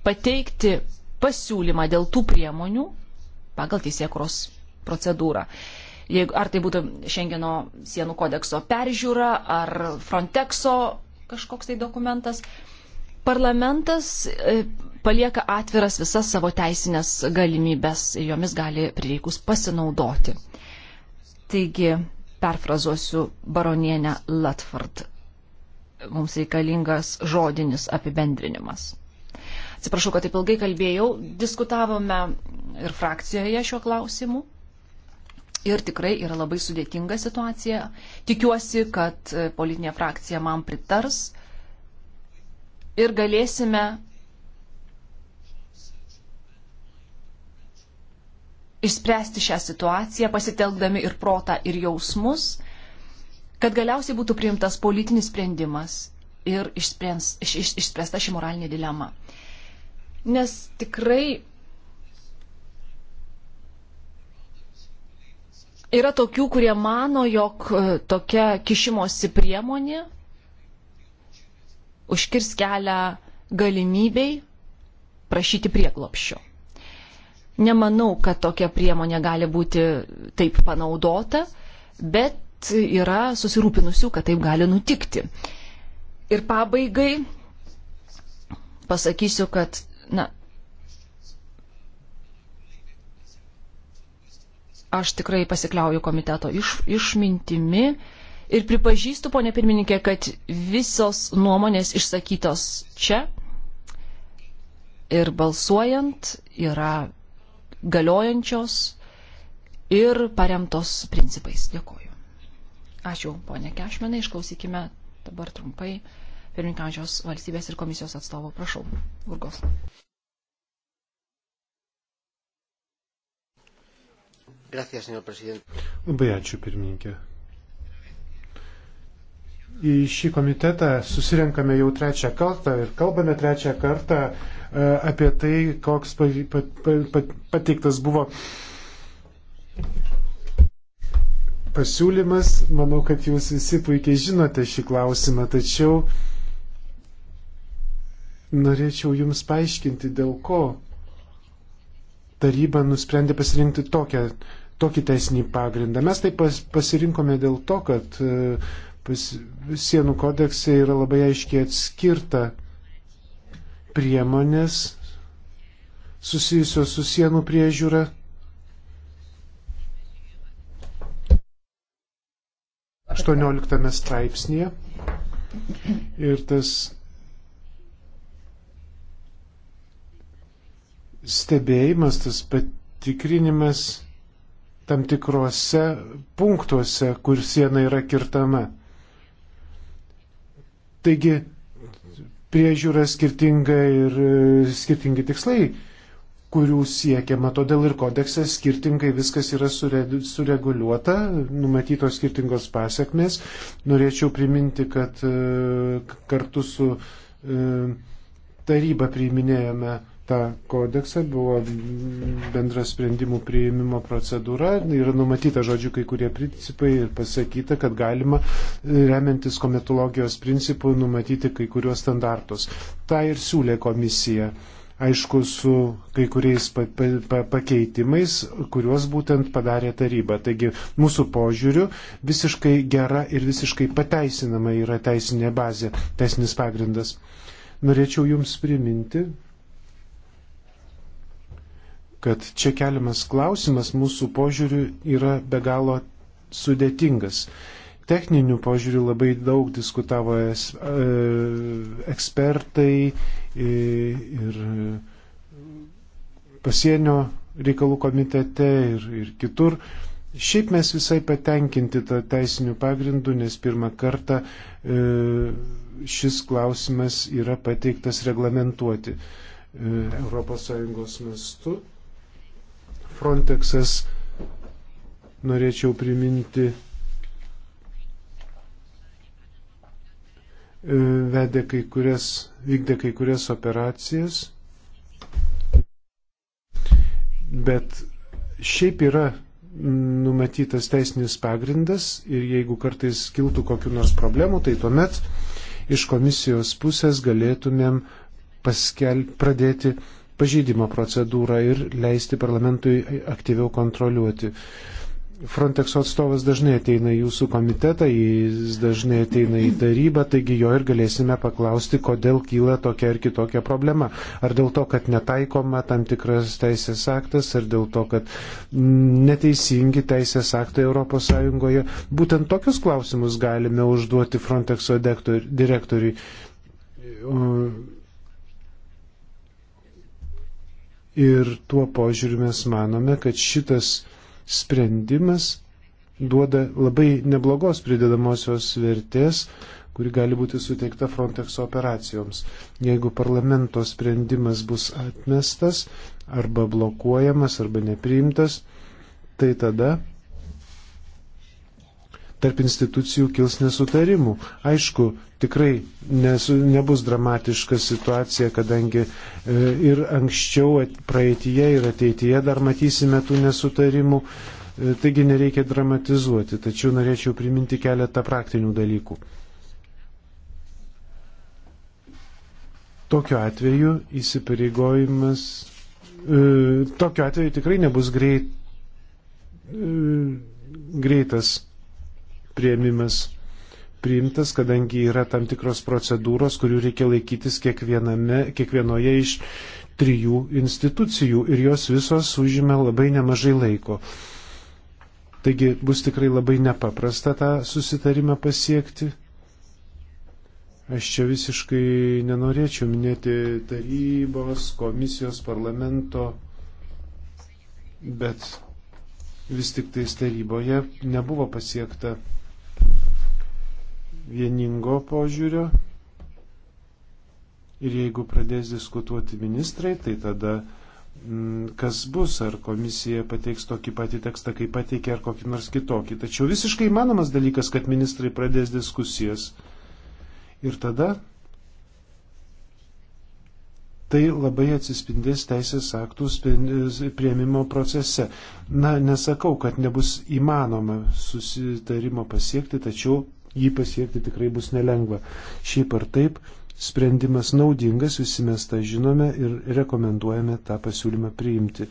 pateikti pasiūlymą dėl tų priemonių pagal teisėkros procedūrą. Jeigu, ar tai būtų Šengeno sienų kodekso peržiūra, ar Frontexo kažkoks tai dokumentas, parlamentas e, palieka atviras visas savo teisinės galimybės ir jomis gali prireikus pasinaudoti. Taigi, perfrazuosiu baronienę Latford. Mums reikalingas žodinis apibendrinimas. Atsiprašau, kad taip ilgai kalbėjau. Diskutavome ir frakcijoje šiuo klausimu. Ir tikrai yra labai sudėtinga situacija. Tikiuosi, kad politinė frakcija man pritars ir galėsime išspręsti šią situaciją, pasitelkdami ir protą, ir jausmus, kad galiausiai būtų priimtas politinis sprendimas ir išspręsta ši moralinė dilema nes tikrai yra tokių, kurie mano, jog e, tokia kišimosi priemonė užkirs kelią galimybei prašyti prieglopščio. Nemanau, kad tokia priemonė gali būti taip panaudota, bet yra susirūpinusių, kad taip gali nutikti. Ir pabaigai pasakysiu, kad Na, aš tikrai pasikliauju komiteto iš, išmintimi ir pripažįstu, ponė pirmininkė, kad visos nuomonės išsakytos čia ir balsuojant yra galiojančios ir paremtos principais. Dėkoju. Ačiū, ponė Kešmenai, išklausykime dabar trumpai pirmininkančios valstybės ir komisijos atstovo. Prašau, Urgos. Gracias, señor presidente. Labai ačiū, pirmininkė. Į šį komitetą susirenkame jau trečią kartą ir kalbame trečią kartą e, apie tai, koks pateiktas buvo pasiūlymas. Manau, kad jūs visi puikiai žinote šį klausimą, tačiau Norėčiau Jums paaiškinti, dėl ko taryba nusprendė pasirinkti tokią, tokį teisinį pagrindą. Mes tai pas, pasirinkome dėl to, kad e, pas, sienų kodekse yra labai aiškiai atskirta priemonės susijusios su sienų priežiūra. Aštuonioliktame straipsnėje ir tas stebėjimas, tas patikrinimas tam tikrose punktuose, kur siena yra kirtama. Taigi priežiūra skirtinga ir e, skirtingi tikslai, kurių siekiama. Todėl ir kodekse skirtingai viskas yra sureguliuota, numatytos skirtingos pasiekmes. Norėčiau priminti, kad e, kartu su e, taryba priiminėjome tą kodeksą, buvo bendra sprendimų prieimimo procedūra, yra numatyta žodžiu kai kurie principai ir pasakyta, kad galima e, remiantis kometologijos principų numatyti kai kuriuos standartus. Ta ir siūlė komisija. Aišku, su kai kuriais pa, pa, pa, pakeitimais, kuriuos būtent padarė taryba. Taigi, mūsų požiūriu, visiškai gera ir visiškai pateisinama yra teisinė bazė, teisinis pagrindas. Norėčiau Jums priminti, kad čia keliamas klausimas mūsų požiūriu yra be galo sudėtingas. Techninių požiūrių labai daug diskutavo es, e, ekspertai e, ir pasienio reikalų komitete ir, ir kitur. Šiaip mes visai patenkinti tą teisinių pagrindų, nes pirmą kartą e, šis klausimas yra pateiktas reglamentuoti e, ES mastu Frontexas, norėčiau priminti, e, vedė kai kurias, vykdė kai kurias operacijas, bet šiaip yra numatytas teisinis pagrindas ir jeigu kartais kiltų kokiu nors problemu, tai tuomet iš komisijos pusės galėtumėm paskel, pradėti pažydimo procedūrą ir leisti parlamentui aktyviau kontroliuoti. Frontexo atstovas dažnai ateina į jūsų komitetą, jis dažnai ateina į tarybą, taigi jo ir galėsime paklausti, kodėl kyla tokia ar kitokia problema. Ar dėl to, kad netaikoma tam tikras teisės aktas, ar dėl to, kad neteisingi teisės aktai ES. Būtent tokius klausimus galime užduoti Frontexo direktoriui. Ir tuo požiūriu mes manome, kad šitas sprendimas duoda labai neblogos pridedamosios vertės, kuri gali būti suteikta Frontexo operacijoms. Jeigu parlamento sprendimas bus atmestas arba blokuojamas arba nepriimtas, tai tada tarp institucijų kils nesutarimų. Aišku, tikrai nesu, nebus dramatiška situacija, kadangi e, ir anksčiau praeitie ir ateityje dar matysime tų nesutarimų, e, taigi nereikia dramatizuoti, tačiau norėčiau priminti keletą praktinių dalykų. Tokiu atveju įsipareigojimas, e, tokiu atveju tikrai nebus greit, greitas prieimimas priimtas, kadangi yra tam tikros procedūros, kurių reikia laikytis kiekvienoje iš trijų institucijų ir jos visos užima labai nemažai laiko. Taigi bus tikrai labai nepaprasta tą susitarimą pasiekti. Aš čia visiškai nenorėčiau minėti tarybos, komisijos, parlamento, bet vis tik tais taryboje nebuvo pasiekta vieningo požiūrio. Ir jeigu pradės diskutuoti ministrai, tai tada mm, kas bus, ar komisija pateiks tokį patį tekstą, kaip pateikė, ar kokį nors kitokį. Tačiau visiškai įmanomas dalykas, kad ministrai pradės diskusijas. Ir tada tai labai atsispindės teisės aktų prieimimo procese. Na, nesakau, kad nebus įmanoma susitarimo pasiekti, tačiau jį pasiekti tikrai bus nelengva. Šiaip ar taip, sprendimas naudingas, visi mes tą žinome ir rekomenduojame tą pasiūlymą priimti.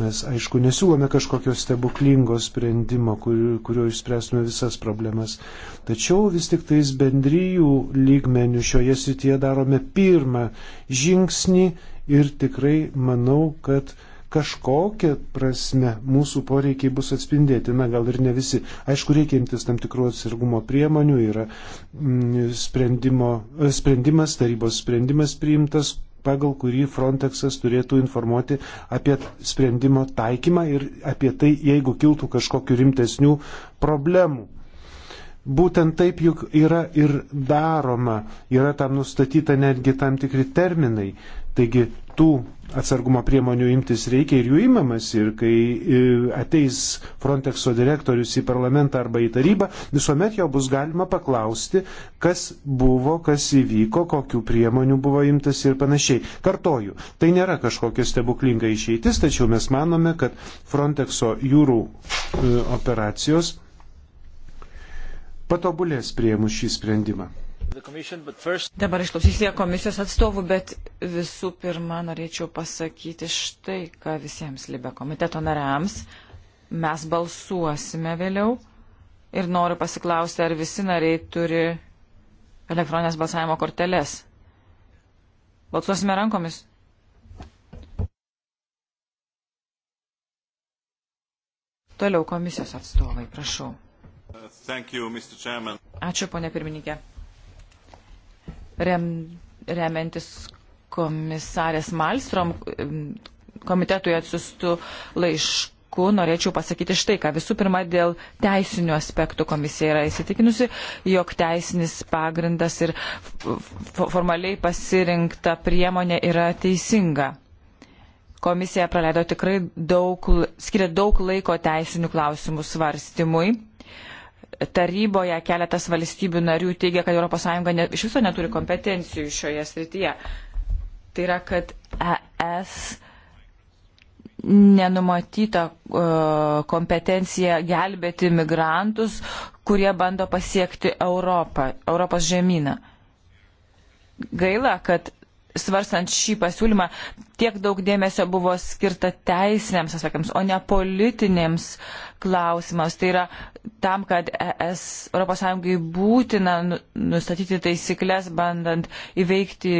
Mes, aišku, nesiūlome kažkokio stebuklingo sprendimo, kur, kuriuo išspręstume visas problemas. Tačiau vis tik tais bendryjų lygmenių šioje srityje darome pirmą žingsnį ir tikrai manau, kad kažkokia prasme mūsų poreikiai bus atspindėti, na gal ir ne visi. Aišku, reikia imtis tam tikrų atsargumo priemonių, yra mm, sprendimas, tarybos sprendimas priimtas, pagal kurį Frontexas turėtų informuoti apie sprendimo taikymą ir apie tai, jeigu kiltų kažkokiu rimtesnių problemų. Būtent taip juk yra ir daroma, yra tam nustatyta netgi tam tikri terminai. Taigi tų atsargumo priemonių imtis reikia ir jų imamas. Ir kai e, ateis Frontexo direktorius į parlamentą arba į tarybą, visuomet jo bus galima paklausti, kas buvo, kas įvyko, kokių priemonių buvo imtas ir panašiai. Kartoju, tai nėra kažkokia stebuklinga išeitis, tačiau mes manome, kad Frontexo jūrų e, operacijos patobulės prieimus šį sprendimą. Dabar išklausysime komisijos atstovų, bet visų pirma norėčiau pasakyti štai, ką visiems Libe komiteto nariams mes balsuosime vėliau ir noriu pasiklausti, ar visi nariai turi elektroninės balsavimo korteles. Balsuosime rankomis. Toliau komisijos atstovai, prašau. You, Ačiū, ponė pirmininkė. Rem, remiantis komisarės Malstrom komitetui atsiustų laiškų, norėčiau pasakyti štai ką. Visų pirma, dėl teisinių aspektų komisija yra įsitikinusi, jog teisinis pagrindas ir formaliai pasirinkta priemonė yra teisinga. Komisija praleido tikrai daug, skiria daug laiko teisinių klausimų svarstymui taryboje keletas valstybių narių teigia, kad ES ne, iš viso neturi kompetencijų šioje srityje. Tai yra, kad ES nenumatyta uh, kompetencija gelbėti migrantus, kurie bando pasiekti Europą, Europos žemyną. Gaila, kad svarstant šį pasiūlymą, tiek daug dėmesio buvo skirta teisiniams aspektams, o ne politinėms klausimams. Tai yra tam, kad ES, ES būtina nu, nustatyti taisyklės, bandant įveikti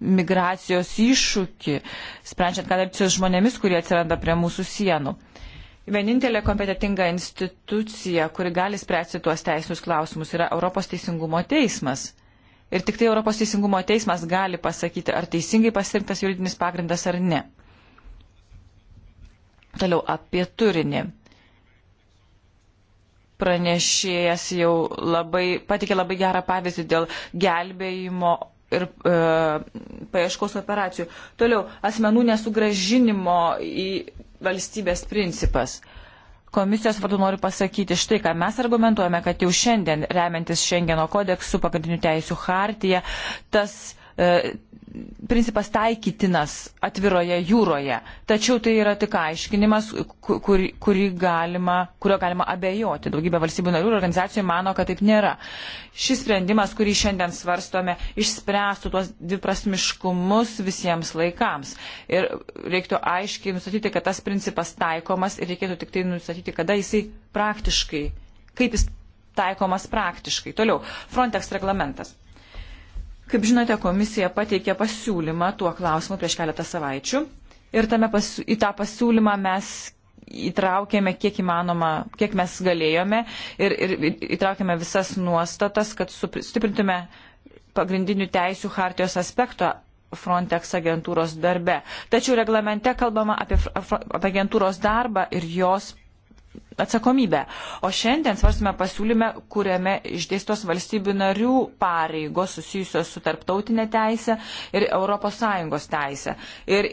migracijos iššūkį, sprendžiant, ką daryti su žmonėmis, kurie atsiranda prie mūsų sienų. Vienintelė kompetitinga institucija, kuri gali spręsti tuos teisinius klausimus, yra Europos teisingumo teismas Ir tik tai Europos teisingumo teismas gali pasakyti, ar teisingai pasirinktas juridinis pagrindas ar ne. Toliau apie turinį. Pranešėjas jau labai, patikė labai gerą pavyzdį dėl gelbėjimo ir e, paieškos operacijų. Toliau, asmenų nesugražinimo į valstybės principas. E, Komisijos vardu noriu pasakyti štai, ką mes argumentuojame, kad jau šiandien remiantis Šengeno kodeksu, pagrindinių teisų hartyje, tas E, principas taikytinas atviroje jūroje. Tačiau tai yra tik aiškinimas, kur, kurį galima, kurio galima abejoti. Daugybė valstybių narių ir organizacijų mano, kad taip nėra. Šis sprendimas, kurį šiandien svarstome, išspręstų tuos dviprasmiškumus visiems laikams. Ir reiktų aiškiai nustatyti, kad tas principas taikomas ir reikėtų tik tai nustatyti, kada jisai praktiškai, kaip jis taikomas praktiškai. Toliau, Frontex reglamentas Kaip žinote, komisija pateikė pasiūlymą tuo klausimu prieš keletą savaičių ir pasiū, į tą pasiūlymą mes įtraukėme kiek įmanoma, kiek mes galėjome ir, ir įtraukėme visas nuostatas, kad stiprintume pagrindinių teisių hartijos aspekto Frontex agentūros darbe. Tačiau reglamente kalbama apie, apie agentūros darbą ir jos atsakomybę. O šiandien svarstume pasiūlyme, kuriame išdėstos valstybių narių pareigos susijusios su tarptautinė teisė ir ES teisė. Ir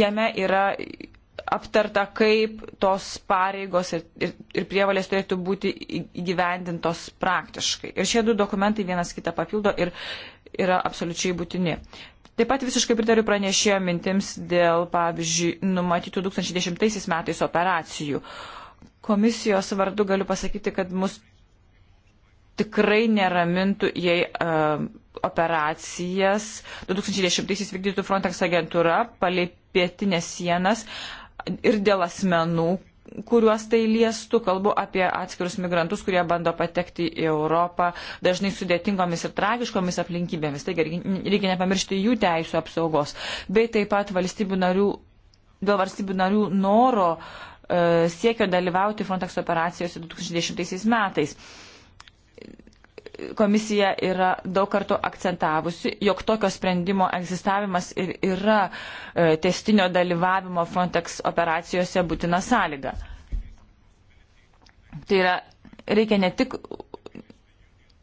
jame yra aptarta, kaip tos pareigos ir, ir, ir prievalės turėtų būti įgyvendintos praktiškai. Ir šie du dokumentai vienas kitą papildo ir yra absoliučiai būtini. Taip pat visiškai pritariu pranešėjo mintims dėl, pavyzdžiui, numatytų 2010 metais operacijų. Uh, Komisijos vardu galiu pasakyti, kad mus tikrai neramintų, jei uh, operacijas 2010-aisiais vykdytų Frontex agentūra palei pietinės sienas ir dėl asmenų, kuriuos tai liestų. Kalbu apie atskirus migrantus, kurie bando patekti į Europą dažnai sudėtingomis ir tragiškomis aplinkybėmis. Taigi reikia nepamiršti jų teisų apsaugos. Bei taip pat valstybių narių, dėl valstybių narių noro E, siekio dalyvauti Frontex operacijose 2010 metais. Komisija yra daug kartų akcentavusi, jog tokio sprendimo egzistavimas ir yra e, testinio dalyvavimo Frontex operacijose būtina sąlyga. Tai yra, reikia ne tik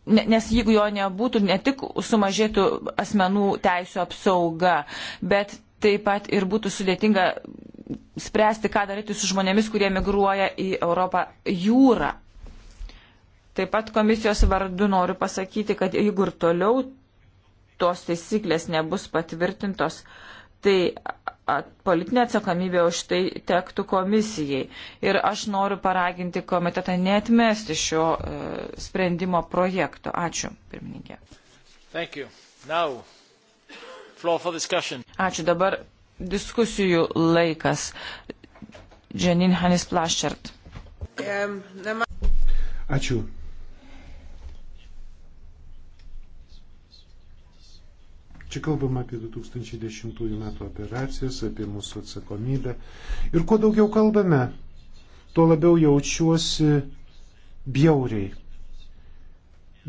nes jeigu jo nebūtų, ne tik sumažėtų asmenų teisų apsauga, bet taip pat ir būtų sudėtinga spręsti, ką daryti su žmonėmis, kurie migruoja į Europą jūrą. Taip pat komisijos vardu noriu pasakyti, kad jeigu ir toliau tos taisyklės nebus patvirtintos, tai politinė atsakomybė už tai tektų komisijai. Ir aš noriu paraginti komitetą netmesti šio uh, sprendimo projekto. Ačiū, pirmininkė. Ačiū. Dabar diskusijų laikas. Dženin Hanis Plaščert. Ačiū. Čia kalbam apie 2010 metų operacijas, apie mūsų atsakomybę. Ir kuo daugiau kalbame, tuo labiau jaučiuosi bjauriai.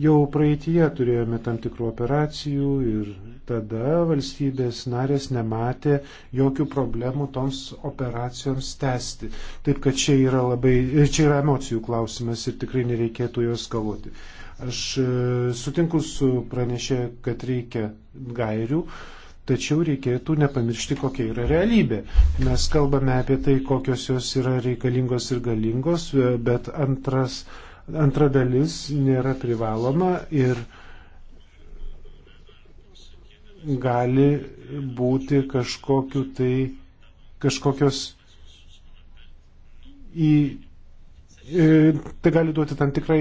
Jau praeitie turėjome tam tikrų operacijų ir tada valstybės narės nematė jokių problemų toms operacijoms tęsti. Taip kad čia yra, labai, čia yra emocijų klausimas ir tikrai nereikėtų jos kaloti. Aš e, sutinku su pranešė, kad reikia gairių. Tačiau reikėtų nepamiršti, kokia yra realybė. Mes kalbame apie tai, kokios jos yra reikalingos ir galingos, e, bet antras Antra dalis nėra privaloma ir gali būti kažkokiu tai kažkokios į e, tai gali duoti tam tikrą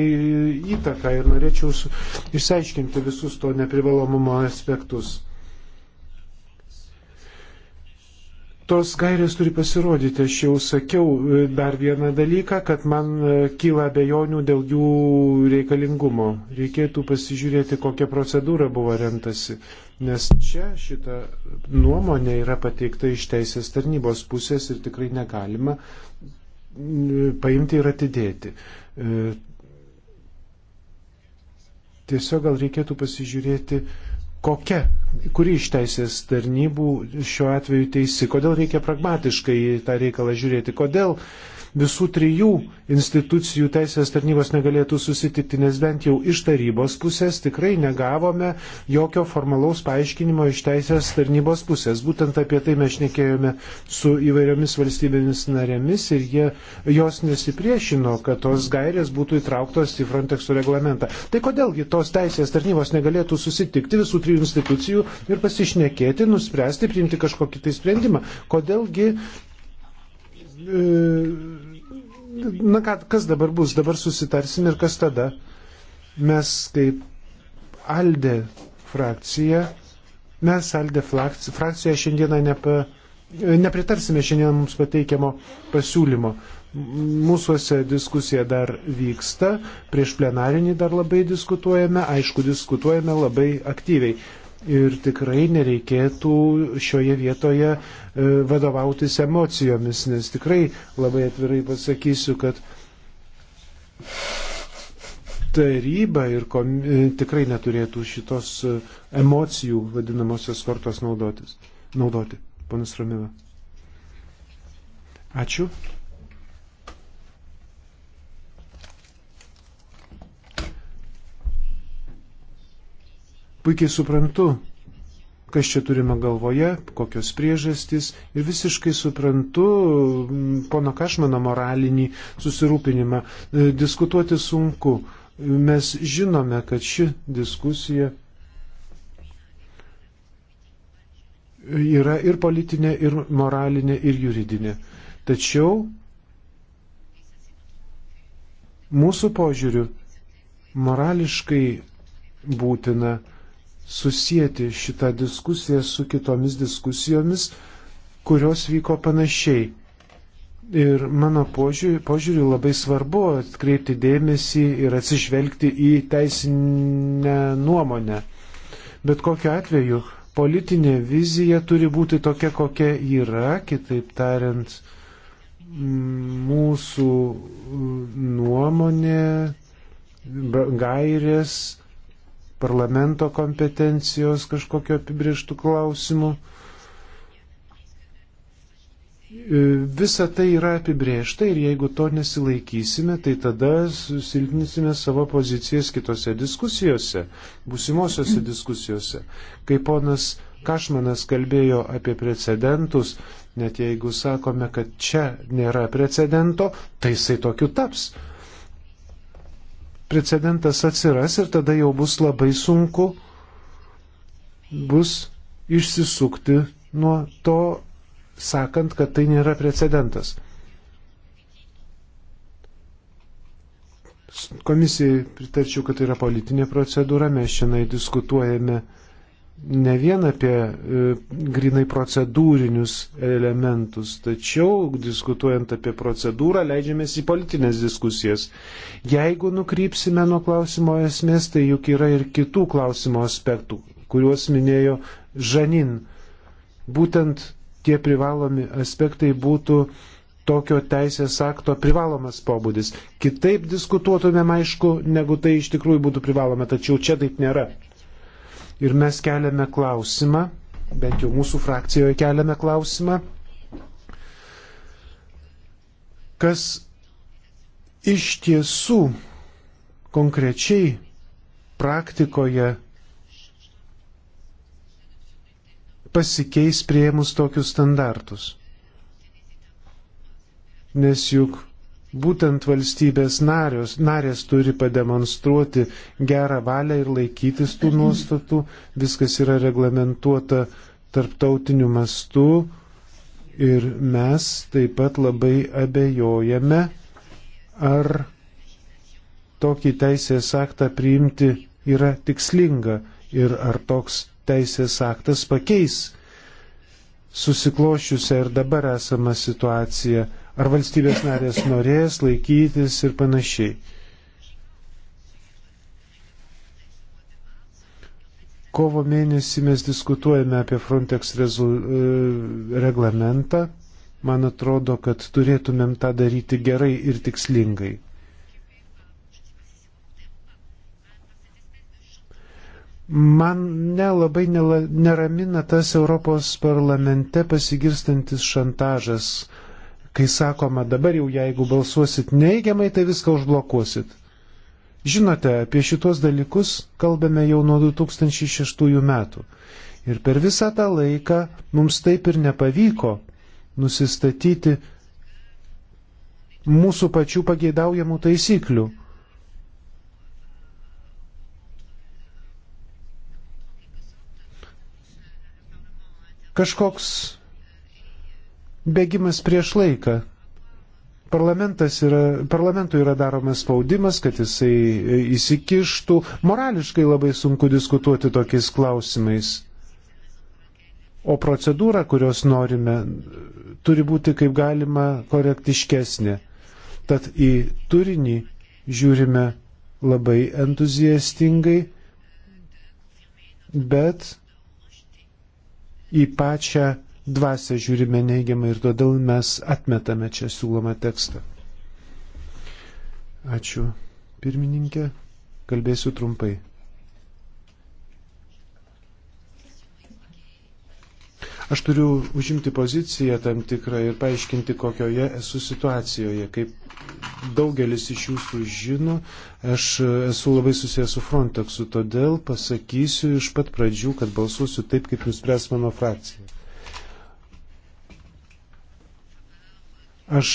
įtaką ir norėčiau išsiaiškinti visus to neprivalomumo aspektus. Tos gairės turi pasirodyti. Aš jau sakiau e, dar vieną dalyką, kad man e, kyla bejonių dėl jų reikalingumo. Reikėtų pasižiūrėti, kokia procedūra buvo rentasi. Nes čia šita nuomonė yra pateikta iš teisės tarnybos pusės ir tikrai negalima e, paimti ir atidėti. Tiesiog gal reikėtų pasižiūrėti, kokia, kuri iš teisės tarnybų šiuo atveju teisi, kodėl reikia pragmatiškai tą reikalą žiūrėti, kodėl uh, visų trijų institucijų teisės tarnybos negalėtų susitikti, nes bent jau iš tarybos pusės tikrai negavome jokio formalaus paaiškinimo iš teisės tarnybos pusės. Būtent apie tai mes nekėjome su įvairiomis valstybėmis narėmis ir jie, jos nesipriešino, kad tos gairės būtų įtrauktos į Frontexų reglamentą. Tai kodėlgi tos teisės tarnybos negalėtų susitikti visų trijų institucijų ir pasišnekėti, nuspręsti, priimti kažkokį tai sprendimą. Kodėlgi e, na ką, kas dabar bus, dabar susitarsim ir kas tada. Mes kaip Alde frakcija, mes Alde frakcija šiandieną nepa, nepritarsime šiandien mums pateikiamo pasiūlymo. Mūsuose diskusija dar vyksta, prieš plenarinį dar labai diskutuojame, aišku, diskutuojame labai aktyviai. Ir tikrai nereikėtų šioje vietoje e, vadovautis emocijomis, nes tikrai labai atvirai pasakysiu, kad taryba ir kom... E, tikrai neturėtų šitos e, emocijų vadinamosios kortos naudotis. naudoti. Ponas Ramila. Ačiū. Puikiai suprantu, kas čia turima galvoje, kokios priežastys ir visiškai suprantu mm, pono Kašmano moralinį susirūpinimą. E, diskutuoti sunku. Mes žinome, kad ši diskusija yra ir politinė, ir moralinė, ir juridinė. Tačiau mūsų požiūriu morališkai būtina susijęti šitą diskusiją su kitomis diskusijomis, kurios vyko panašiai. Ir mano požiūriu, požiūriu labai svarbu atkreipti dėmesį ir atsižvelgti į teisinę nuomonę. Bet kokiu atveju politinė vizija turi būti tokia, kokia yra, kitaip tariant, mūsų nuomonė, gairės parlamento kompetencijos kažkokio apibrieštų klausimų. E, visa tai yra apibriešta ir jeigu to nesilaikysime, tai tada silpnysime savo pozicijas kitose diskusijose, būsimosiose diskusijose. Kai ponas Kašmanas kalbėjo apie precedentus, net jeigu sakome, kad čia nėra precedento, tai jisai tokiu taps precedentas atsiras ir tada jau bus labai sunku bus išsisukti nuo to, sakant, kad tai nėra precedentas. Komisijai pritarčiau, kad tai yra politinė procedūra, mes šiandien diskutuojame ne vien apie e, grinai procedūrinius elementus, tačiau diskutuojant apie procedūrą leidžiamės į politinės diskusijas. Jeigu nukrypsime nuo klausimo esmės, tai juk yra ir kitų klausimo aspektų, kuriuos minėjo Žanin. Būtent tie privalomi aspektai būtų tokio teisės akto privalomas pobūdis. Kitaip diskutuotumėm aišku, negu tai iš tikrųjų būtų privaloma, tačiau čia taip nėra. Ir mes keliame klausimą, bent jau mūsų frakcijoje keliame klausimą, kas iš tiesų konkrečiai praktikoje pasikeis prieimus tokius standartus. Nes juk Būtent valstybės narios, narės turi pademonstruoti gerą valią ir laikytis tų nuostatų. Viskas yra reglamentuota tarptautiniu mastu ir mes taip pat labai abejojame, ar tokį teisės aktą priimti yra tikslinga ir ar toks teisės aktas pakeis susiklošiusią ir dabar esamą situaciją ar valstybės narės norės laikytis ir panašiai. Kovo mėnesį mes diskutuojame apie Frontex rezu, e, reglamentą. Man atrodo, kad turėtumėm tą daryti gerai ir tikslingai. Man nelabai neramina tas Europos parlamente pasigirstantis šantažas kai sakoma dabar jau jeigu balsuosit neigiamai, tai viską užblokuosit. Žinote, apie šitos dalykus kalbame jau nuo 2006 metų. Ir per visą tą laiką mums taip ir nepavyko nusistatyti mūsų pačių pageidaujamų taisyklių. Kažkoks bėgimas prieš laiką. Parlamentas yra, parlamentui yra daromas spaudimas, kad jisai e, įsikištų. Morališkai labai sunku diskutuoti tokiais klausimais. O procedūra, kurios norime, turi būti kaip galima korektiškesnė. Tad į turinį žiūrime labai entuziastingai, bet į pačią dvasę žiūrime neigiamai ir todėl mes atmetame čia siūlomą tekstą. Ačiū, pirmininkė. Kalbėsiu trumpai. Aš turiu užimti poziciją tam tikrą ir paaiškinti, kokioje esu situacijoje. Kaip daugelis iš jūsų žino, aš esu labai susijęs su Frontexu, todėl pasakysiu iš pat pradžių, kad balsuosiu taip, kaip nuspręs mano frakcija. Aš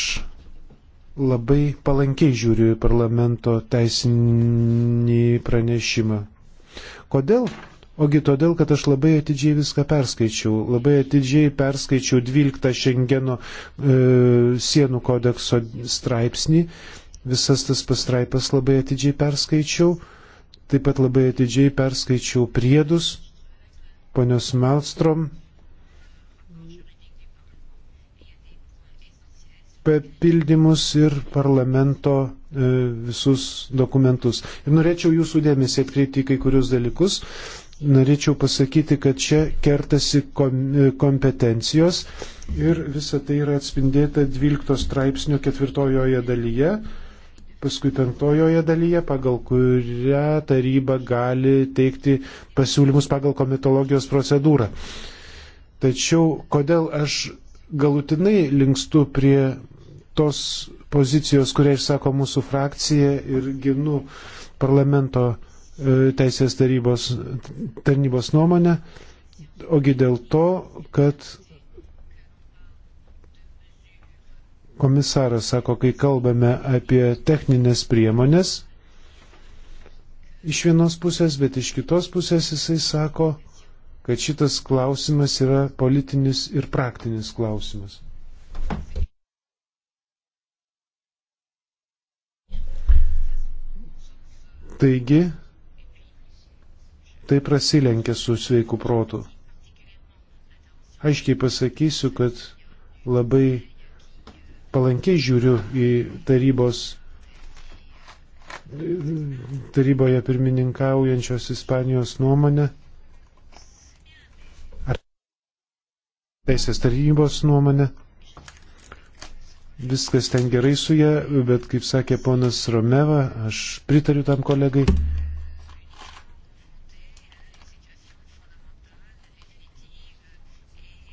labai palankiai žiūriu į parlamento teisinį pranešimą. Kodėl? Ogi todėl, kad aš labai atidžiai viską perskaičiau. Labai atidžiai perskaičiau 12 Šengeno e, sienų kodekso straipsnį. Visas tas pastraipas labai atidžiai perskaičiau. Taip pat labai atidžiai perskaičiau priedus. Ponios Melstrom papildymus ir parlamento e, visus dokumentus. Ir norėčiau jūsų dėmesį atkreipti į kai kurius dalykus. Norėčiau pasakyti, kad čia kertasi e, kompetencijos ir visa tai yra atspindėta 12 straipsnio ketvirtojoje dalyje, paskui penktojoje dalyje, pagal kurią taryba gali teikti pasiūlymus pagal komitologijos procedūrą. Tačiau kodėl aš galutinai linkstu prie tos pozicijos, kurią išsako mūsų frakcija ir ginu parlamento e, teisės tarybos, tarnybos nuomonę, ogi dėl to, kad komisaras sako, kai kalbame apie techninės priemonės, iš vienos pusės, bet iš kitos pusės jisai sako, kad šitas klausimas yra politinis ir praktinis klausimas. Taigi, tai prasilenkia su sveiku protu. Aiškiai pasakysiu, kad labai palankiai žiūriu į tarybos, taryboje pirmininkaujančios Ispanijos nuomonę. Ar teisės tarybos nuomonę? viskas ten gerai su ją, bet kaip sakė ponas Romeva, aš pritariu tam kolegai.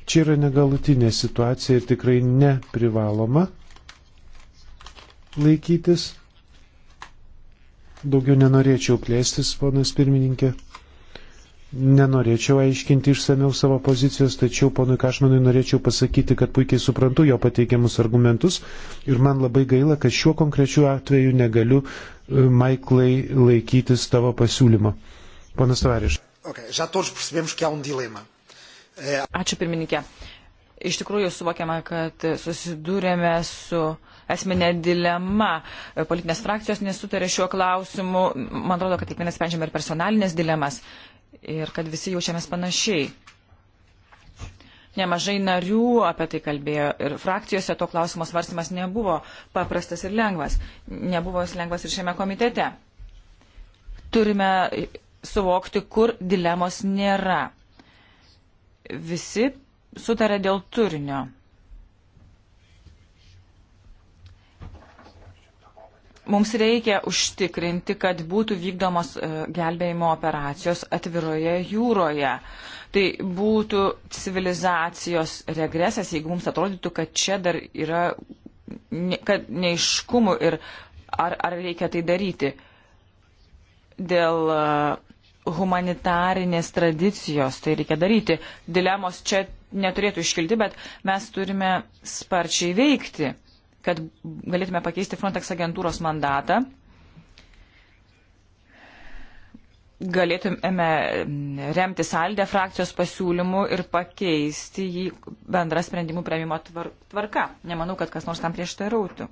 Čia yra negalutinė situacija ir tikrai neprivaloma laikytis. Daugiau nenorėčiau plėstis, ponas pirmininkė. Nenorėčiau aiškinti išsameu savo pozicijos, tačiau ponui Kašmanui norėčiau pasakyti, kad puikiai suprantu jo pateikiamus argumentus ir man labai gaila, kad šiuo konkrečiu atveju negaliu e, Maiklai laikytis tavo pasiūlymo. Ponas Tavariš. Okay. Um Ačiū pirmininkė. Iš tikrųjų suvokiama, kad susidūrėme su esminė dilema. Politinės frakcijos nesutarė šiuo klausimu. Man atrodo, kad kiekvienas sprendžiame ir personalinės dilemas ir kad visi jaučiamės panašiai. Nemažai narių apie tai kalbėjo ir frakcijose to klausimo svarstymas nebuvo paprastas ir lengvas. Nebuvo jis lengvas ir šiame komitete. Turime suvokti, kur dilemos nėra. Visi sutarė dėl turinio. Mums reikia užtikrinti, kad būtų vykdomos e, gelbėjimo operacijos atviroje jūroje. Tai būtų civilizacijos regresas, jeigu mums atrodytų, kad čia dar yra kad neiškumų ir ar, ar reikia tai daryti. Dėl e, humanitarinės tradicijos tai reikia daryti. Dilemos čia neturėtų iškilti, bet mes turime sparčiai veikti kad galėtume pakeisti Frontex agentūros mandatą. Galėtume remti saldę frakcijos pasiūlymų ir pakeisti jį bendrą sprendimų prieimimo tvarka. Nemanau, kad kas nors tam prieštarautų.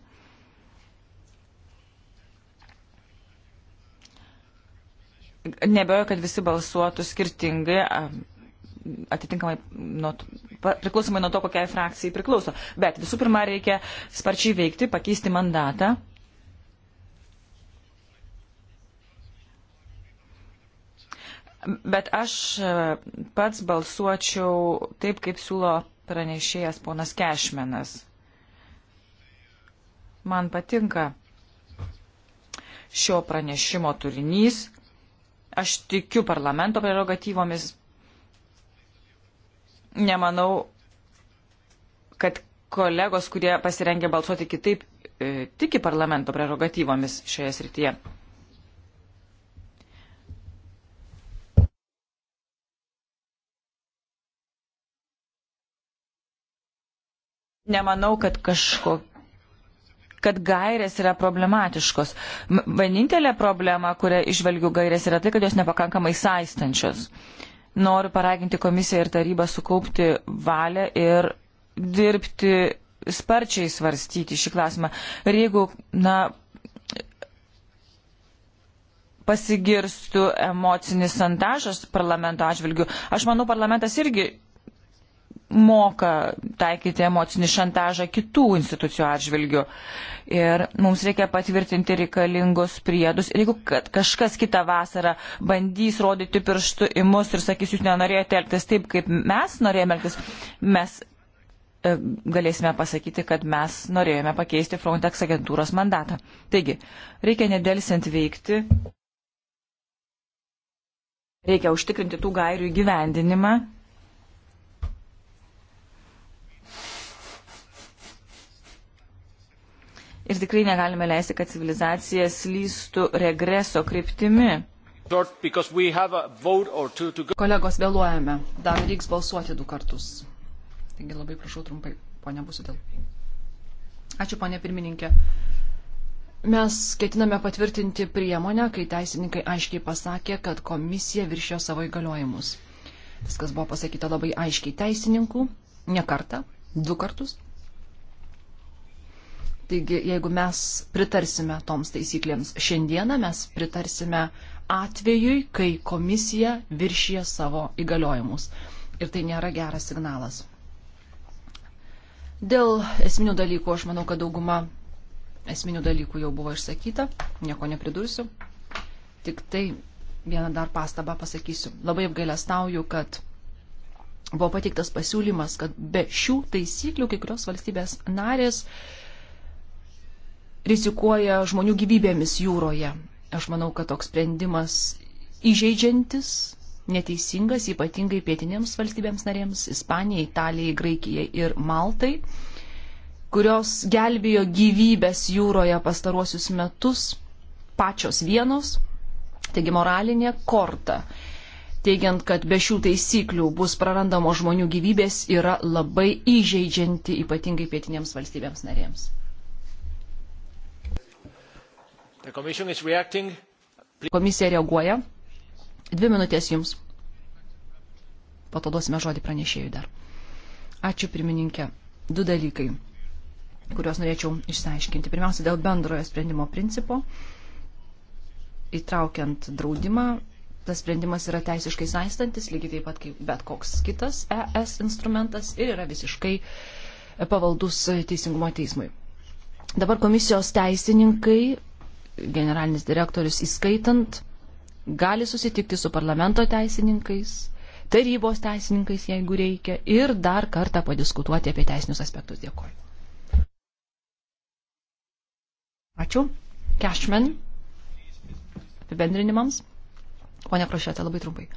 Nebejoju, kad visi balsuotų skirtingai atitinkamai nuo, priklausomai nuo to, kokiai frakcijai priklauso. Bet visų pirma, reikia sparčiai veikti, pakeisti mandatą. Bet aš e, pats balsuočiau taip, kaip siūlo pranešėjas ponas Kešmenas. Man patinka šio pranešimo turinys. Aš tikiu parlamento prerogatyvomis nemanau, kad kolegos, kurie pasirengė balsuoti kitaip, e, tiki parlamento prerogatyvomis šioje srityje. Nemanau, kad kažko, kad gairės yra problematiškos. Vienintelė problema, kurią išvelgiu gairės, yra tai, kad jos nepakankamai saistančios. Mm Noriu paraginti komisiją ir tarybą sukaupti valią ir dirbti sparčiai svarstyti šį klausimą. Ir jeigu, na, pasigirstų emocinis santažas parlamento atžvilgių, aš manau, parlamentas irgi moka taikyti emocinį šantažą kitų institucijų atžvilgių. Ir mums reikia patvirtinti reikalingus priedus. Ir jeigu kažkas kitą vasarą bandys rodyti pirštų į mus ir sakys, jūs nenorėjote elgtis taip, kaip mes norėjome elgtis, mes e, galėsime pasakyti, kad mes norėjome pakeisti Frontex agentūros mandatą. Taigi, reikia nedelsiant veikti. Reikia užtikrinti tų gairių įgyvendinimą Ir tikrai negalime leisti, kad civilizacija slystų regreso kryptimi. Kolegos, vėluojame. Dar reiks balsuoti du kartus. Taigi labai prašau trumpai, ponia Busudėl. Ačiū, ponia pirmininkė. Mes ketiname patvirtinti priemonę, kai teisininkai aiškiai pasakė, kad komisija viršėjo savo įgaliojimus. Viskas buvo pasakyta labai aiškiai teisininkų, ne kartą, du kartus. Taigi, jeigu mes pritarsime toms taisyklėms šiandieną, mes pritarsime atvejui, kai komisija viršyje savo įgaliojimus. Ir tai nėra geras signalas. Dėl esminių dalykų, aš manau, kad dauguma esminių dalykų jau buvo išsakyta, nieko nepridursiu. Tik tai vieną dar pastabą pasakysiu. Labai apgailestauju, kad buvo pateiktas pasiūlymas, kad be šių taisyklių kai kurios valstybės narės uh, rizikuoja žmonių gyvybėmis jūroje. Aš manau, kad toks sprendimas įžeidžiantis, neteisingas, ypatingai pietinėms valstybėms narėms - Ispanijai, Italijai, Graikijai ir Maltai, kurios gelbėjo gyvybės jūroje pastaruosius metus pačios vienos, taigi moralinė korta. Teigiant, kad be šių taisyklių bus prarandamos žmonių gyvybės, yra labai įžeidžianti ypatingai pietinėms valstybėms narėms. Komisija reaguoja. Dvi minutės jums. Patodosime žodį pranešėjui dar. Ačiū pirmininkė. Du dalykai, kuriuos norėčiau išsiaiškinti. Pirmiausia, dėl bendrojo sprendimo principo. Įtraukiant draudimą, tas sprendimas yra teisiškai saistantis, lygiai taip pat kaip bet koks kitas ES instrumentas ir yra visiškai pavaldus teisingumo teismui. Dabar komisijos teisininkai generalinis direktorius įskaitant gali susitikti su parlamento teisininkais, tarybos teisininkais, jeigu reikia, ir dar kartą padiskutuoti apie teisinius aspektus. Dėkoju. Ačiū. Cashman. Apibendrinimams. Pone Krošėte, labai trumpai.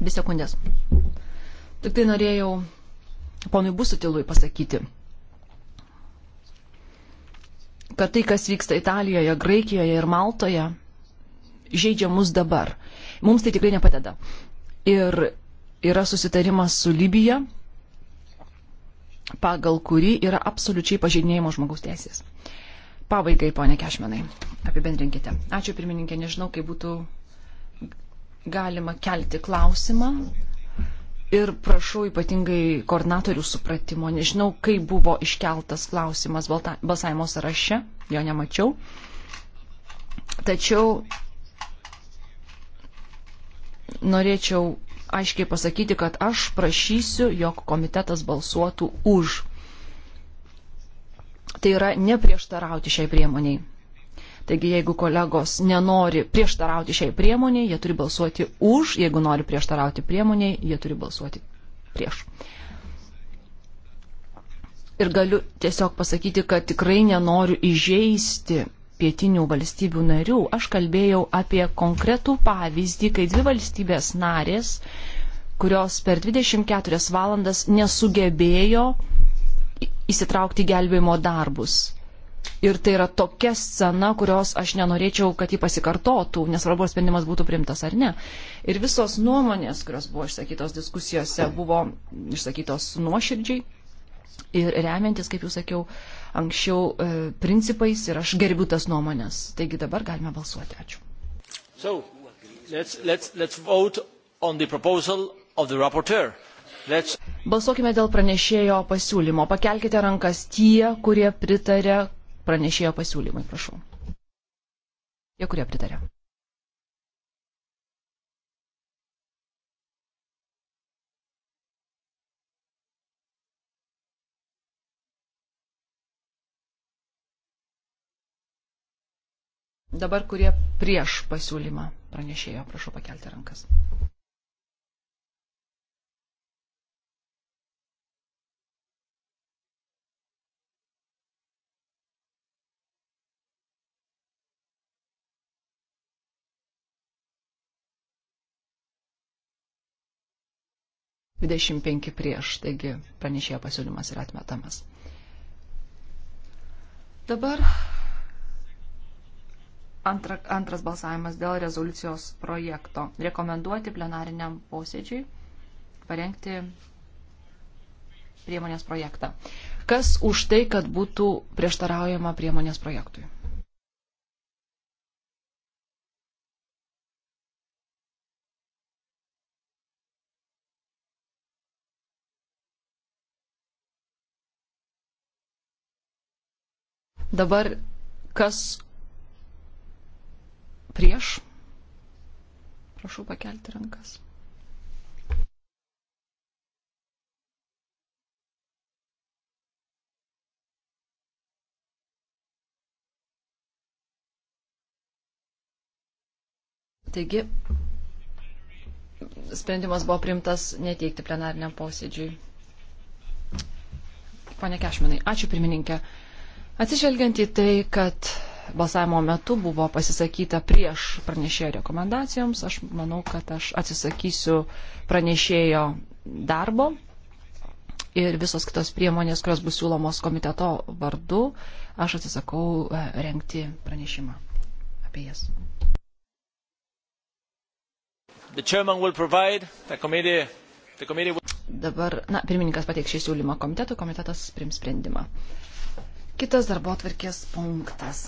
Dvi sekundės. Tik tai norėjau ponui Busutilui pasakyti, kad tai, kas vyksta Italijoje, Graikijoje ir Maltoje, žaidžia mus dabar. Mums tai tikrai nepadeda. Ir yra susitarimas su Libija, pagal kurį yra absoliučiai pažeidinėjimo žmogaus teisės. Pabaigai, ponė Kešmenai, apibendrinkite. Ačiū pirmininkė, nežinau, kaip būtų galima kelti klausimą ir prašau ypatingai koordinatorių supratimo. Nežinau, kaip buvo iškeltas klausimas balsavimo sąraše, jo nemačiau. Tačiau norėčiau aiškiai pasakyti, kad aš prašysiu, jog komitetas balsuotų už. Tai yra neprieštarauti šiai priemoniai. Taigi, jeigu kolegos nenori prieštarauti šiai priemoniai, jie turi balsuoti už, jeigu nori prieštarauti priemoniai, jie turi balsuoti prieš. Ir galiu tiesiog pasakyti, kad tikrai nenoriu įžeisti pietinių valstybių narių. Aš kalbėjau apie konkretų pavyzdį, kai dvi valstybės narės, kurios per 24 valandas nesugebėjo įsitraukti gelbėjimo darbus Ir tai yra tokia scena, kurios aš nenorėčiau, kad jį pasikartotų, nesvarbu, ar sprendimas būtų primtas ar ne. Ir visos nuomonės, kurios buvo išsakytos diskusijose, buvo išsakytos nuoširdžiai ir remiantis, kaip jau sakiau, anksčiau e, principais ir aš gerbiu tas nuomonės. Taigi dabar galime balsuoti. Ačiū. So, let's, let's, let's vote on the proposal of the rapporteur. Let's... Balsuokime dėl pranešėjo pasiūlymo. Pakelkite rankas tie, kurie pritarė pranešėjo pasiūlymai, prašau. Tie, kurie pritarė. Dabar kurie prieš pasiūlymą pranešėjo, prašau pakelti rankas. 25 prieš, taigi pranešėjo pasiūlymas yra atmetamas. Dabar antra, antras balsavimas dėl rezoliucijos projekto. Rekomenduoti plenariniam posėdžiui parengti priemonės projektą. Kas už tai, kad būtų prieštaraujama priemonės projektui? Dabar kas prieš? Prašau pakelti rankas. Taigi, sprendimas buvo primtas neteikti plenariniam posėdžiui. Pane Kešminai, ačiū pirmininkė. Atsižvelgiant į tai, kad balsavimo metu buvo pasisakyta prieš pranešėjo rekomendacijoms, aš manau, kad aš atsisakysiu pranešėjo darbo ir visos kitos priemonės, kurios bus siūlomos komiteto vardu, aš atsisakau e, renkti pranešimą apie jas. The committee, the committee will... Dabar, na, pirmininkas pateiks šį siūlymą komitetui, komitetas prims sprendimą. Kitas darbo atvarkės punktas.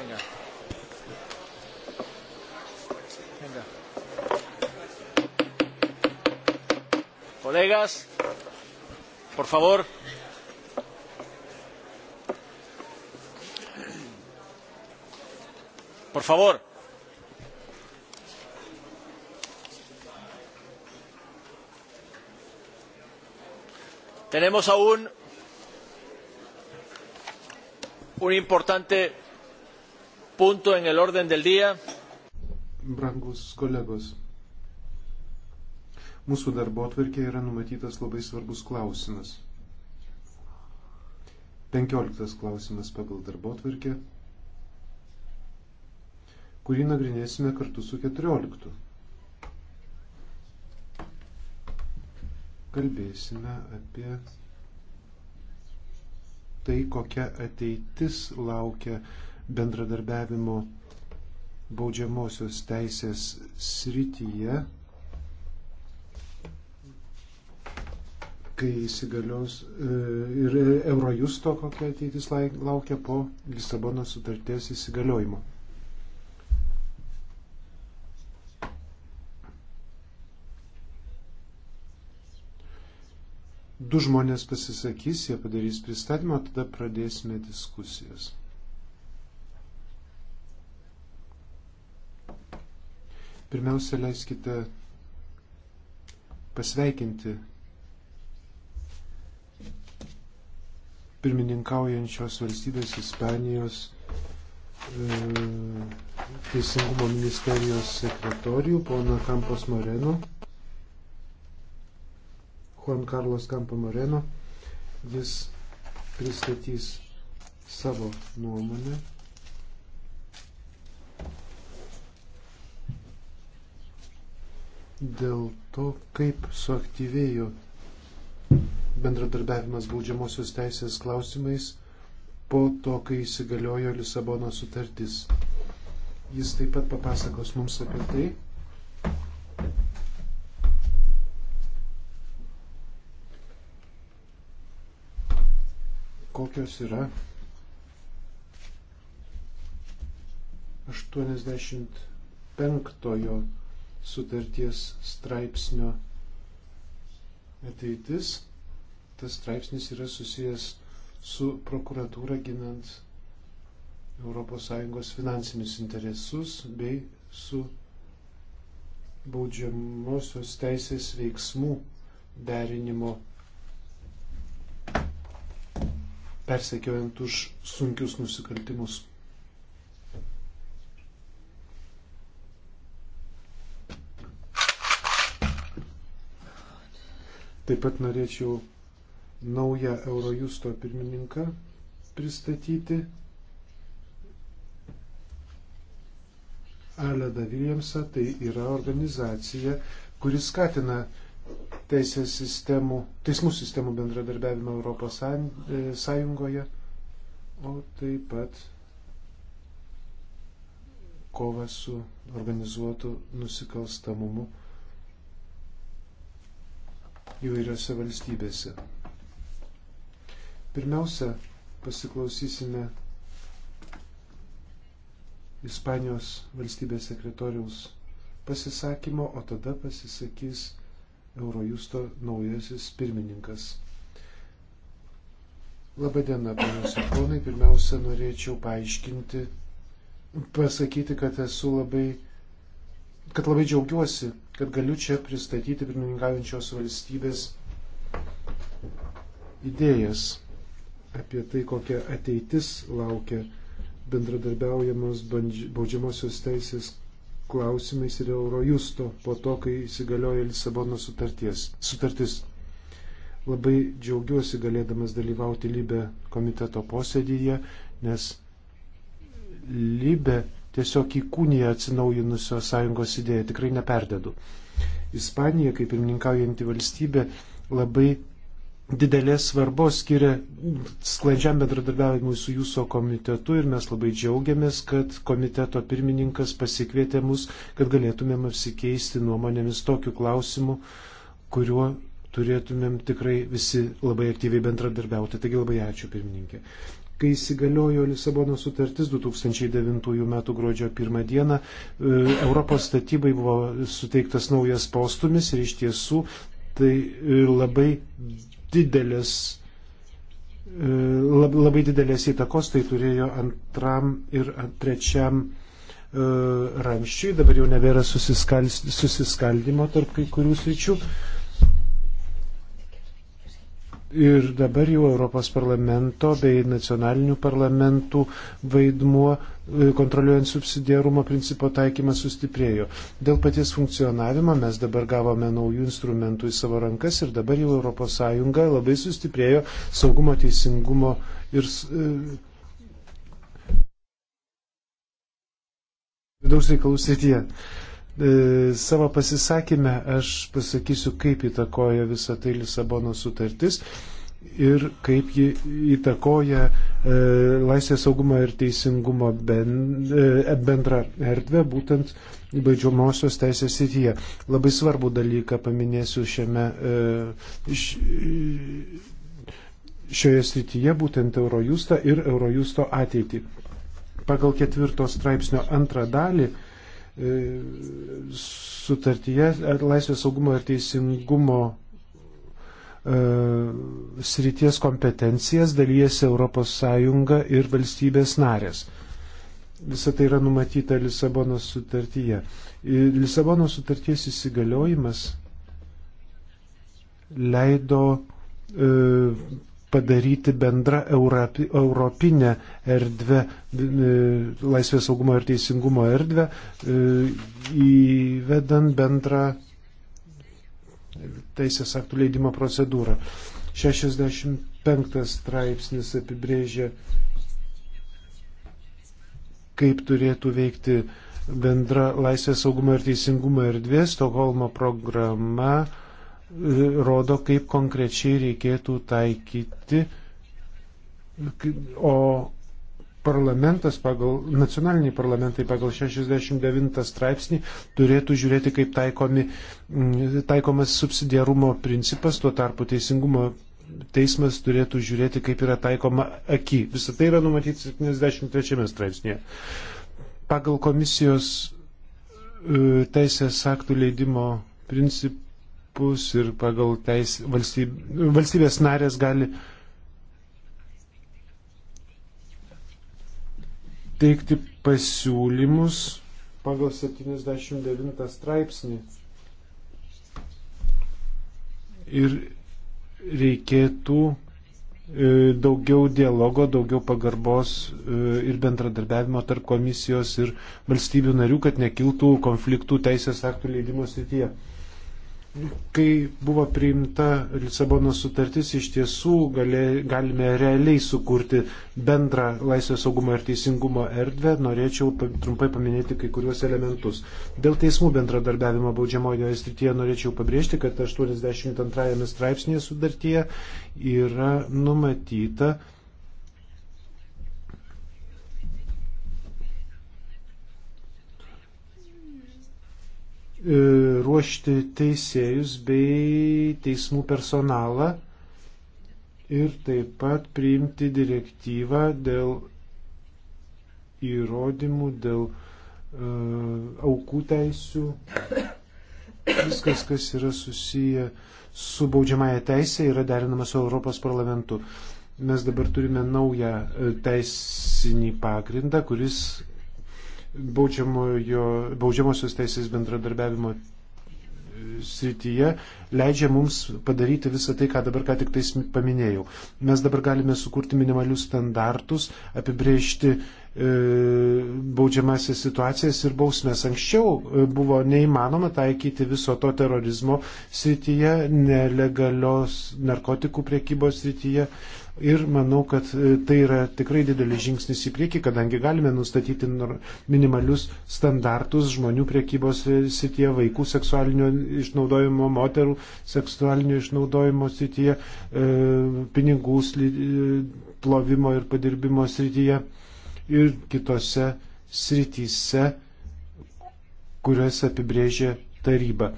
Venga. Venga. Colegas, por favor. Por favor. Tenemos aún un importante punto en el orden del día. Brangus kolegos, mūsų darbo atverkė yra numatytas labai svarbus klausimas. Penkioliktas klausimas pagal darbo atverkę, kurį nagrinėsime kartu su keturioliktu. Kalbėsime apie tai, kokia ateitis laukia bendradarbiavimo baudžiamosios teisės srityje, kai įsigalios e, ir Eurojusto kokia ateitis laukia po Lisabono sutarties įsigaliojimo. Du žmonės pasisakys, jie padarys pristatymą, tada pradėsime diskusijas. Pirmiausia, leiskite pasveikinti pirmininkaujančios valstybės Ispanijos e, Teisingumo ministerijos sekretorių, pona Campos Moreno, Juan Carlos Campo Moreno. Jis pristatys savo nuomonę dėl to, kaip suaktyvėjo bendradarbiavimas baudžiamosios teisės klausimais po to, kai įsigaliojo Lisabono sutartis. Jis taip pat papasakos mums apie tai. Kokios yra 85 sutarties straipsnio ateitis. Tas straipsnis yra susijęs su prokuratūra ginant ES finansinius interesus bei su baudžiamosios teisės veiksmų derinimo persekiojant už sunkius nusikaltimus. Taip pat norėčiau naują Eurojusto pirmininką pristatyti. Aleda Viljamsa tai yra organizacija, kuris skatina teisės sistemų, teismų sistemų bendradarbiavimą Europos e, Sąjungoje, o taip pat kovą su organizuotu nusikalstamumu įvairiose valstybėse. Pirmiausia, pasiklausysime Ispanijos valstybės sekretoriaus pasisakymo, o tada pasisakys Eurojusto naujasis pirmininkas. Labadiena, ponios ir ponai. Pirmiausia, norėčiau paaiškinti, pasakyti, kad esu labai kad labai džiaugiuosi, kad galiu čia pristatyti pirmininkaujančios valstybės idėjas apie tai, kokia ateitis laukia bendradarbiaujamos baudžiamosios teisės klausimais ir Eurojusto po to, kai įsigalioja Lisabono sutarties, sutartis. Labai džiaugiuosi galėdamas dalyvauti Libe komiteto posėdyje, nes Libe tiesiog įkūnija atsinaujinusios sąjungos idėją, tikrai neperdedu. Ispanija, kaip pirmininkaujanti valstybė, labai didelės svarbos skiria sklandžiam bendradarbiavimui su jūsų komitetu ir mes labai džiaugiamės, kad komiteto pirmininkas pasikvietė mus, kad galėtumėm apsikeisti nuomonėmis tokiu klausimu, kuriuo turėtumėm tikrai visi labai aktyviai bendradarbiauti. Taigi labai ačiū pirmininkė kai įsigaliojo Lisabono sutartis 2009 m. gruodžio 1 d. E, Europos statybai buvo suteiktas naujas postumis ir iš tiesų tai e, labai didelis. E, labai didelės įtakos tai turėjo antram ir trečiam ramščiui, dabar jau nebėra susiskaldimo tarp kai kurių sričių. Ir dabar jau Europos parlamento bei nacionalinių parlamentų vaidmuo e, kontroliuojant subsidiarumo principo taikymą sustiprėjo. Dėl paties funkcionavimo mes dabar gavome naujų instrumentų į savo rankas ir dabar jau ES labai sustiprėjo saugumo, teisingumo ir e, vidaus reikalų srityje. E, savo pasisakymę aš pasakysiu, kaip įtakoja visą tai Lisabono sutartis ir kaip ji įtakoja e, laisvės saugumo ir teisingumo ben, e, bendrą erdvę, būtent baidžiamosios teisės įtyje. Labai svarbų dalyką paminėsiu šiame. E, š, Šioje srityje būtent Eurojustą ir Eurojusto ateitį. Pagal ketvirto straipsnio antrą dalį e, E, sutartyje e, laisvės saugumo ir teisingumo e, srities kompetencijas dalyjasi ES ir valstybės narės. Visą tai yra numatyta Lisabonos sutartyje. Lisabonos sutarties įsigaliojimas leido e, padaryti bendrą Europi, europinę erdvę, e, laisvės saugumo ir teisingumo erdvę, e, įvedant bendrą teisės aktų leidimo procedūrą. 65 straipsnis apibrėžia, kaip turėtų veikti bendra laisvės saugumo ir teisingumo erdvė, Stokholmo programa rodo, kaip konkrečiai reikėtų taikyti, o parlamentas pagal, nacionaliniai parlamentai pagal 69 straipsnį turėtų žiūrėti, kaip taikomi, taikomas subsidiarumo principas, tuo tarpu teisingumo teismas turėtų žiūrėti, kaip yra taikoma aki. Visą tai yra numatyti 73 straipsnėje. Pagal komisijos e, teisės aktų leidimo principą etapus ir pagal teis, valstyb, valstybės narės gali teikti pasiūlymus pagal 79 straipsnį. Ir reikėtų e, daugiau dialogo, daugiau pagarbos e, ir bendradarbiavimo tarp komisijos ir valstybių narių, kad nekiltų konfliktų teisės aktų leidimo srityje. Nu, kai buvo priimta Lisabono sutartis, iš tiesų galė, galime realiai sukurti bendrą laisvės saugumo ir teisingumo erdvę. Norėčiau trumpai paminėti kai kuriuos elementus. Dėl teismų bendradarbiavimo baudžiamojoje srityje norėčiau pabrėžti, kad 82 straipsnėje sudartyje yra numatyta E, ruošti teisėjus bei teismų personalą ir taip pat priimti direktyvą dėl įrodymų, dėl uh, aukų teisių, viskas, kas yra susiję su baudžiamąją teisę, yra derinama su Europos parlamentu. Mes dabar turime naują teisinį pagrindą, kuris baudžiamosios teisės bendradarbiavimo e, srityje leidžia mums padaryti visą tai, ką dabar ką tik tais paminėjau. Mes dabar galime sukurti minimalius standartus, apibriežti e, baudžiamasias situacijas ir bausmės. Anksčiau e, buvo neįmanoma taikyti viso to terorizmo srityje, nelegalios narkotikų priekybos srityje. E, Ir manau, kad e, tai yra tikrai didelis žingsnis į priekį, kadangi galime nustatyti minimalius standartus žmonių priekybos e, sityje, vaikų seksualinio išnaudojimo, moterų seksualinio išnaudojimo sityje, e, pinigų plovimo ir padirbimo sityje ir kitose sityse, kurias apibrėžė taryba.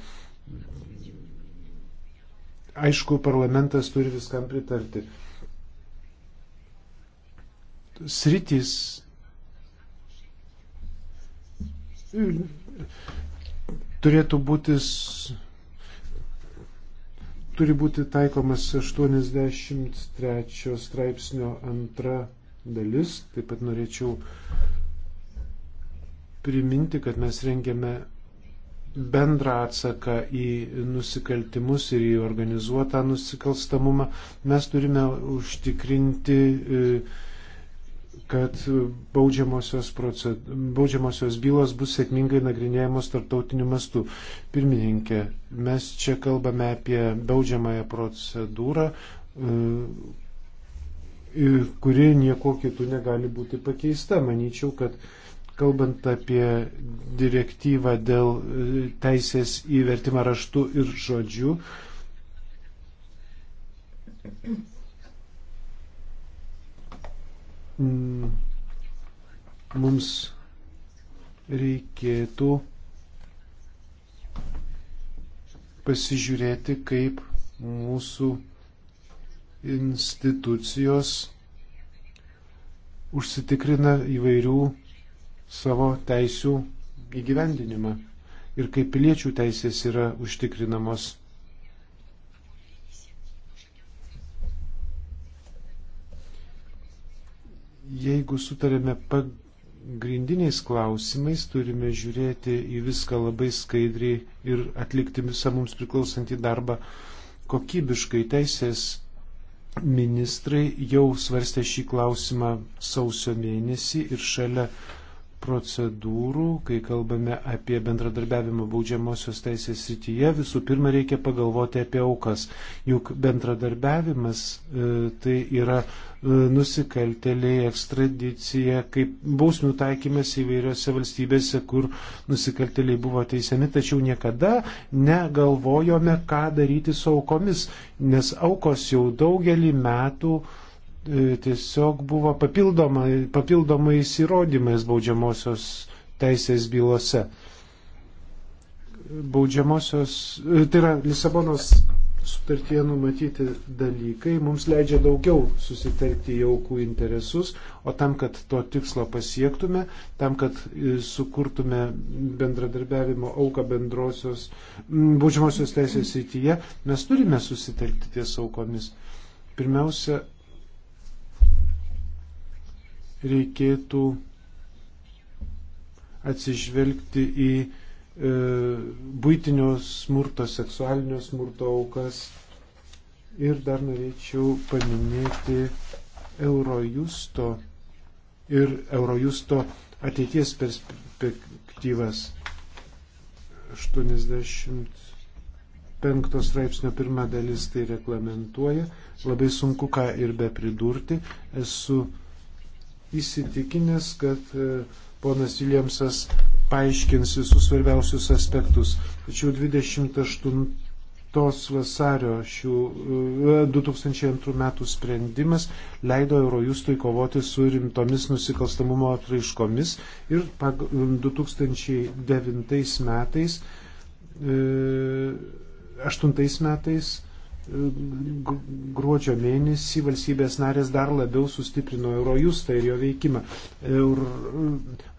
Aišku, parlamentas turi viskam pritarti sritys turėtų būti, turi būti taikomas 83 straipsnio antra dalis. Taip pat norėčiau priminti, kad mes rengiame bendrą atsaką į nusikaltimus ir į organizuotą nusikalstamumą. Mes turime užtikrinti e, kad baudžiamosios, proced... baudžiamosios bylos bus sėkmingai nagrinėjamos tarptautiniu mastu. Pirmininkė, mes čia kalbame apie baudžiamąją procedūrą, e, kuri nieko kitų negali būti pakeista. Manyčiau, kad kalbant apie direktyvą dėl e, teisės į vertimą raštu ir žodžiu, Mm. mums reikėtų pasižiūrėti, kaip mūsų institucijos užsitikrina įvairių savo teisių įgyvendinimą ir kaip piliečių teisės yra užtikrinamos. jeigu sutarėme pagrindiniais klausimais, turime žiūrėti į viską labai skaidriai ir atlikti visą mums priklausantį darbą kokybiškai. Teisės ministrai jau svarstė šį klausimą sausio mėnesį ir šalia procedūrų, kai kalbame apie bendradarbiavimą baudžiamosios teisės sityje, visų pirma reikia pagalvoti apie aukas. Juk bendradarbiavimas e, tai yra e, nusikalteliai, ekstradicija, kaip bausmių taikymas įvairiose valstybėse, kur nusikalteliai buvo teisiami, tačiau niekada negalvojome, ką daryti su aukomis, nes aukos jau daugelį metų e, E, tiesiog buvo papildomais įrodymais baudžiamosios teisės bylose. Baudžiamosios, e, tai yra Lisabonos sutartyje numatyti dalykai mums leidžia daugiau susitelkti į aukų interesus, o tam, kad to tikslo pasiektume, tam, kad e, sukurtume bendradarbiavimo auką bendrosios baudžiamosios teisės rytyje, mes turime susitelkti ties aukomis. Pirmiausia, reikėtų atsižvelgti į e, būtinio smurto, seksualinio smurto aukas. Ir dar norėčiau paminėti Eurojusto ir Eurojusto ateities perspektyvas. 85 straipsnio pirma dalis tai reglamentuoja. Labai sunku ką ir be pridurti. Esu įsitikinęs, kad e, ponas Viljamsas paaiškins visus svarbiausius aspektus. Tačiau 28 vasario šių, 2002 e, metų sprendimas leido Eurojustui kovoti su rimtomis nusikalstamumo atraiškomis ir 2009 metais, 2008 e, metais gruodžio mėnesį valstybės narės dar labiau sustiprino Eurojustą ir jo veikimą. Eur...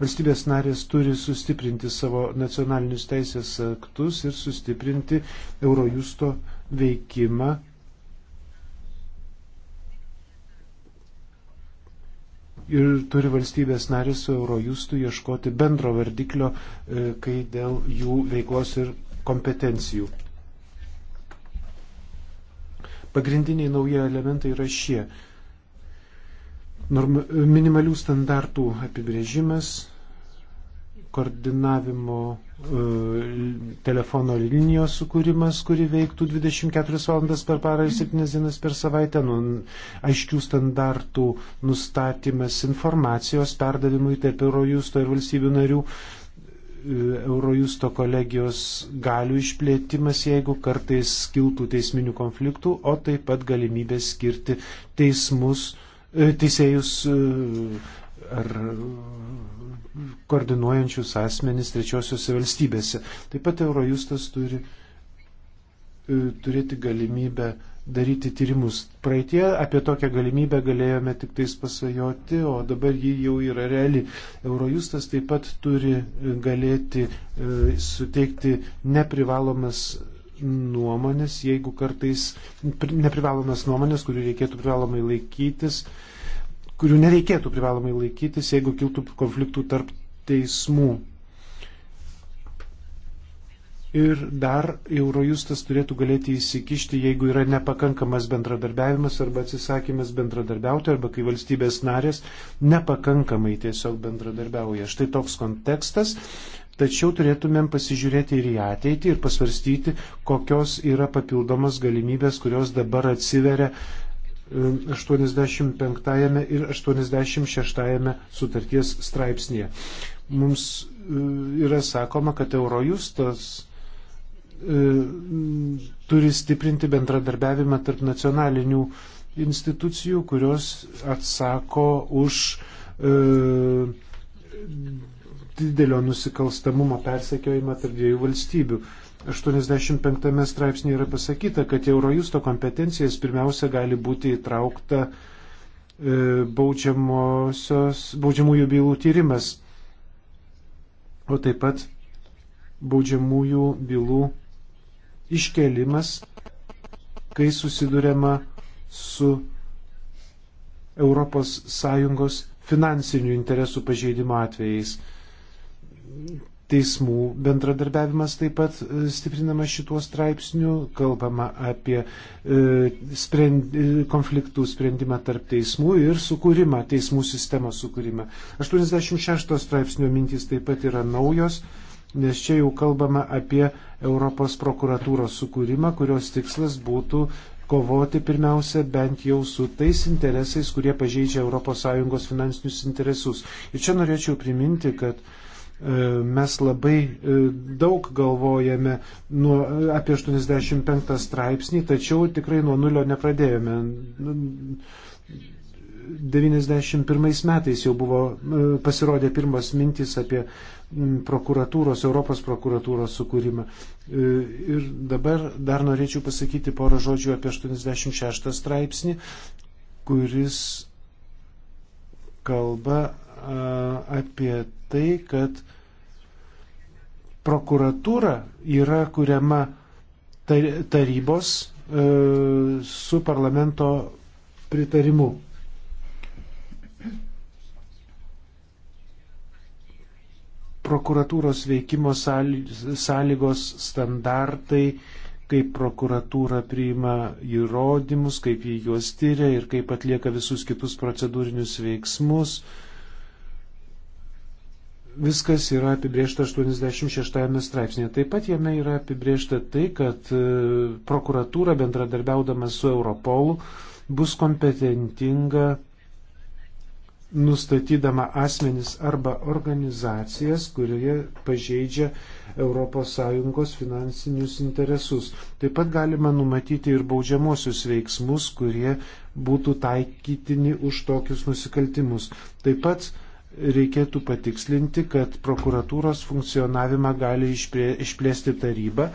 Valstybės narės turi sustiprinti savo nacionalinius teisės aktus ir sustiprinti Eurojusto veikimą. Ir turi valstybės narės su Eurojustu ieškoti bendro vardiklio, e, kai dėl jų veiklos ir kompetencijų. Pagrindiniai nauji elementai yra šie. Norm, minimalių standartų apibrėžimas, koordinavimo e, telefono linijos sukūrimas, kuri veiktų 24 valandas per parą ir 7 dienas per savaitę, nu, aiškių standartų nustatymas informacijos perdavimui tarp Eurojusto ir valstybių narių, Eurojusto kolegijos galių išplėtimas, jeigu kartais kiltų teisminių konfliktų, o taip pat galimybė skirti teismus, e, teisėjus e, ar koordinuojančius asmenys trečiosiuose valstybėse. Taip pat Eurojustas turi e, turėti galimybę uh, daryti tyrimus. Praeitie apie tokią galimybę galėjome tik tais pasvajoti, o dabar ji jau yra reali. Eurojustas taip pat turi e, galėti e, suteikti neprivalomas nuomonės, jeigu kartais neprivalomas nuomonės, kurių reikėtų privalomai laikytis, kurių nereikėtų privalomai laikytis, jeigu kiltų konfliktų tarp teismų ir dar Eurojustas turėtų galėti įsikišti, jeigu yra nepakankamas bendradarbiavimas arba atsisakymas bendradarbiauti, arba kai valstybės narės nepakankamai tiesiog bendradarbiauja. Štai toks kontekstas. Tačiau turėtumėm pasižiūrėti ir į ateitį ir pasvarstyti, kokios yra papildomos galimybės, kurios dabar atsiveria 85 um, ir 86 sutarties straipsnėje mums uh, yra sakoma, kad Eurojustas E, turi stiprinti bendradarbiavimą tarp nacionalinių institucijų, kurios atsako už e, didelio nusikalstamumo persekiojimą tarp dviejų valstybių. 85 straipsnėje yra pasakyta, kad Eurojusto kompetencijas pirmiausia gali būti įtraukta e, baudžiamųjų bylų tyrimas, o taip pat baudžiamųjų bylų iškelimas, kai susidurėma su ES finansinių interesų pažeidimo atvejais. Teismų bendradarbiavimas taip pat e, stiprinamas šituo straipsniu, kalbama apie e, sprend, e, konfliktų sprendimą tarp teismų ir sukūrimą, teismų sistemos sukūrimą. 86 straipsnio mintys taip pat yra naujos. E, nes čia jau kalbame apie Europos prokuratūros sukūrimą, kurios tikslas būtų kovoti pirmiausia bent jau su tais interesais, kurie pažeidžia ES finansinius interesus. Ir čia norėčiau priminti, kad e, mes labai e, daug galvojame nuo, apie 85 straipsnį, tačiau tikrai nuo nulio nepradėjome. 91 metais jau buvo e, pasirodė pirmos mintys apie prokuratūros, Europos prokuratūros sukūrimą. E, ir dabar dar norėčiau pasakyti porą žodžių apie 86 straipsnį, kuris kalba apie tai, kad prokuratūra yra kuriama tarybos e, su parlamento pritarimu. prokuratūros veikimo sąlygos, standartai, kaip prokuratūra priima įrodymus, kaip jį juos tyria ir kaip atlieka visus kitus procedūrinius veiksmus. Viskas yra apibriešta 86 straipsnėje. Taip pat jame yra apibriešta tai, kad e, prokuratūra bendradarbiaudama su Europolu bus kompetentinga nustatydama asmenis arba organizacijas, kurioje pažeidžia ES finansinius interesus. Taip pat galima numatyti ir baudžiamosius veiksmus, kurie būtų taikytini už tokius nusikaltimus. Taip pat reikėtų patikslinti, kad prokuratūros funkcionavimą gali išplėsti taryba,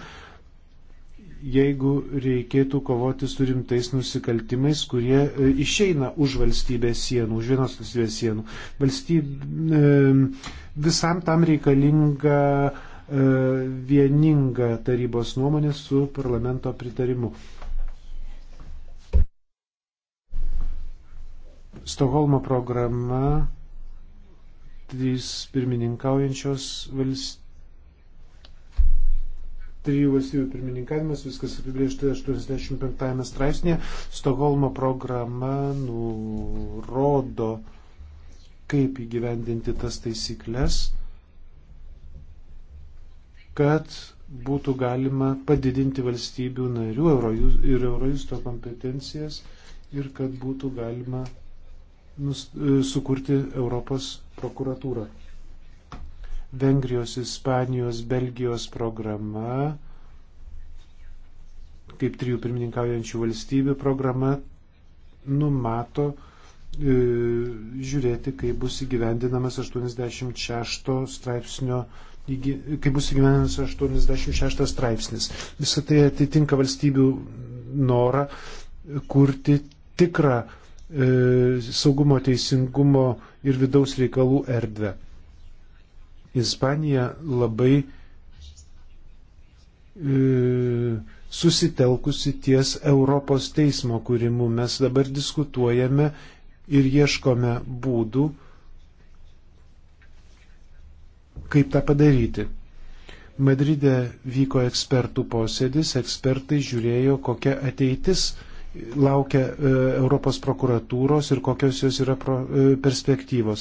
jeigu reikėtų kovoti su rimtais nusikaltimais, kurie e, išeina už valstybės sienų, už vienos valstybės sienų. Valstybė, e, visam tam reikalinga e, vieninga tarybos nuomonė su parlamento pritarimu. Stokholmo programa trys pirmininkaujančios valstybės trijų valstybių pirmininkavimas, viskas apibriežta 85 straipsnėje. Stokholmo programa nurodo, kaip įgyvendinti tas taisyklės, kad būtų galima padidinti valstybių narių ir Eurojusto kompetencijas ir kad būtų galima nus, e, sukurti Europos prokuratūrą. Vengrijos, Ispanijos, Belgijos programa, kaip trijų pirmininkaujančių valstybių programa, numato e, žiūrėti, kaip bus įgyvendinamas 86 straipsnio kaip bus įgyvenimas 86 straipsnis. Visą tai atitinka valstybių norą kurti tikrą e, saugumo, teisingumo ir vidaus reikalų erdvę. Ispanija labai e, susitelkusi ties Europos teismo kūrimu. Mes dabar diskutuojame ir ieškome būdų, kaip tą padaryti. Madride vyko ekspertų posėdis, ekspertai žiūrėjo, kokia ateitis laukia e, Europos prokuratūros ir kokios jos yra e, perspektyvos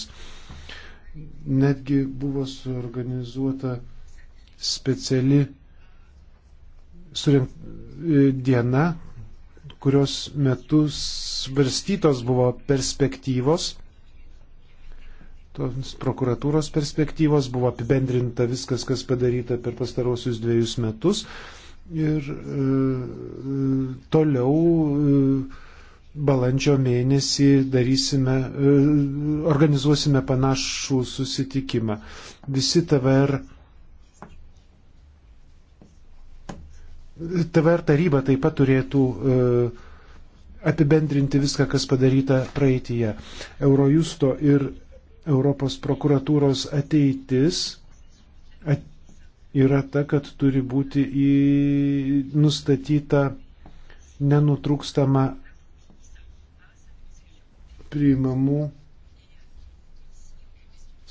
netgi buvo suorganizuota speciali surink, diena, kurios metu svarstytos buvo perspektyvos, tos prokuratūros perspektyvos, buvo apibendrinta viskas, kas padaryta per pastarosius dviejus metus. Ir e, toliau e, balandžio mėnesį darysime, e, organizuosime panašų susitikimą. Visi TVR. TVR taryba taip pat turėtų e, apibendrinti viską, kas padaryta praeitie. Eurojusto ir Europos prokuratūros ateitis at, yra ta, kad turi būti į, nustatyta nenutrūkstama priimamų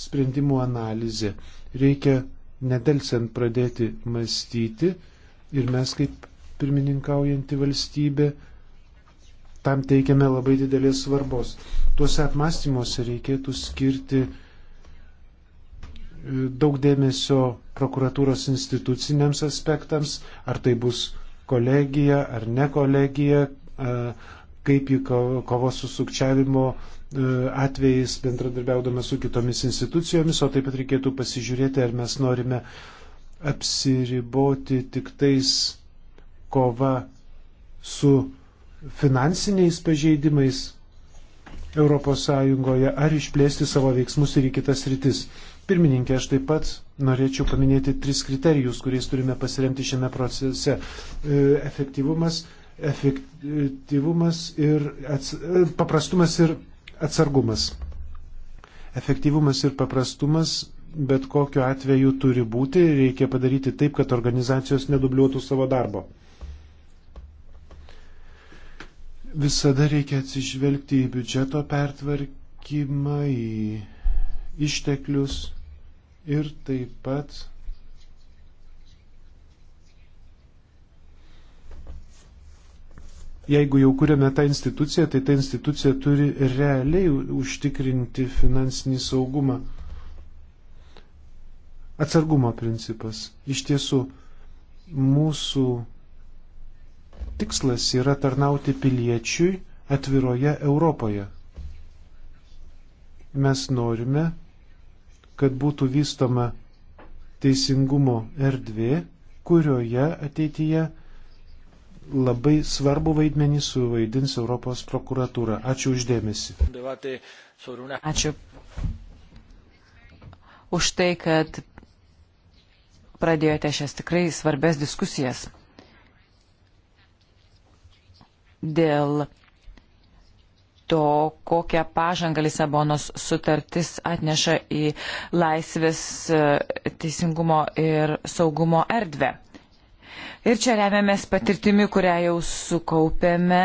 sprendimų analizė. Reikia nedelsiant pradėti mąstyti ir mes kaip pirmininkaujanti valstybė tam teikiame labai didelės svarbos. Tuose apmąstymuose reikėtų skirti e, daug dėmesio prokuratūros instituciniams aspektams, ar tai bus kolegija ar ne kolegija, e, kaip jį kovos su sukčiavimo e, atvejais bendradarbiaudama su kitomis institucijomis, o taip pat reikėtų pasižiūrėti, ar mes norime apsiriboti tik tais kova su finansiniais pažeidimais ES, ar išplėsti savo veiksmus ir į kitas rytis. Pirmininkė, aš taip pat norėčiau paminėti tris kriterijus, kuriais turime pasiremti šiame procese. E, efektyvumas, efektyvumas ir ats, paprastumas ir atsargumas. Efektyvumas ir paprastumas bet kokiu atveju turi būti, reikia padaryti taip, kad organizacijos nedubliuotų savo darbo. Visada reikia atsižvelgti į biudžeto pertvarkymą, į išteklius ir taip pat jeigu jau kuriame tą instituciją, tai ta institucija turi realiai užtikrinti finansinį saugumą. Atsargumo principas. Iš tiesų, mūsų tikslas yra tarnauti piliečiui atviroje Europoje. Mes norime, kad būtų vystoma teisingumo erdvė, kurioje ateityje labai svarbu vaidmenį suvaidins Europos prokuratūra. Ačiū uždėmesi. Ačiū už tai, kad pradėjote šias tikrai svarbės diskusijas dėl to, kokią pažangą Lisabonos sutartis atneša į laisvės e, teisingumo ir saugumo erdvę. Ir čia remiamės patirtimi, kurią jau sukaupėme.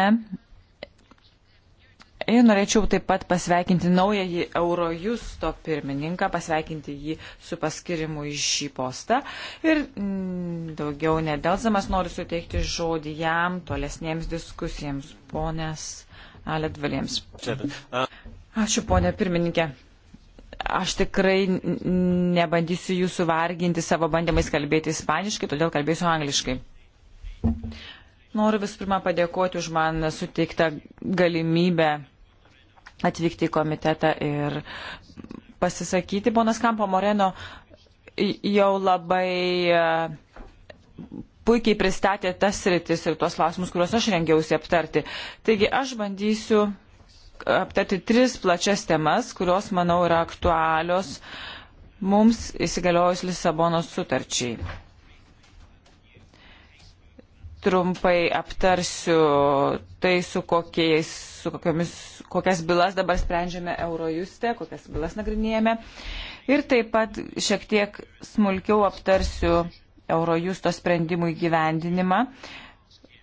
Ir norėčiau taip pat pasveikinti naująjį Eurojusto pirmininką, pasveikinti jį su paskirimu į šį postą. Ir mm, daugiau nedelzamas noriu suteikti žodį jam tolesniems diskusijams, ponės Aledvaliems. Ačiū, ponė pirmininkė aš tikrai nebandysiu jūsų varginti savo bandymais kalbėti ispaniškai, todėl kalbėsiu angliškai. Noriu vis pirma padėkoti už man suteiktą galimybę atvykti į komitetą ir pasisakyti. Ponas Kampo Moreno jau labai e, puikiai pristatė tas sritis ir tuos klausimus, kuriuos aš rengiausi aptarti. Taigi aš bandysiu aptarti tris plačias temas, kurios, manau, yra aktualios mums įsigaliojus Lisabonos sutarčiai trumpai aptarsiu tai, su, kokiais, su kokiamis, kokias bylas dabar sprendžiame Eurojuste, kokias bylas nagrinėjame. Ir taip pat šiek tiek smulkiau aptarsiu Eurojusto sprendimų įgyvendinimą,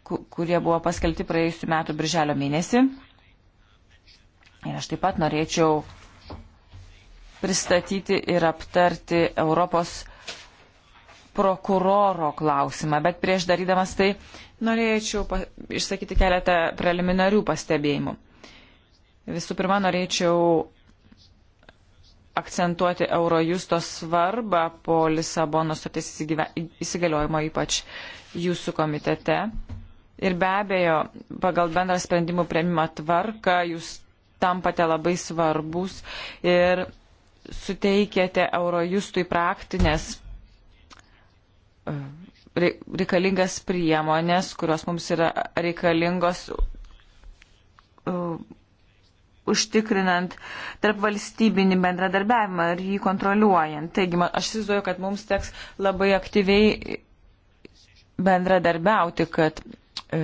kurie buvo paskelti praėjusiu metu birželio mėnesį. Ir aš taip pat norėčiau pristatyti ir aptarti Europos prokuroro klausimą, bet prieš darydamas tai norėčiau išsakyti keletą preliminarių pastebėjimų. Visų pirma, norėčiau akcentuoti Eurojusto svarbą po Lisabono sutarties įsigaliojimo, ypač jūsų komitete. Ir be abejo, pagal bendrą sprendimų prieimimo tvarką jūs tampate labai svarbus ir suteikėte Eurojustui praktinės E, reikalingas priemonės, kurios mums yra reikalingos e, užtikrinant tarp valstybinį bendradarbiavimą ir jį kontroliuojant. Taigi, aš įsivaizduoju, kad mums teks labai aktyviai bendradarbiauti, kad e,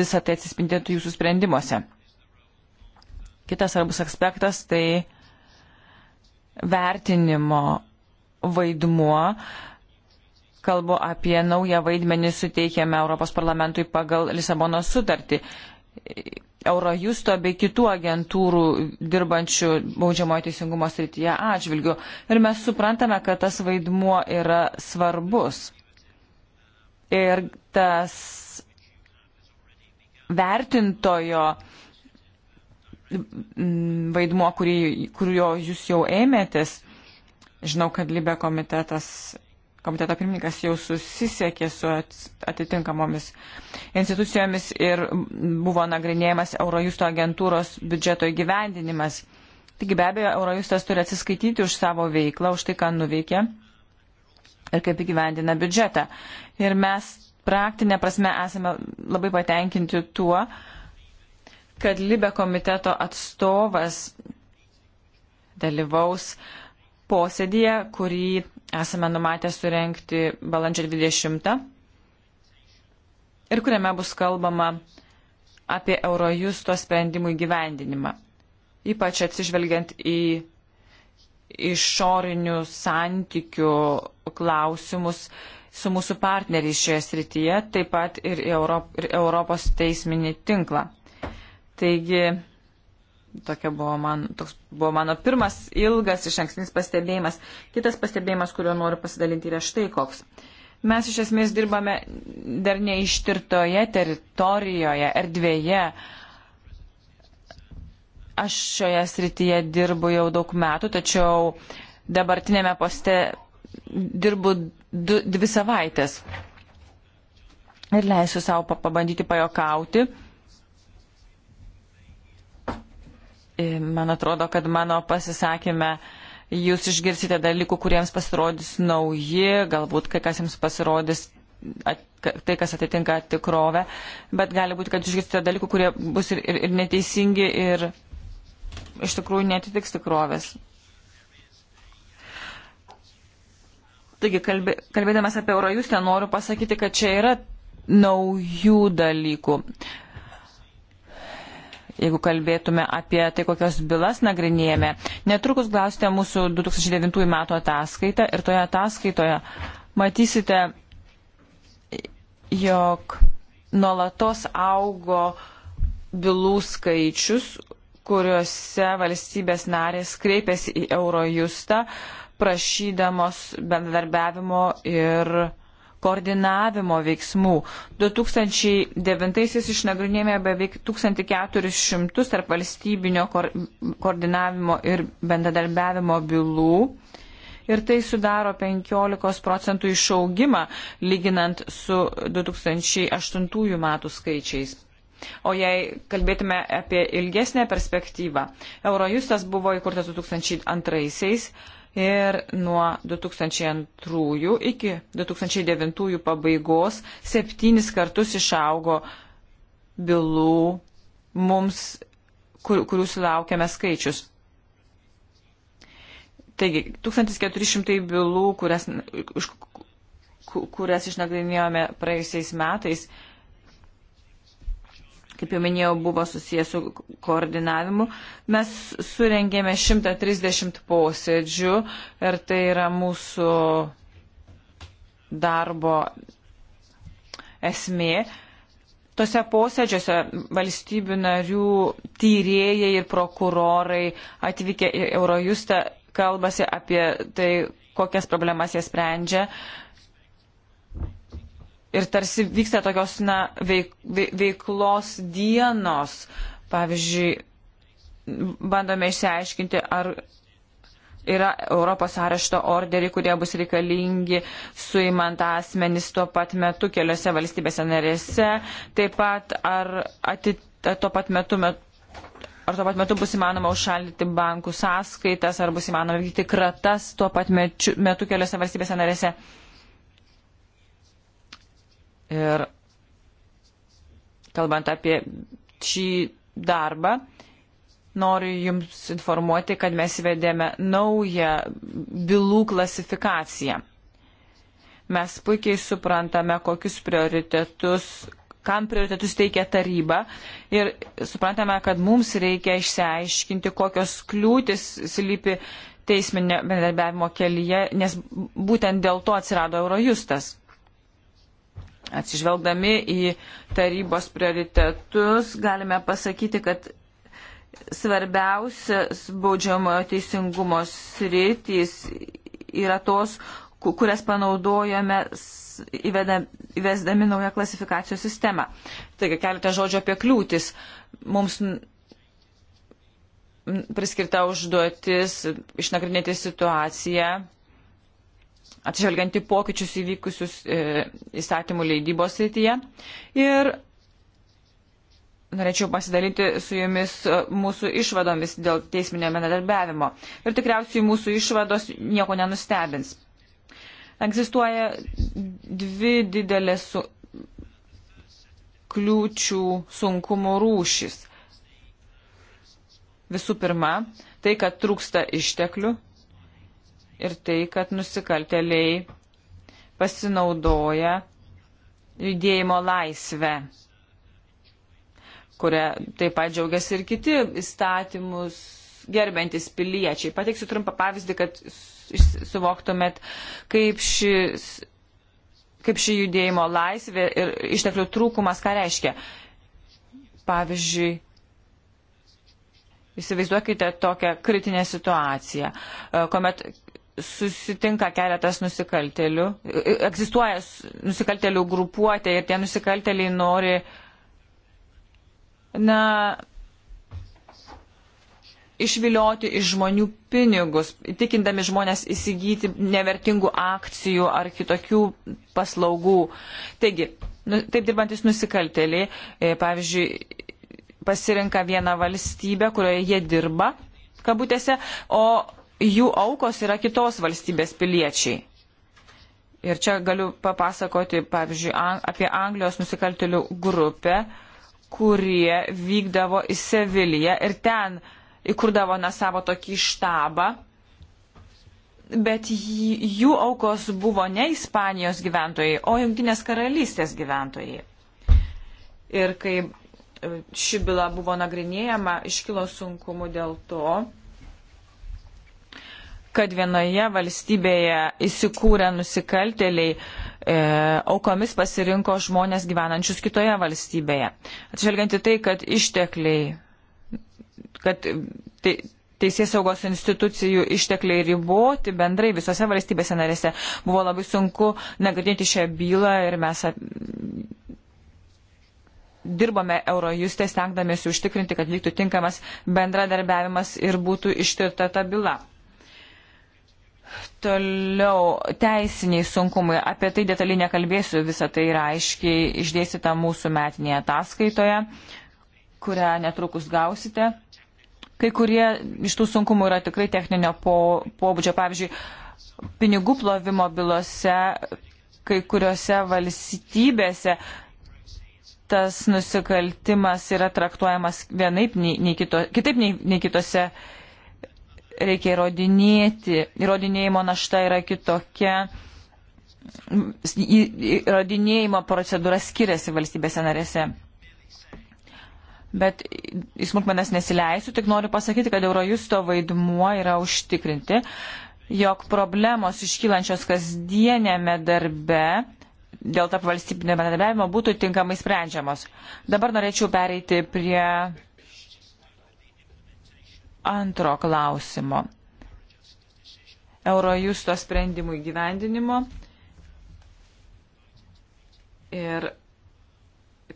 visą tai atsispindėtų jūsų sprendimuose. Kitas svarbus aspektas tai vertinimo vaidmuo, Kalbu apie naują vaidmenį suteikiamą Europos parlamentui pagal Lisabono sutartį. Eurojusto bei kitų agentūrų dirbančių baudžiamojo teisingumo srityje atžvilgių. Ir mes suprantame, kad tas vaidmuo yra svarbus. Ir tas vertintojo mm, vaidmuo, kurį, kurio jūs jau ėmėtės, žinau, kad Libė komitetas komiteto pirmininkas jau susisiekė su atitinkamomis institucijomis ir buvo nagrinėjamas Eurojusto agentūros biudžeto įgyvendinimas. Taigi be abejo, Eurojustas turi atsiskaityti už savo veiklą, už tai, ką nuveikė ir kaip įgyvendina biudžetą. Ir mes praktinė prasme esame labai patenkinti tuo, kad Libe komiteto atstovas dalyvaus posėdėje, kurį esame numatę surenkti balandžio 20 ir kuriame bus kalbama apie Eurojusto sprendimų įgyvendinimą, ypač atsižvelgiant į išorinių santykių klausimus su mūsų partneriais šioje srityje, taip pat ir, Europ, ir Europos teisminį tinklą. Taigi, Tokia buvo man, toks buvo mano pirmas ilgas iš ankstinis pastebėjimas. Kitas pastebėjimas, kuriuo noriu pasidalinti, yra štai koks. Mes iš esmės dirbame dar neištirtoje teritorijoje, erdvėje. Aš šioje srityje dirbu jau daug metų, tačiau dabartinėme poste dirbu du, dvi savaitės. Ir leisiu savo pabandyti pajokauti E, man atrodo, kad mano pasisakymę jūs išgirsite dalykų, kuriems pasirodys nauji, galbūt kai kas jums pasirodys at, tai, kas atitinka tikrovę, bet gali būti, kad išgirsite dalykų, kurie bus ir, ir, ir neteisingi ir iš tikrųjų netitiks tikrovės. Taigi, kalbė, kalbėdamas apie Eurojustę, noriu pasakyti, kad čia yra naujų dalykų. Uh, jeigu kalbėtume apie tai, kokios bylas nagrinėjame. Netrukus glausite mūsų 2009 metų ataskaitą ir toje ataskaitoje matysite, jog nuolatos augo bylų skaičius, kuriuose valstybės narės kreipėsi į Eurojustą prašydamos bendradarbiavimo ir koordinavimo veiksmų. 2009-aisiais išnagrinėjome beveik 1400 tarp valstybinio koordinavimo ir bendradarbiavimo bylų. Ir tai sudaro 15 procentų išaugimą, lyginant su 2008 metų skaičiais. O jei kalbėtume apie ilgesnę perspektyvą, Eurojustas buvo įkurtas 2002 metais ir nuo 2002 iki 2009 pabaigos septynis kartus išaugo bylų mums, kur, kurių sulaukėme skaičius. Taigi, 1400 bylų, kurias, kurias išnagrinėjome praėjusiais metais, kaip jau minėjau, buvo susijęs su koordinavimu. Mes surengėme 130 posėdžių ir tai yra mūsų darbo esmė. Tose posėdžiuose valstybių narių tyrėjai ir prokurorai atvykę į Eurojustą kalbasi apie tai, kokias problemas jie sprendžia ir tarsi vyksta tokios na, veik, veiklos dienos. Pavyzdžiui, bandome išsiaiškinti, ar yra Europos arešto orderiai, kurie bus reikalingi suimant asmenys tuo pat metu keliose valstybėse narėse. Taip pat, ar, atit, ar tuo pat metu. metu Ar tuo pat metu bus įmanoma užšaldyti bankų sąskaitas, ar bus įmanoma vykti kratas tuo pat metu, metu keliose valstybėse narėse. Uh, Ir kalbant apie šį darbą, noriu Jums informuoti, kad mes įvedėme naują bylų klasifikaciją. Mes puikiai suprantame, kokius prioritetus, kam prioritetus teikia taryba ir suprantame, kad mums reikia išsiaiškinti, kokios kliūtis slypi teisminio bendradarbiavimo kelyje, nes būtent dėl to atsirado Eurojustas. Atsižvelgdami į tarybos prioritetus, galime pasakyti, kad svarbiausias baudžiamojo teisingumo sritys yra tos, kurias panaudojame įvesdami naują klasifikacijos sistemą. Taigi keletą žodžių apie kliūtis. Mums priskirta užduotis išnagrinėti situaciją atsižvelgiant į pokyčius įvykusius e, įstatymų leidybos srityje. Ir norėčiau pasidalinti su jumis e, mūsų išvadomis dėl teisminio bendradarbiavimo. Ir tikriausiai mūsų išvados nieko nenustebins. Egzistuoja dvi didelės su... kliūčių sunkumų rūšis. Visų pirma, tai, kad trūksta išteklių ir tai, kad nusikalteliai pasinaudoja judėjimo laisvę, kurią taip pat džiaugiasi ir kiti įstatymus gerbiantis piliečiai. Pateiksiu trumpą pavyzdį, kad suvoktumėt, kaip šis kaip ši judėjimo laisvė ir išteklių trūkumas, ką reiškia. Pavyzdžiui, įsivaizduokite tokią kritinę situaciją, kuomet susitinka keletas nusikaltelių, e, egzistuoja nusikaltelių grupuotė ir tie nusikalteliai nori, na, išvilioti iš žmonių pinigus, įtikindami žmonės įsigyti nevertingų akcijų ar kitokių paslaugų. Taigi, nu, taip dirbantis nusikalteliai, e, pavyzdžiui, pasirinka vieną valstybę, kurioje jie dirba, kabutėse, o jų aukos yra kitos valstybės piliečiai. Ir čia galiu papasakoti, pavyzdžiui, apie Anglijos nusikaltelių grupę, kurie vykdavo į Seviliją ir ten įkurdavo na savo tokį štabą. Bet jų aukos buvo ne Ispanijos gyventojai, o Junktinės karalystės gyventojai. Ir kai ši byla buvo nagrinėjama, iškilo sunkumų dėl to, kad vienoje valstybėje įsikūrę nusikaltėliai e, aukomis pasirinko žmonės gyvenančius kitoje valstybėje. Atžvelgiant į tai, kad ištekliai, kad tai, teisės saugos institucijų ištekliai riboti bendrai visose valstybėse narėse, buvo labai sunku nagrinėti šią bylą ir mes at... dirbame Eurojuste, stengdamėsi užtikrinti, kad vyktų tinkamas bendradarbiavimas ir būtų ištirta ta byla. Toliau teisiniai sunkumai. Apie tai detaliai nekalbėsiu, visą tai yra aiškiai išdėstyta mūsų metinėje ataskaitoje, kurią netrukus gausite. Kai kurie iš tų sunkumų yra tikrai techninio po, pobūdžio. Pavyzdžiui, pinigų plovimo bylose kai kuriuose valstybėse tas nusikaltimas yra traktuojamas vienaip nei, nei kito, kitaip nei, nei kitose valstybėse reikia įrodinėti, įrodinėjimo našta yra kitokia, įrodinėjimo procedūra skiriasi valstybėse narėse. Bet į smulkmenas nesileisiu, tik noriu pasakyti, kad Eurojusto vaidmuo yra užtikrinti, jog problemos iškylančios kasdienėme darbe dėl tarp valstybinio bendradarbiavimo būtų tinkamai sprendžiamos. Dabar norėčiau pereiti prie antro klausimo. Eurojusto sprendimų įgyvendinimo. Ir,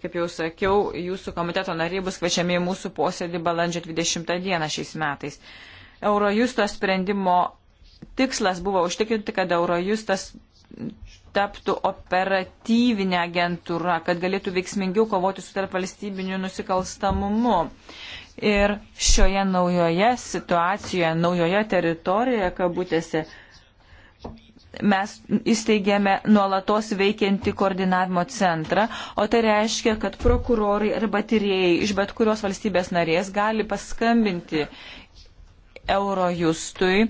kaip jau sakiau, jūsų komiteto nariai bus kviečiami į mūsų posėdį balandžio 20 dieną šiais metais. Eurojusto sprendimo tikslas buvo užtikrinti, kad Eurojustas taptų operatyvinę agentūrą, kad galėtų veiksmingiau kovoti su tarp valstybiniu nusikalstamumu. Ir šioje naujoje situacijoje, naujoje teritorijoje, kabutėse, mes įsteigėme nuolatos veikianti koordinavimo centrą, o tai reiškia, kad prokurorai arba tyrėjai iš bet kurios valstybės narės gali paskambinti Eurojustui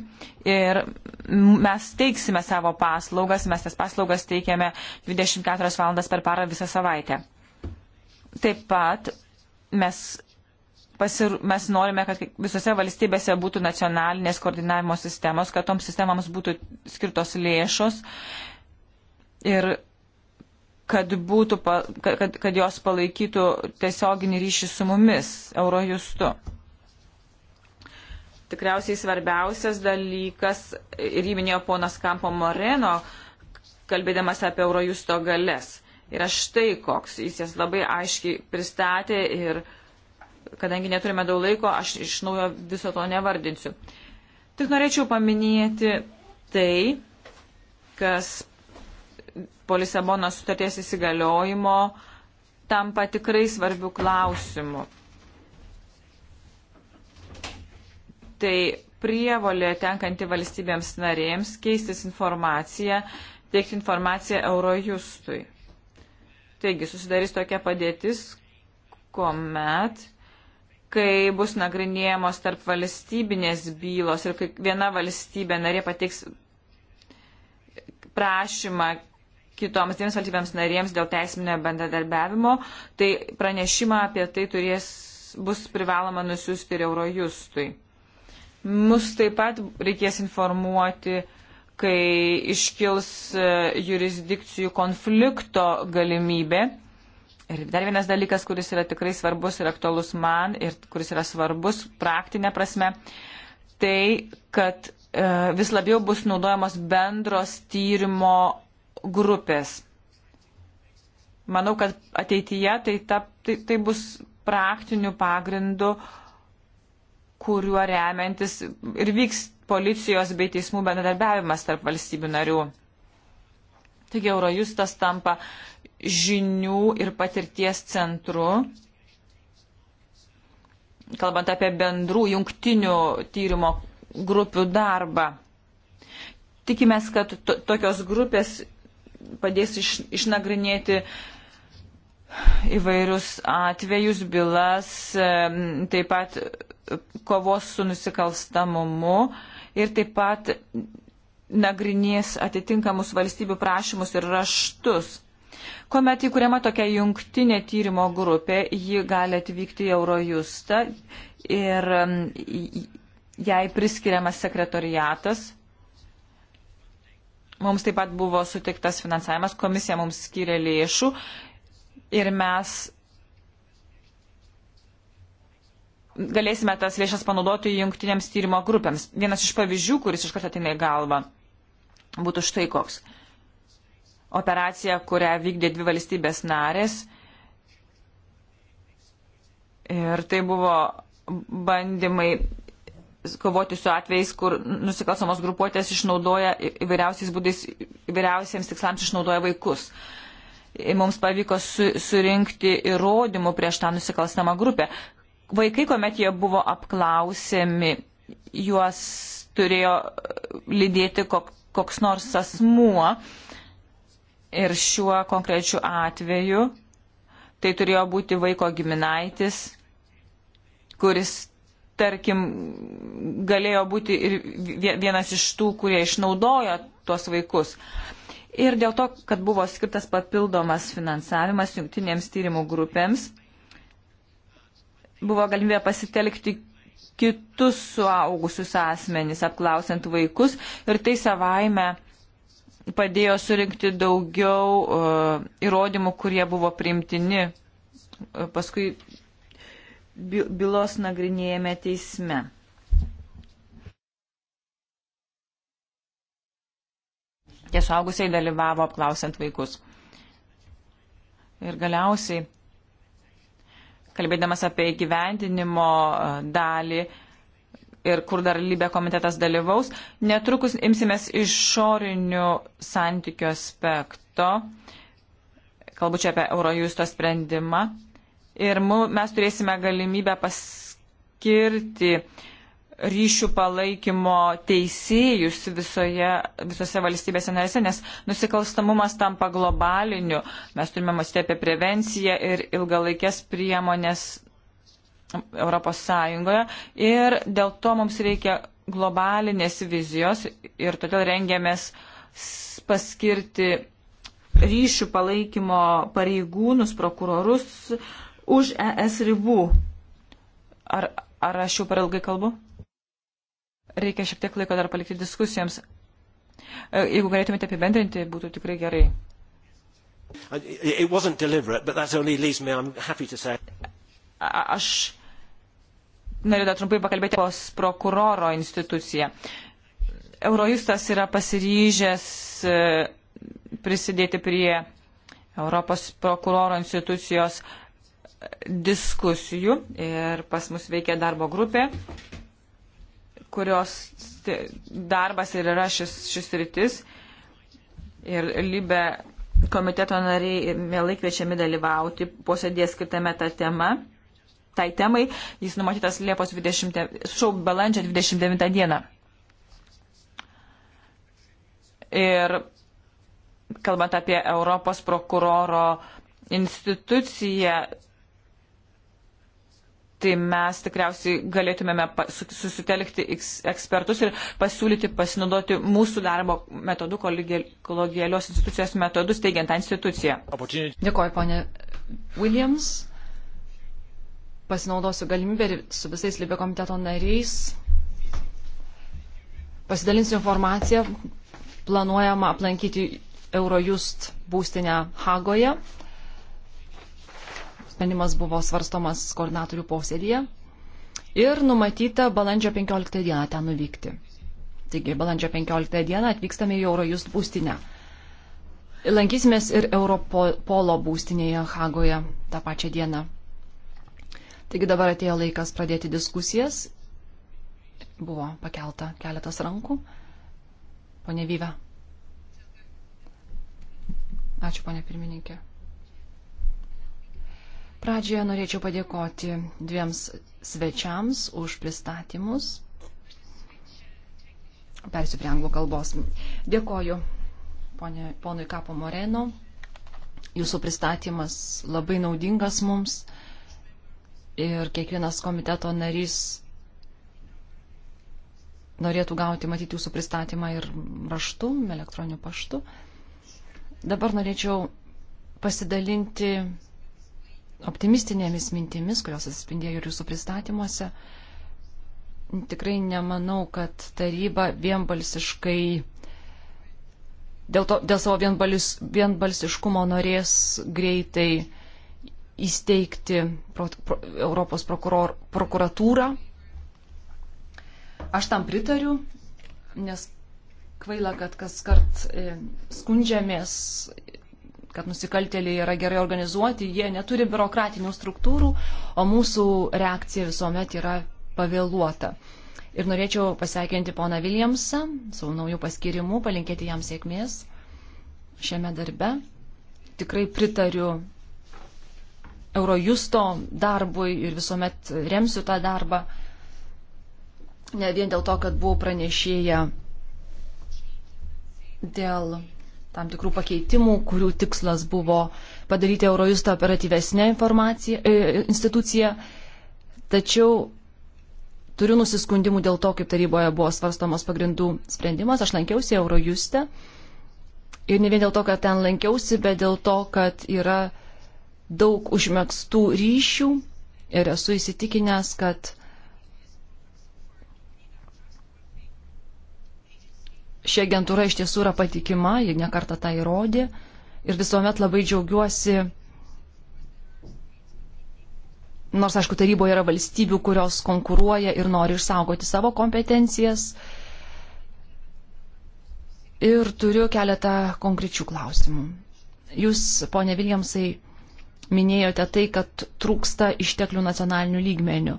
ir mes teiksime savo paslaugas, mes tas paslaugas teikiame 24 valandas per parą visą savaitę. Taip pat mes pasir, mes norime, kad visose valstybėse būtų nacionalinės koordinavimo sistemos, kad toms sistemams būtų skirtos lėšos ir kad, būtų, pa, kad, kad jos palaikytų tiesioginį ryšį su mumis, Eurojustu. Tikriausiai svarbiausias dalykas, ir jį minėjo ponas Kampo Moreno, kalbėdamas apie Eurojusto galės. Ir aš tai koks, jis jas labai aiškiai pristatė ir uh, kadangi neturime daug laiko, aš iš naujo viso to nevardinsiu. Tik norėčiau paminėti tai, kas po Lisabonos sutarties įsigaliojimo tampa tikrai svarbių klausimų. Tai prievolė tenkanti valstybėms narėms keistis informaciją, teikti informaciją Eurojustui. Taigi susidarys tokia padėtis, kuomet kai bus nagrinėjamos tarp valstybinės bylos ir kai viena valstybė narė pateiks prašymą kitoms dviems valstybėms narėms dėl teisminio bendradarbiavimo, tai pranešimą apie tai turės, bus privaloma nusiųsti ir Eurojustui. Mus taip pat reikės informuoti, kai iškils e, jurisdikcijų konflikto galimybė Ir dar vienas dalykas, kuris yra tikrai svarbus ir aktualus man ir kuris yra svarbus praktinė prasme, tai, kad e, vis labiau bus naudojamos bendros tyrimo grupės. Manau, kad ateityje tai, ta, tai, tai bus praktinių pagrindų, kuriuo remiantis ir vyks policijos bei teismų bendradarbiavimas tarp valstybių narių. Taigi Eurojustas tampa žinių ir patirties centru, kalbant apie bendrų jungtinių tyrimo grupių darbą. Tikimės, kad to, tokios grupės padės iš, išnagrinėti įvairius atvejus, bylas, taip pat kovos su nusikalstamumu ir taip pat nagrinės atitinkamus valstybių prašymus ir raštus. Komet įkūrėma tokia jungtinė tyrimo grupė, ji gali atvykti į Eurojustą ir um, jai priskiriamas sekretoriatas. Mums taip pat buvo sutiktas finansavimas, komisija mums skiria lėšų ir mes galėsime tas lėšas panaudoti jungtinėms tyrimo grupėms. Vienas iš pavyzdžių, kuris iš karto ateina į galvą, būtų štai koks. Uh, operacija, kurią vykdė dvi valstybės narės. Ir tai buvo bandymai kovoti su atvejais, kur nusikalstamos grupuotės išnaudoja įvairiausiais būdais, įvairiausiems tikslams išnaudoja vaikus. Mums pavyko su, surinkti įrodymų prieš tą nusikalstamą grupę. Vaikai, kuomet jie buvo apklausiami, juos turėjo lydėti kok, koks nors asmuo. Uh, Ir šiuo konkrečiu atveju tai turėjo būti vaiko giminaitis, kuris, tarkim, galėjo būti ir vienas iš tų, kurie išnaudojo tuos vaikus. Ir dėl to, kad buvo skirtas papildomas finansavimas jungtinėms tyrimų grupėms, buvo galimybė pasitelkti kitus suaugusius asmenys, apklausiant vaikus ir tai savaime padėjo surinkti daugiau uh, įrodymų, kurie buvo priimtini uh, paskui bylos nagrinėjame teisme. Tie suaugusiai dalyvavo apklausiant vaikus. Ir galiausiai, kalbėdamas apie įgyvendinimo e, dalį, uh, ir kur dar lybė komitetas dalyvaus. Netrukus imsimės išorinių santykių aspekto. Kalbu čia apie Eurojusto sprendimą. Ir mes turėsime galimybę paskirti ryšių palaikymo teisėjus visoje, visose valstybėse narėse, nes nusikalstamumas tampa globaliniu. Mes turime mąstyti apie prevenciją ir ilgalaikės priemonės Europos Sąjungoje ir dėl to mums reikia globalinės vizijos ir todėl rengiamės paskirti ryšių palaikymo pareigūnus, prokurorus už ES ribų. Ar, ar aš jau per ilgai kalbu? Reikia šiek tiek laiko dar palikti diskusijoms. E, jeigu galėtumėte apibendrinti, būtų tikrai gerai. It wasn't deliberate, but that only leaves me, I'm happy to say. A aš noriu dar trumpai pakalbėti apie prokuroro instituciją. Eurojustas yra pasiryžęs e, prisidėti prie Europos prokuroro institucijos e, diskusijų ir pas mus veikia darbo grupė, kurios darbas ir yra šis, šis rytis. Ir Libe komiteto nariai mielai kviečiami dalyvauti posėdės skirtame tą temą tai temai. Jis numatytas Liepos 20, šau balandžio 29 dieną. Ir kalbant apie Europos prokuroro instituciją, tai mes tikriausiai galėtumėme susitelkti ekspertus ir pasiūlyti pasinaudoti mūsų darbo metodų, kolegialios institucijos metodus, teigiant tą instituciją. Dėkuoju, ponė Williams pasinaudosiu galimybę ir su visais Libė komiteto nariais pasidalinsiu informaciją. Planuojama aplankyti Eurojust būstinę Hagoje. Sprendimas buvo svarstomas koordinatorių posėdėje. Ir numatyta balandžio 15 dieną ten nuvykti. Taigi, balandžio 15 dieną atvykstame į Eurojust būstinę. Lankysimės ir Europolo būstinėje Hagoje tą pačią dieną. Taigi dabar atėjo laikas pradėti diskusijas. Buvo pakelta keletas rankų. Pone Vyve. Ačiū, ponė pirmininkė. Pradžioje norėčiau padėkoti dviems svečiams už pristatymus. Persiu prie anglų kalbos. Dėkoju ponė, ponui Kapo Moreno. Jūsų pristatymas labai naudingas mums ir kiekvienas komiteto narys norėtų gauti, matyti jūsų pristatymą ir raštu, elektroniniu paštu. Dabar norėčiau pasidalinti optimistinėmis mintimis, kurios atsispindėjo ir jūsų pristatymuose. Tikrai nemanau, kad taryba vienbalsiškai dėl, to, dėl savo vienbalis, vienbalsiškumo norės greitai įsteigti pro, pro, Europos prokuror, prokuratūrą. Aš tam pritariu, nes kvaila, kad kas kart e, skundžiamės, kad nusikaltėliai yra gerai organizuoti, jie neturi biurokratinių struktūrų, o mūsų reakcija visuomet yra pavėluota. Ir norėčiau pasveikinti poną Viljamsą su naujų paskirimu, palinkėti jam sėkmės šiame darbe. Tikrai pritariu Eurojusto darbui ir visuomet remsiu tą darbą. Ne vien dėl to, kad buvau pranešėję dėl tam tikrų pakeitimų, kurių tikslas buvo padaryti Eurojustą operatyvesnę e, instituciją. Tačiau turiu nusiskundimų dėl to, kaip taryboje buvo svarstomas pagrindų sprendimas. Aš lankiausi Eurojuste. Ir ne vien dėl to, kad ten lankiausi, bet dėl to, kad yra daug užmėgstų ryšių ir esu įsitikinęs, kad ši agentūra iš tiesų yra patikima, ji nekarta tą įrodė ir visuomet labai džiaugiuosi, nors aišku, taryboje yra valstybių, kurios konkuruoja ir nori išsaugoti savo kompetencijas. Ir turiu keletą konkrečių klausimų. Jūs, ponė Viljamsai, minėjote tai, kad trūksta išteklių nacionalinių lygmenių.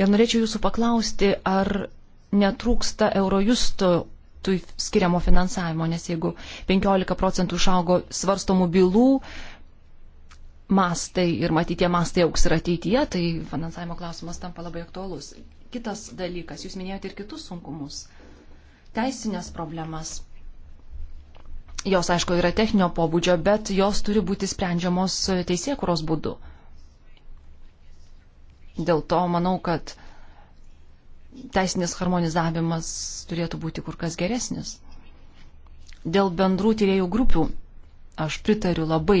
Ir norėčiau jūsų paklausti, ar netrūksta Eurojusto skiriamo finansavimo, nes jeigu 15 procentų išaugo svarstomų bylų mastai ir matyti tie mastai auks ir ateityje, tai finansavimo klausimas tampa labai aktuolus. Kitas dalykas, jūs minėjote ir kitus sunkumus, teisinės problemas Jos, aišku, yra techninio pobūdžio, bet jos turi būti sprendžiamos teisėkuros būdu. Dėl to manau, kad teisinis harmonizavimas turėtų būti kur kas geresnis. Dėl bendrų tyriejų grupių aš pritariu labai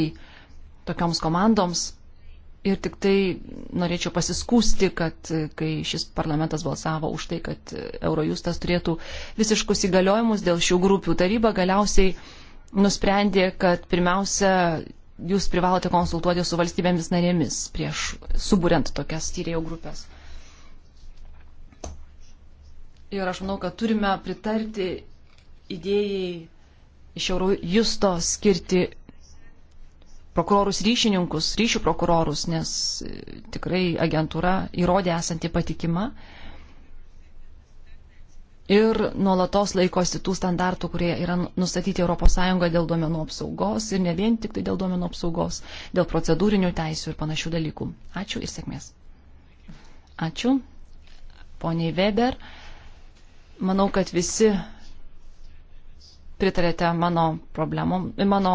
tokioms komandoms ir tik tai norėčiau pasiskūsti, kad e, kai šis parlamentas balsavo už tai, kad e, Eurojustas turėtų visiškus įgaliojimus dėl šių grupių, taryba galiausiai nusprendė, kad pirmiausia, jūs privalote konsultuoti su valstybėmis narėmis prieš suburiant tokias tyrėjų grupės. Ir aš manau, kad turime pritarti idėjai iš Eurojusto skirti prokurorus ryšininkus, ryšių prokurorus, nes tikrai agentūra įrodė esanti patikima ir nuolatos laikosi tų standartų, kurie yra nustatyti ES dėl duomenų apsaugos ir ne vien tik tai dėl duomenų apsaugos, dėl procedūrinių teisų ir panašių dalykų. Ačiū ir sėkmės. Ačiū. Poniai Weber, manau, kad visi pritarėte mano problemom, mano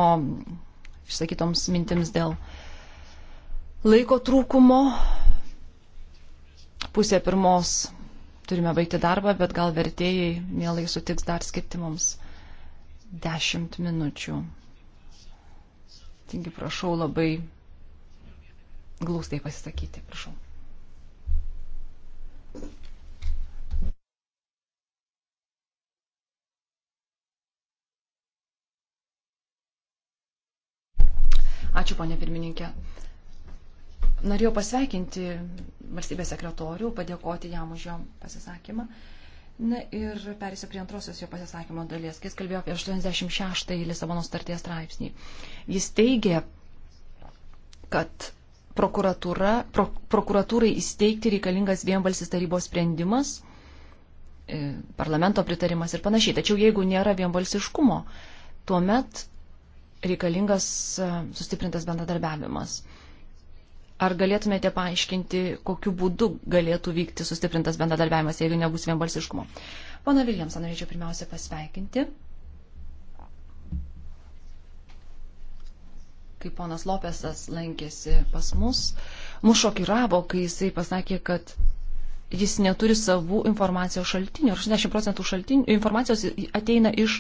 išsakytoms mintims dėl laiko trūkumo. Pusė pirmos turime baigti darbą, bet gal vertėjai mielai sutiks dar skirti mums 10 minučių. Taigi prašau labai glaustai pasisakyti, prašau. Ačiū, ponė pirmininkė. Norėjau pasveikinti valstybės sekretorių, padėkoti jam už jo pasisakymą. Na ir perėsiu prie antrosios jo pasisakymo dalies, kai jis kalbėjo apie 86-ąjį Lisabono starties straipsnį. Jis teigė, kad pro, prokuratūrai įsteigti reikalingas vienbalsis tarybos sprendimas, e, parlamento pritarimas ir panašiai. Tačiau jeigu nėra vienbalsiškumo, tuomet reikalingas e, sustiprintas bendradarbiavimas. Ar galėtumėte paaiškinti, kokiu būdu galėtų vykti sustiprintas bendradarbiavimas, jeigu nebus vienbalsiškumo? Pana Viljamsą norėčiau pirmiausia pasveikinti. Kai ponas Lopesas lankėsi pas mus, mus šokiravo, kai jisai pasakė, kad jis neturi savų informacijos šaltinių. 80 procentų šaltinių, informacijos ateina iš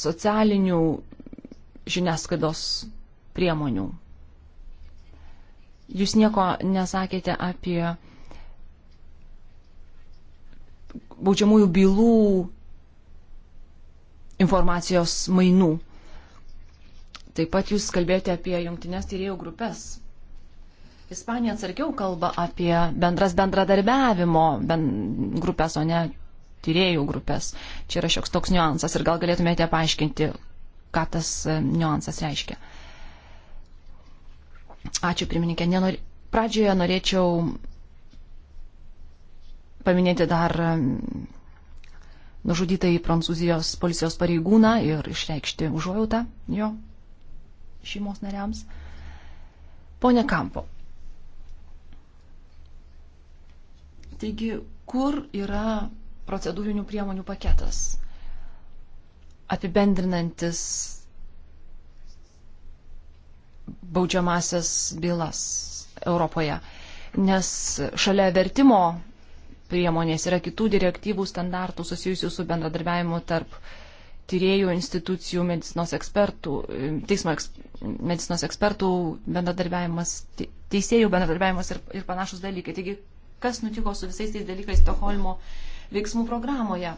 socialinių žiniasklaidos priemonių. Jūs nieko nesakėte apie baudžiamųjų bylų informacijos mainų. Taip pat jūs kalbėjote apie jungtinės tyriejų grupės. Ispanija atsargiau kalba apie bendras bendradarbiavimo ben, grupės, o ne tyriejų grupės. Čia yra šioks toks niuansas ir gal galėtumėte paaiškinti, ką tas niuansas reiškia. Ačiū, pirmininkė. Nenori... Pradžioje norėčiau paminėti dar nužudytą į Prancūzijos policijos pareigūną ir išreikšti užuojautą jo šeimos nariams. Pone Kampo. Taigi, kur yra procedūrinių priemonių paketas, apibendrinantis baudžiamasias bylas Europoje, nes šalia vertimo priemonės yra kitų direktyvų standartų susijusių su bendradarbiavimu tarp tyriejų institucijų, medicinos ekspertų, teismo eks, medicinos ekspertų bendradarbiavimas, teisėjų bendradarbiavimas ir, ir panašus dalykai. Taigi, kas nutiko su visais tais dalykais Stokholmo veiksmų programoje?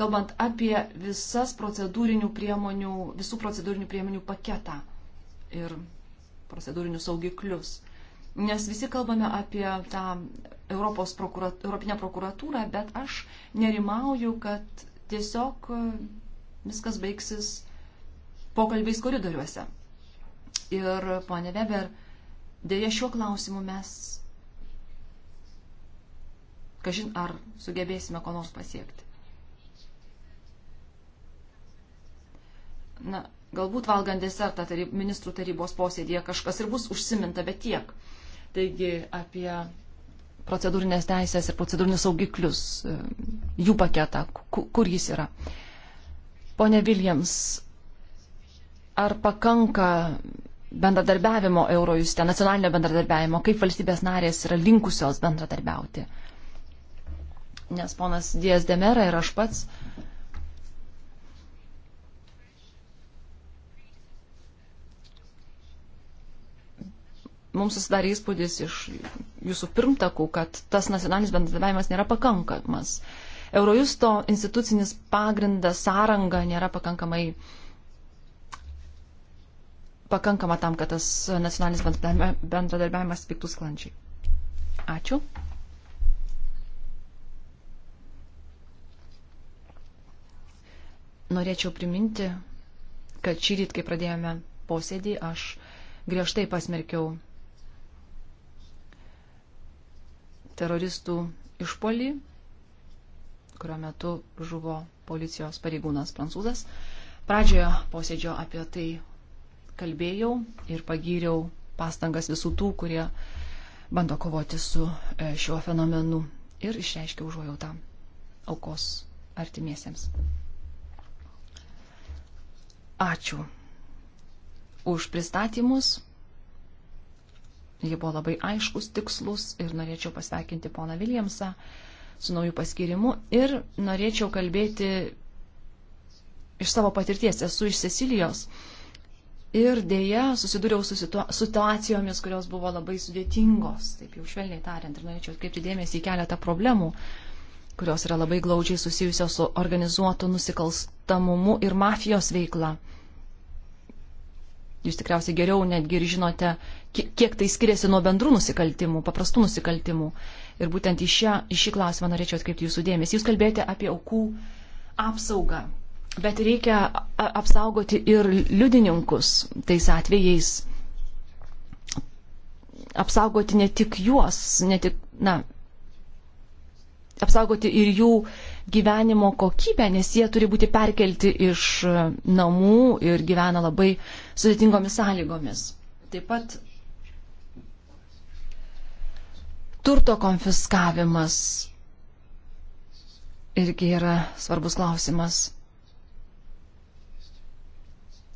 kalbant apie visas procedūrinių priemonių, visų procedūrinių priemonių paketą. Ir procedūrinius saugiklius. Nes visi kalbame apie tą Europos prokurat, Europinę prokuratūrą, bet aš nerimauju, kad tiesiog e, viskas baigsis pokalbiais koridoriuose. Ir, ponė Weber, dėja šiuo klausimu mes, kažin, ar sugebėsime ko nors pasiekti. Na, Galbūt valgant desertą taryb, ministrų tarybos posėdėje kažkas ir bus užsiminta, bet tiek. Taigi apie procedūrinės teisės ir procedūrinius saugiklius, e, jų paketą, kur jis yra. Pone Viljams, ar pakanka bendradarbiavimo Eurojuste, nacionalinio bendradarbiavimo, kaip valstybės narės yra linkusios bendradarbiauti? Nes ponas Dijas Demera ir aš pats uh, mums susidarė įspūdis iš jūsų pirmtakų, kad tas nacionalinis bendradarbiavimas nėra pakankamas. Eurojusto institucinis pagrindas, sąranga nėra pakankamai pakankama tam, kad tas nacionalinis bendradarbiavimas vyktų sklandžiai. Ačiū. Norėčiau priminti, kad šį rytą, kai pradėjome posėdį, aš griežtai pasmerkiau teroristų išpolį, kurio metu žuvo policijos pareigūnas prancūzas. Pradžioje posėdžio apie tai kalbėjau ir pagyriau pastangas visų tų, kurie bando kovoti su e, šiuo fenomenu ir išreiškia užuojautą aukos artimiesiems. Ačiū už pristatymus. Jie buvo labai aiškus, tikslus ir norėčiau pasveikinti poną Viljamsą su naujų paskirimu ir norėčiau kalbėti iš savo patirties. Esu iš Sesilijos ir dėja susidūriau su situacijomis, kurios buvo labai sudėtingos, taip jau švelniai tariant, ir norėčiau atkreipti dėmesį į keletą problemų kurios yra labai glaudžiai susijusios su organizuotu nusikalstamumu ir mafijos veikla. Jūs tikriausiai geriau netgi ir žinote, kiek tai skiriasi nuo bendrų nusikaltimų, paprastų nusikaltimų. Ir būtent į, šią, į šį klausimą norėčiau atkreipti jūsų dėmesį. Jūs kalbėjote apie aukų apsaugą, bet reikia apsaugoti ir liudininkus tais atvejais. Apsaugoti ne tik juos, ne tik, na, apsaugoti ir jų gyvenimo kokybę, nes jie turi būti perkelti iš e, namų ir gyvena labai sudėtingomis sąlygomis. Taip pat turto konfiskavimas irgi yra svarbus klausimas.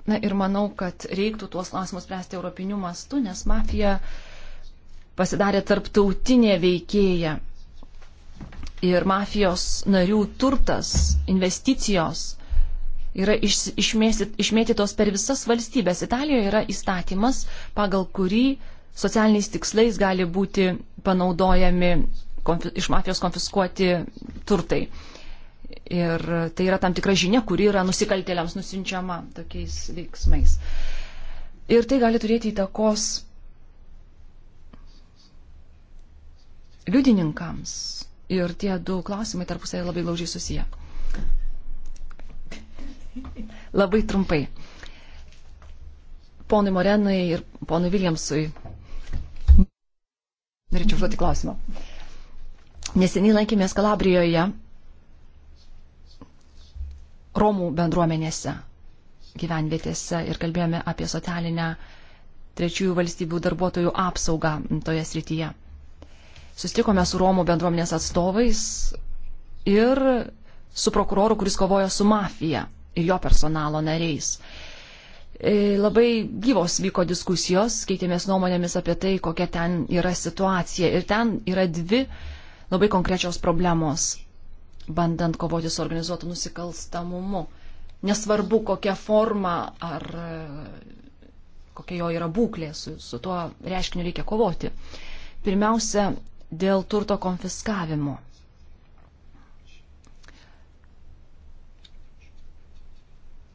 Na ir manau, kad reiktų tuos klausimus spręsti europiniu mastu, nes mafija pasidarė tarptautinė veikėja ir mafijos narių turtas, investicijos yra iš, išmėsit, išmėtytos per visas valstybės. Italijoje yra įstatymas, pagal kurį socialiniais tikslais gali būti panaudojami konfi, iš mafijos konfiskuoti turtai. Ir tai yra tam tikra žinia, kuri yra nusikaltėliams nusinčiama tokiais veiksmais. Ir tai gali turėti įtakos liudininkams, Ir tie du klausimai tarpusai labai glaužiai susiję. Labai trumpai. Ponui Morenai ir ponui Viljamsui. Norėčiau užduoti klausimą. Neseniai lankėmės Kalabrijoje Romų bendruomenėse, gyvenvietėse ir kalbėjome apie socialinę trečiųjų valstybių darbuotojų apsaugą toje srityje sustikome su Romų bendruomenės atstovais ir su prokuroru, kuris kovoja su mafija ir jo personalo nariais. E, labai gyvos vyko diskusijos, keitėmės nuomonėmis apie tai, kokia ten yra situacija. Ir ten yra dvi labai konkrečios problemos, bandant kovoti su organizuotu nusikalstamumu. Nesvarbu, kokia forma ar e, kokia jo yra būklė, su, su tuo reiškiniu reikia kovoti. Pirmiausia, dėl turto konfiskavimo.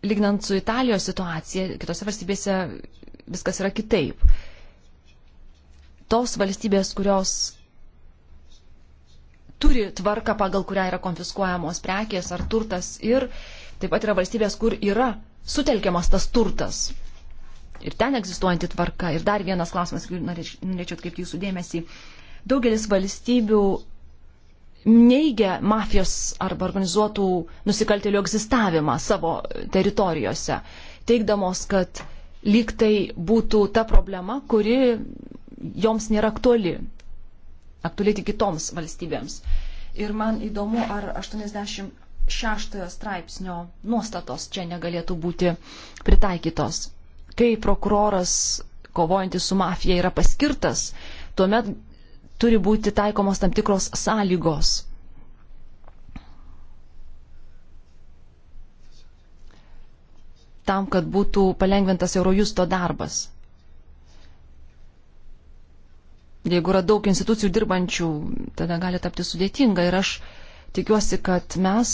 Lygnant su Italijos situacija, kitose valstybėse viskas yra kitaip. Tos valstybės, kurios turi tvarką, pagal kurią yra konfiskuojamos prekės ar turtas ir taip pat yra valstybės, kur yra sutelkiamas tas turtas. Ir ten egzistuojanti tvarka. Ir dar vienas klausimas, kurį norėčiau atkreipti jūsų dėmesį. Uh, Daugelis valstybių neigia mafijos arba organizuotų nusikaltėlių egzistavimą savo teritorijose, teikdamos, kad lyg tai būtų ta problema, kuri joms nėra aktuali, aktuali tik kitoms valstybėms. Ir man įdomu, ar 86 straipsnio nuostatos čia negalėtų būti pritaikytos. Kai prokuroras kovojantis su mafija yra paskirtas, tuomet turi būti taikomos tam tikros sąlygos. Tam, kad būtų palengvintas Eurojusto darbas. Jeigu yra daug institucijų dirbančių, tada gali tapti sudėtinga ir aš tikiuosi, kad mes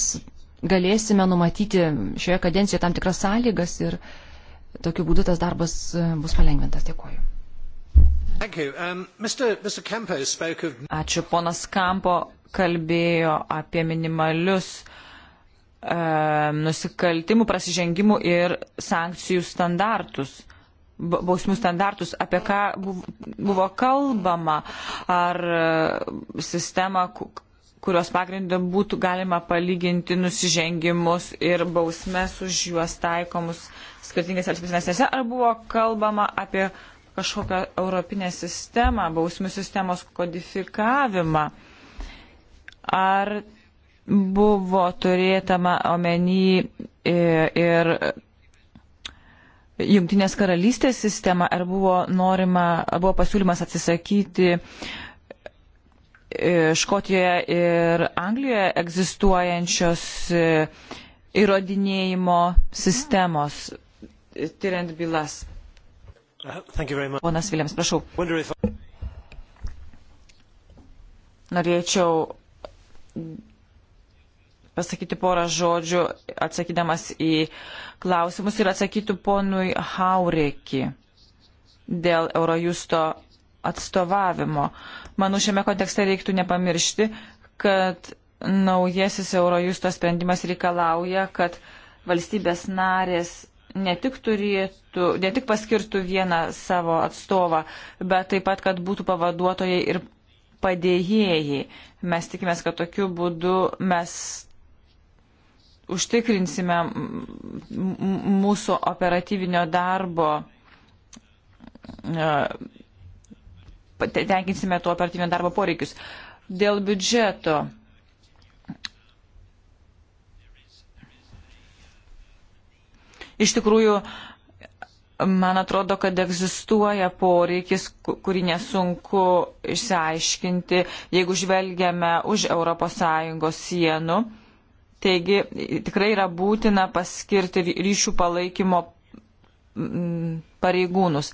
galėsime numatyti šioje kadencijoje tam tikras sąlygas ir tokiu būdu tas darbas e, bus palengvintas. Dėkuoju. Um, Mr. Mr. Of... Ačiū. Ponas Kampo kalbėjo apie minimalius uh, nusikaltimų, prasižengimų ir sankcijų standartus bausmių standartus, apie ką buvo kalbama, ar e, sistema, kurios pagrindu būtų galima palyginti nusižengimus ir bausmes už juos taikomus skirtingais valstybės nesėse, ar buvo kalbama apie kažkokią europinę sistemą, bausmių sistemos kodifikavimą. Ar buvo turėtama omeny e, ir Jungtinės karalystės sistema, ar buvo, norima, ar buvo pasiūlymas atsisakyti e, Škotijoje ir Anglijoje egzistuojančios e, įrodinėjimo sistemos, tyriant bylas. Ponas Viljams, prašau. Norėčiau pasakyti porą žodžių, atsakydamas į klausimus ir atsakyti ponui Haurėki dėl Eurojusto atstovavimo. Manau, šiame kontekste reiktų nepamiršti, kad naujasis Eurojusto sprendimas reikalauja, kad valstybės narės ne tik turėtų paskirtų, ne tik paskirtų vieną savo atstovą, bet taip pat, kad būtų pavaduotojai ir padėjėjai. Mes tikimės, kad tokiu būdu mes užtikrinsime mūsų operatyvinio darbo, e, tenkinsime tuo operatyvinio darbo poreikius. Dėl biudžeto. Iš tikrųjų, man atrodo, kad egzistuoja poreikis, kurį nesunku išsiaiškinti, jeigu žvelgiame už ES sienų. Taigi tikrai yra būtina paskirti ryšių palaikymo mm, pareigūnus.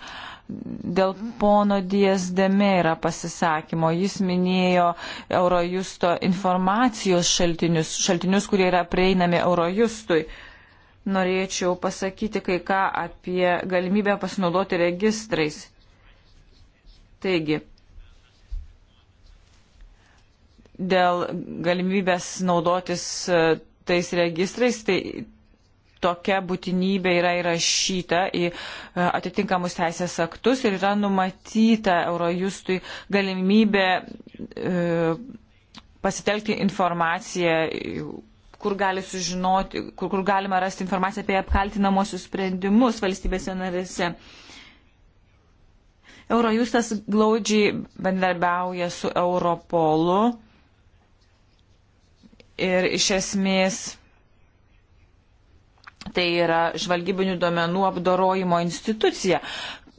Dėl pono Dies Demera pasisakymo jis minėjo Eurojusto informacijos šaltinius, šaltinius, kurie yra prieinami Eurojustui. Uh, norėčiau pasakyti kai ką apie galimybę pasinaudoti registrais. Taigi, dėl galimybės naudotis e, tais registrais, tai tokia būtinybė yra įrašyta į e, atitinkamus teisės aktus ir yra numatyta Eurojustui galimybė e, pasitelkti informaciją kur, gali sužinoti, kur, kur galima rasti informaciją apie apkaltinamosius sprendimus valstybėse narėse. Eurojustas glaudžiai bendarbiauja su Europolu ir iš esmės tai yra žvalgybinių duomenų apdorojimo institucija.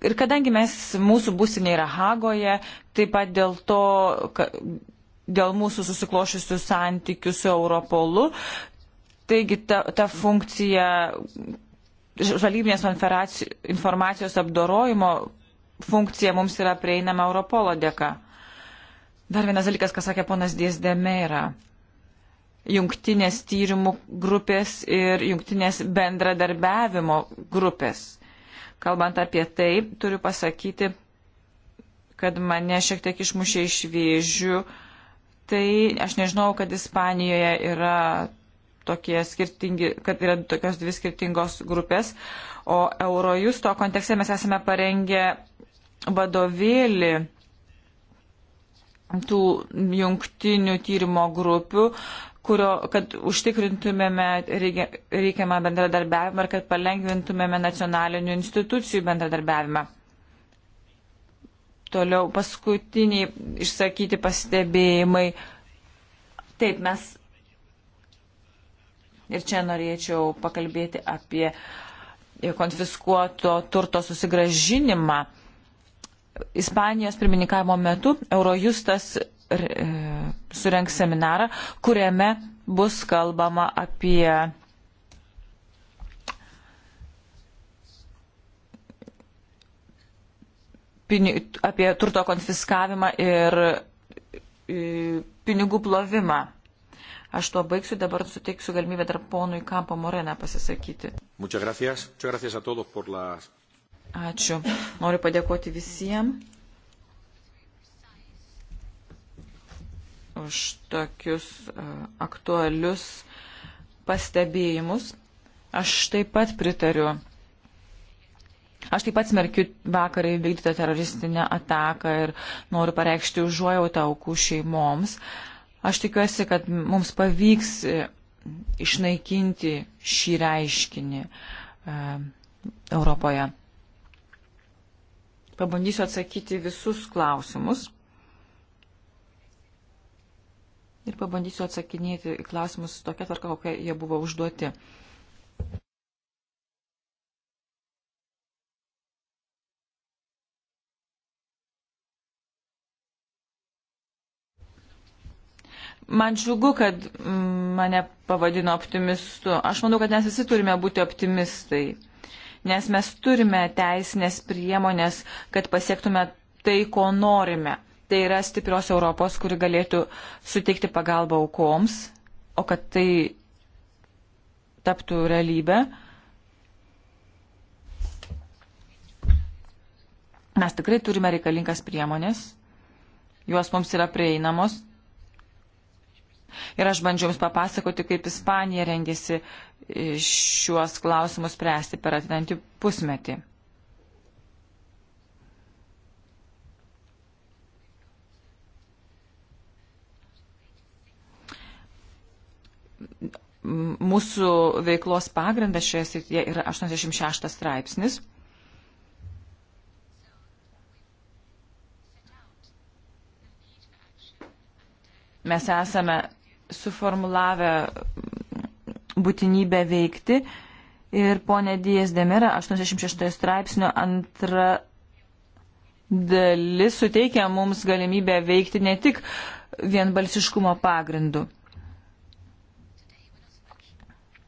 Ir kadangi mes, mūsų būsinė yra Hagoje, taip pat dėl to, dėl mūsų susiklošusių santykių su Europolu. Taigi ta, ta funkcija žvalgybinės informacijos apdorojimo funkcija mums yra prieinama Europolo dėka. Dar vienas dalykas, ką sakė ponas Dėsdėme, yra jungtinės tyrimų grupės ir jungtinės bendradarbiavimo grupės. Kalbant apie tai, turiu pasakyti, kad mane šiek tiek išmušė iš vėžių uh, tai aš nežinau, kad Ispanijoje yra tokie skirtingi, kad yra tokios dvi skirtingos grupės, o Eurojusto kontekste mes esame parengę vadovėlį tų jungtinių tyrimo grupių, kurio, kad užtikrintumėme reikia, reikiamą bendradarbiavimą ir kad palengvintumėme nacionalinių institucijų bendradarbiavimą. Toliau paskutiniai išsakyti pastebėjimai. Taip, mes ir čia norėčiau pakalbėti apie konfiskuoto turto susigražinimą. Ispanijos pirmininkavimo metu Eurojustas e, surenks seminarą, kuriame bus kalbama apie apie turto konfiskavimą ir e, pinigų plovimą. Aš tuo baigsiu, dabar suteiksiu galimybę dar ponui Kampo Morena pasisakyti. Muchas gracias. Muchas gracias a todos por las... Ačiū. Noriu padėkoti visiems už tokius e, aktualius pastebėjimus. Aš taip pat pritariu Aš taip pat smerkiu vakarai vykdytą teroristinę ataką ir noriu pareikšti užuojautą aukų šeimoms. Aš tikiuosi, kad mums pavyks e, išnaikinti šį reiškinį e, Europoje. Pabandysiu atsakyti visus klausimus. Ir pabandysiu atsakinėti į klausimus tokia tvarka, kokia jie buvo užduoti. Man džiugu, kad mm, mane pavadino optimistu. Aš manau, kad mes visi turime būti optimistai, nes mes turime teisinės priemonės, kad pasiektume tai, ko norime. Tai yra stiprios Europos, kuri galėtų suteikti pagalbą aukoms, o kad tai taptų realybę. Mes tikrai turime reikalingas priemonės, juos mums yra prieinamos Ir aš bandžiau Jums papasakoti, kaip Ispanija rengėsi e, šiuos klausimus spręsti per atinantį pusmetį. Mūsų veiklos pagrindas šioje srityje yra 86 straipsnis. Mes esame suformulavę būtinybę veikti. Ir ponė Dijas Demera, 86 straipsnio antra dalis suteikia mums galimybę veikti ne tik vienbalsiškumo pagrindu.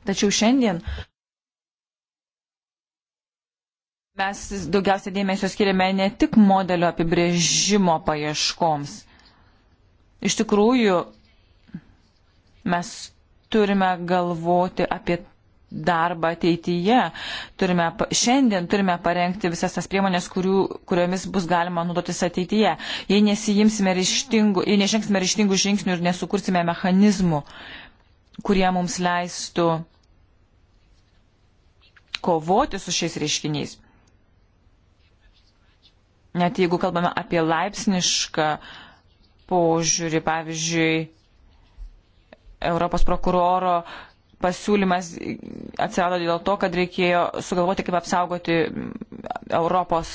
Tačiau šiandien mes daugiausia dėmesio skiriame ne tik modelio apibrėžimo paieškoms. Iš tikrųjų, Mes turime galvoti apie darbą ateityje. Turime, šiandien turime parengti visas tas priemonės, kurių, kuriomis bus galima naudotis ateityje. Jei nesijimsime ryštingų, jei nežengsime ryštingų žingsnių ir nesukursime mechanizmų, kurie mums leistų kovoti su šiais reiškiniais. Net jeigu kalbame apie laipsnišką požiūrį, pavyzdžiui, Europos prokuroro pasiūlymas atsirado dėl to, kad reikėjo sugalvoti, kaip apsaugoti Europos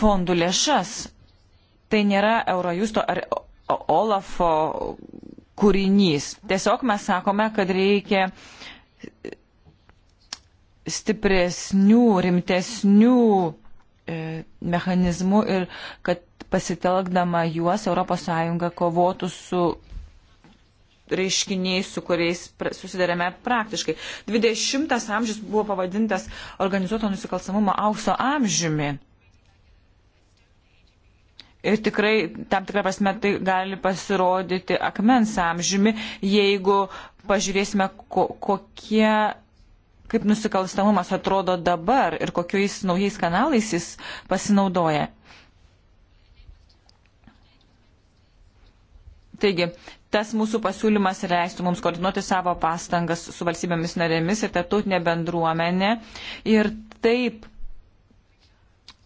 fondų lėšas. Tai nėra Eurojusto ar Olafo kūrinys. Tiesiog mes sakome, kad reikia stipresnių, rimtesnių e, mechanizmų ir kad pasitelkdama juos ES kovotų su reiškiniai, su kuriais susidarėme praktiškai. 20-as amžius buvo pavadintas organizuoto nusikalstamumo aukso amžiumi. Ir tikrai, tam tikrą prasme, tai gali pasirodyti akmens amžiumi, jeigu pažiūrėsime, ko, kokie, kaip nusikalstamumas atrodo dabar ir kokiais naujais kanalais jis pasinaudoja. Taigi, tas mūsų pasiūlymas leistų mums koordinuoti savo pastangas su valstybėmis narėmis ir tarptautinė bendruomenė ir taip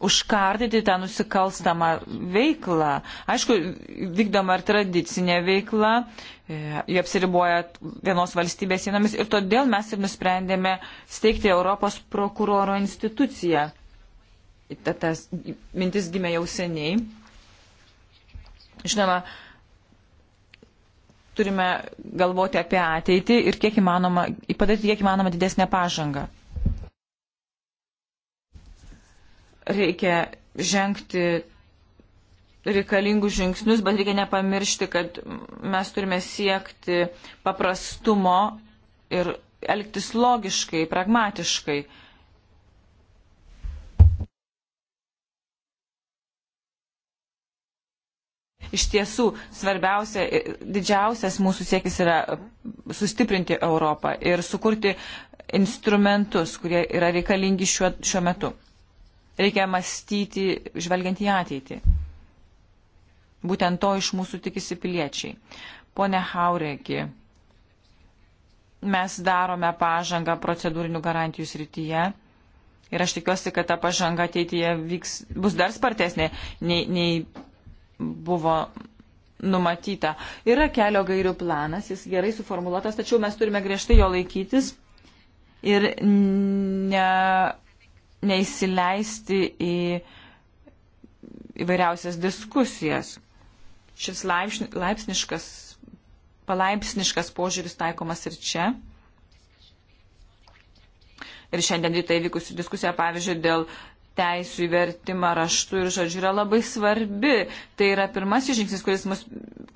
užkardyti tą nusikalstamą veiklą. Aišku, vykdoma ir tradicinė veikla, e, jie apsiriboja vienos valstybės sienomis ir todėl mes ir nusprendėme steigti Europos prokuroro instituciją. Ta, tas mintis gimė jau seniai. Žinoma, turime galvoti apie ateitį ir kiek įmanoma, padaryti kiek įmanoma didesnę pažangą. Reikia žengti reikalingus žingsnius, bet reikia nepamiršti, kad mes turime siekti paprastumo ir elgtis logiškai, pragmatiškai. Uh, Iš tiesų, svarbiausia, e, didžiausias mūsų siekis yra e, sustiprinti Europą ir sukurti instrumentus, kurie yra reikalingi šiuo, šiuo metu. Reikia mąstyti, žvelgiant į ateitį. Būtent to iš mūsų tikisi piliečiai. Pone Hauregi, mes darome pažangą procedūrinių garantijų srityje ir aš tikiuosi, kad ta pažanga ateityje vyks, bus dar spartesnė nei, nei buvo numatyta. Yra kelio gairių planas, jis gerai suformuoluotas, tačiau mes turime griežtai jo laikytis ir ne, neįsileisti į įvairiausias diskusijas. Šis laipsniškas, palaipsniškas požiūris taikomas ir čia. Ir šiandien ryte įvykusi diskusija, pavyzdžiui, dėl teisų įvertimą raštų ir žodžių yra labai svarbi. Tai yra pirmasis žingsnis, kuris, mus,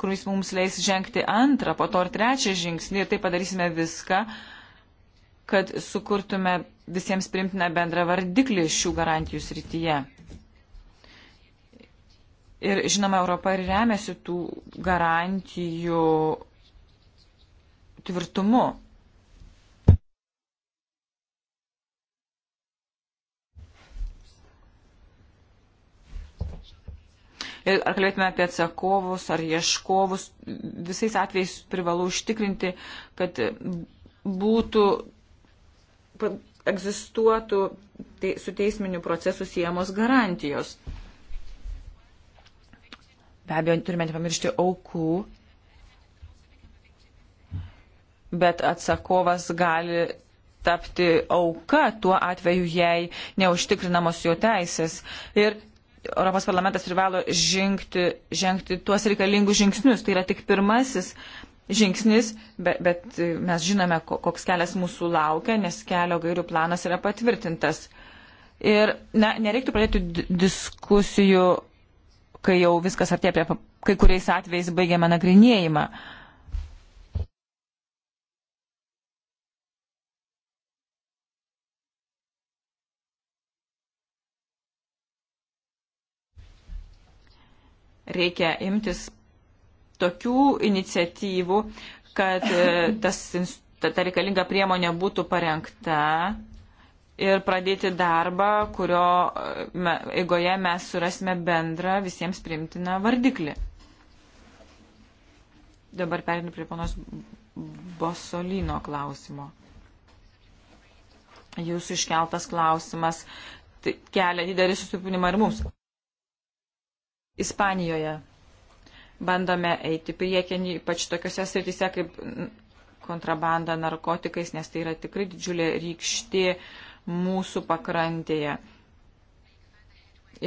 kuris mums leis žengti antrą, po to ir trečią žingsnį ir tai padarysime viską, kad sukurtume visiems primtiną bendrą vardiklį šių garantijų srityje. Ir žinoma, Europa ir remiasi tų garantijų tvirtumu. ar kalbėtume apie atsakovus ar ieškovus, visais atvejais privalu užtikrinti, kad būtų, egzistuotų te, su teisminiu procesu siejamos garantijos. Be abejo, turime nepamiršti aukų, bet atsakovas gali tapti auka tuo atveju, jei neužtikrinamos jo teisės. Ir Europos parlamentas privalo žengti, žengti tuos reikalingus žingsnius. Tai yra tik pirmasis žingsnis, bet, bet mes žinome, koks kelias mūsų laukia, nes kelio gairių planas yra patvirtintas. Ir na, nereiktų pradėti diskusijų, kai jau viskas artėja prie, kai kuriais atvejais baigiame nagrinėjimą. Uh, Reikia imtis tokių iniciatyvų, kad e, tas, ta, ta reikalinga priemonė būtų parengta ir pradėti darbą, kurio e, eigoje mes surasime bendrą visiems primtiną vardiklį. Dabar perinu prie ponos Bosolino klausimo. Jūsų iškeltas klausimas tai kelia didelį susirūpinimą ir mums. Ispanijoje bandome eiti priekin, ypač tokiuose srityse kaip kontrabanda narkotikais, nes tai yra tikrai didžiulė rykšti mūsų pakrantėje.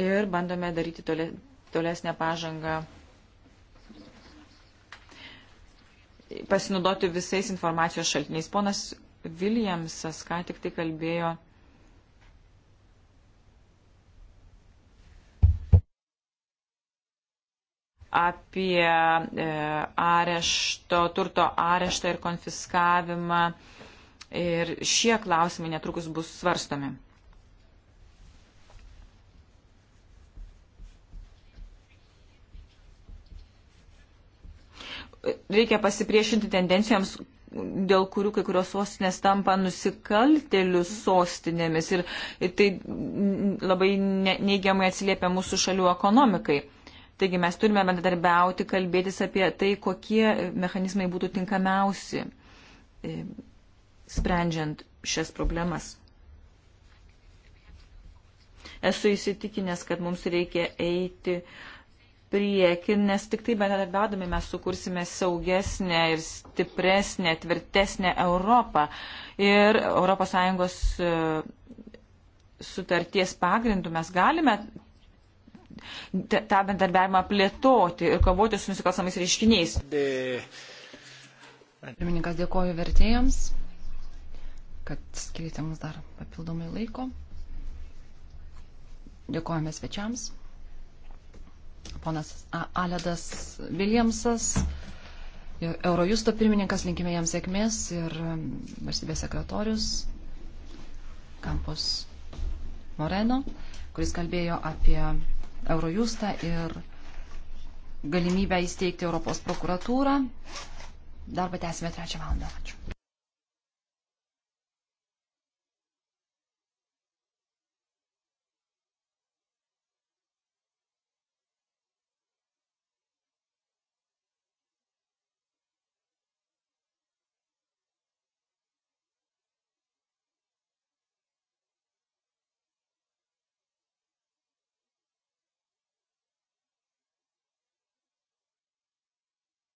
Ir bandome daryti tole, tolesnę pažangą, pasinaudoti visais informacijos šaltiniais. Ponas Viljamsas ką tik tai kalbėjo apie e, arešto, turto areštą ir konfiskavimą. Ir šie klausimai netrukus bus svarstomi. Reikia pasipriešinti tendencijoms, dėl kurių kai kurios sostinės tampa nusikaltelių sostinėmis ir, ir tai labai neigiamai atsiliepia mūsų šalių ekonomikai. Taigi mes turime bendradarbiauti, kalbėtis apie tai, kokie mechanizmai būtų tinkamiausi e, sprendžiant šias problemas. Esu įsitikinęs, kad mums reikia eiti priekį, nes tik tai bendradarbiaudami mes sukursime saugesnę ir stipresnę, tvirtesnę Europą. Ir ES e, sutarties pagrindų mes galime tą bendarbiavimą plėtoti ir kovoti su nusikalstamais reiškiniais. Pirmininkas dėkoju vertėjams, kad skirite mums dar papildomai laiko. Dėkojame svečiams. Ponas Aledas Viljamsas, Eurojusto pirmininkas, linkime jam sėkmės ir um, valstybės sekretorius Kampus Moreno, kuris kalbėjo apie Eurojustą ir galimybę įsteigti Europos prokuratūrą. Darbą tęsime trečią valandą. Ačiū.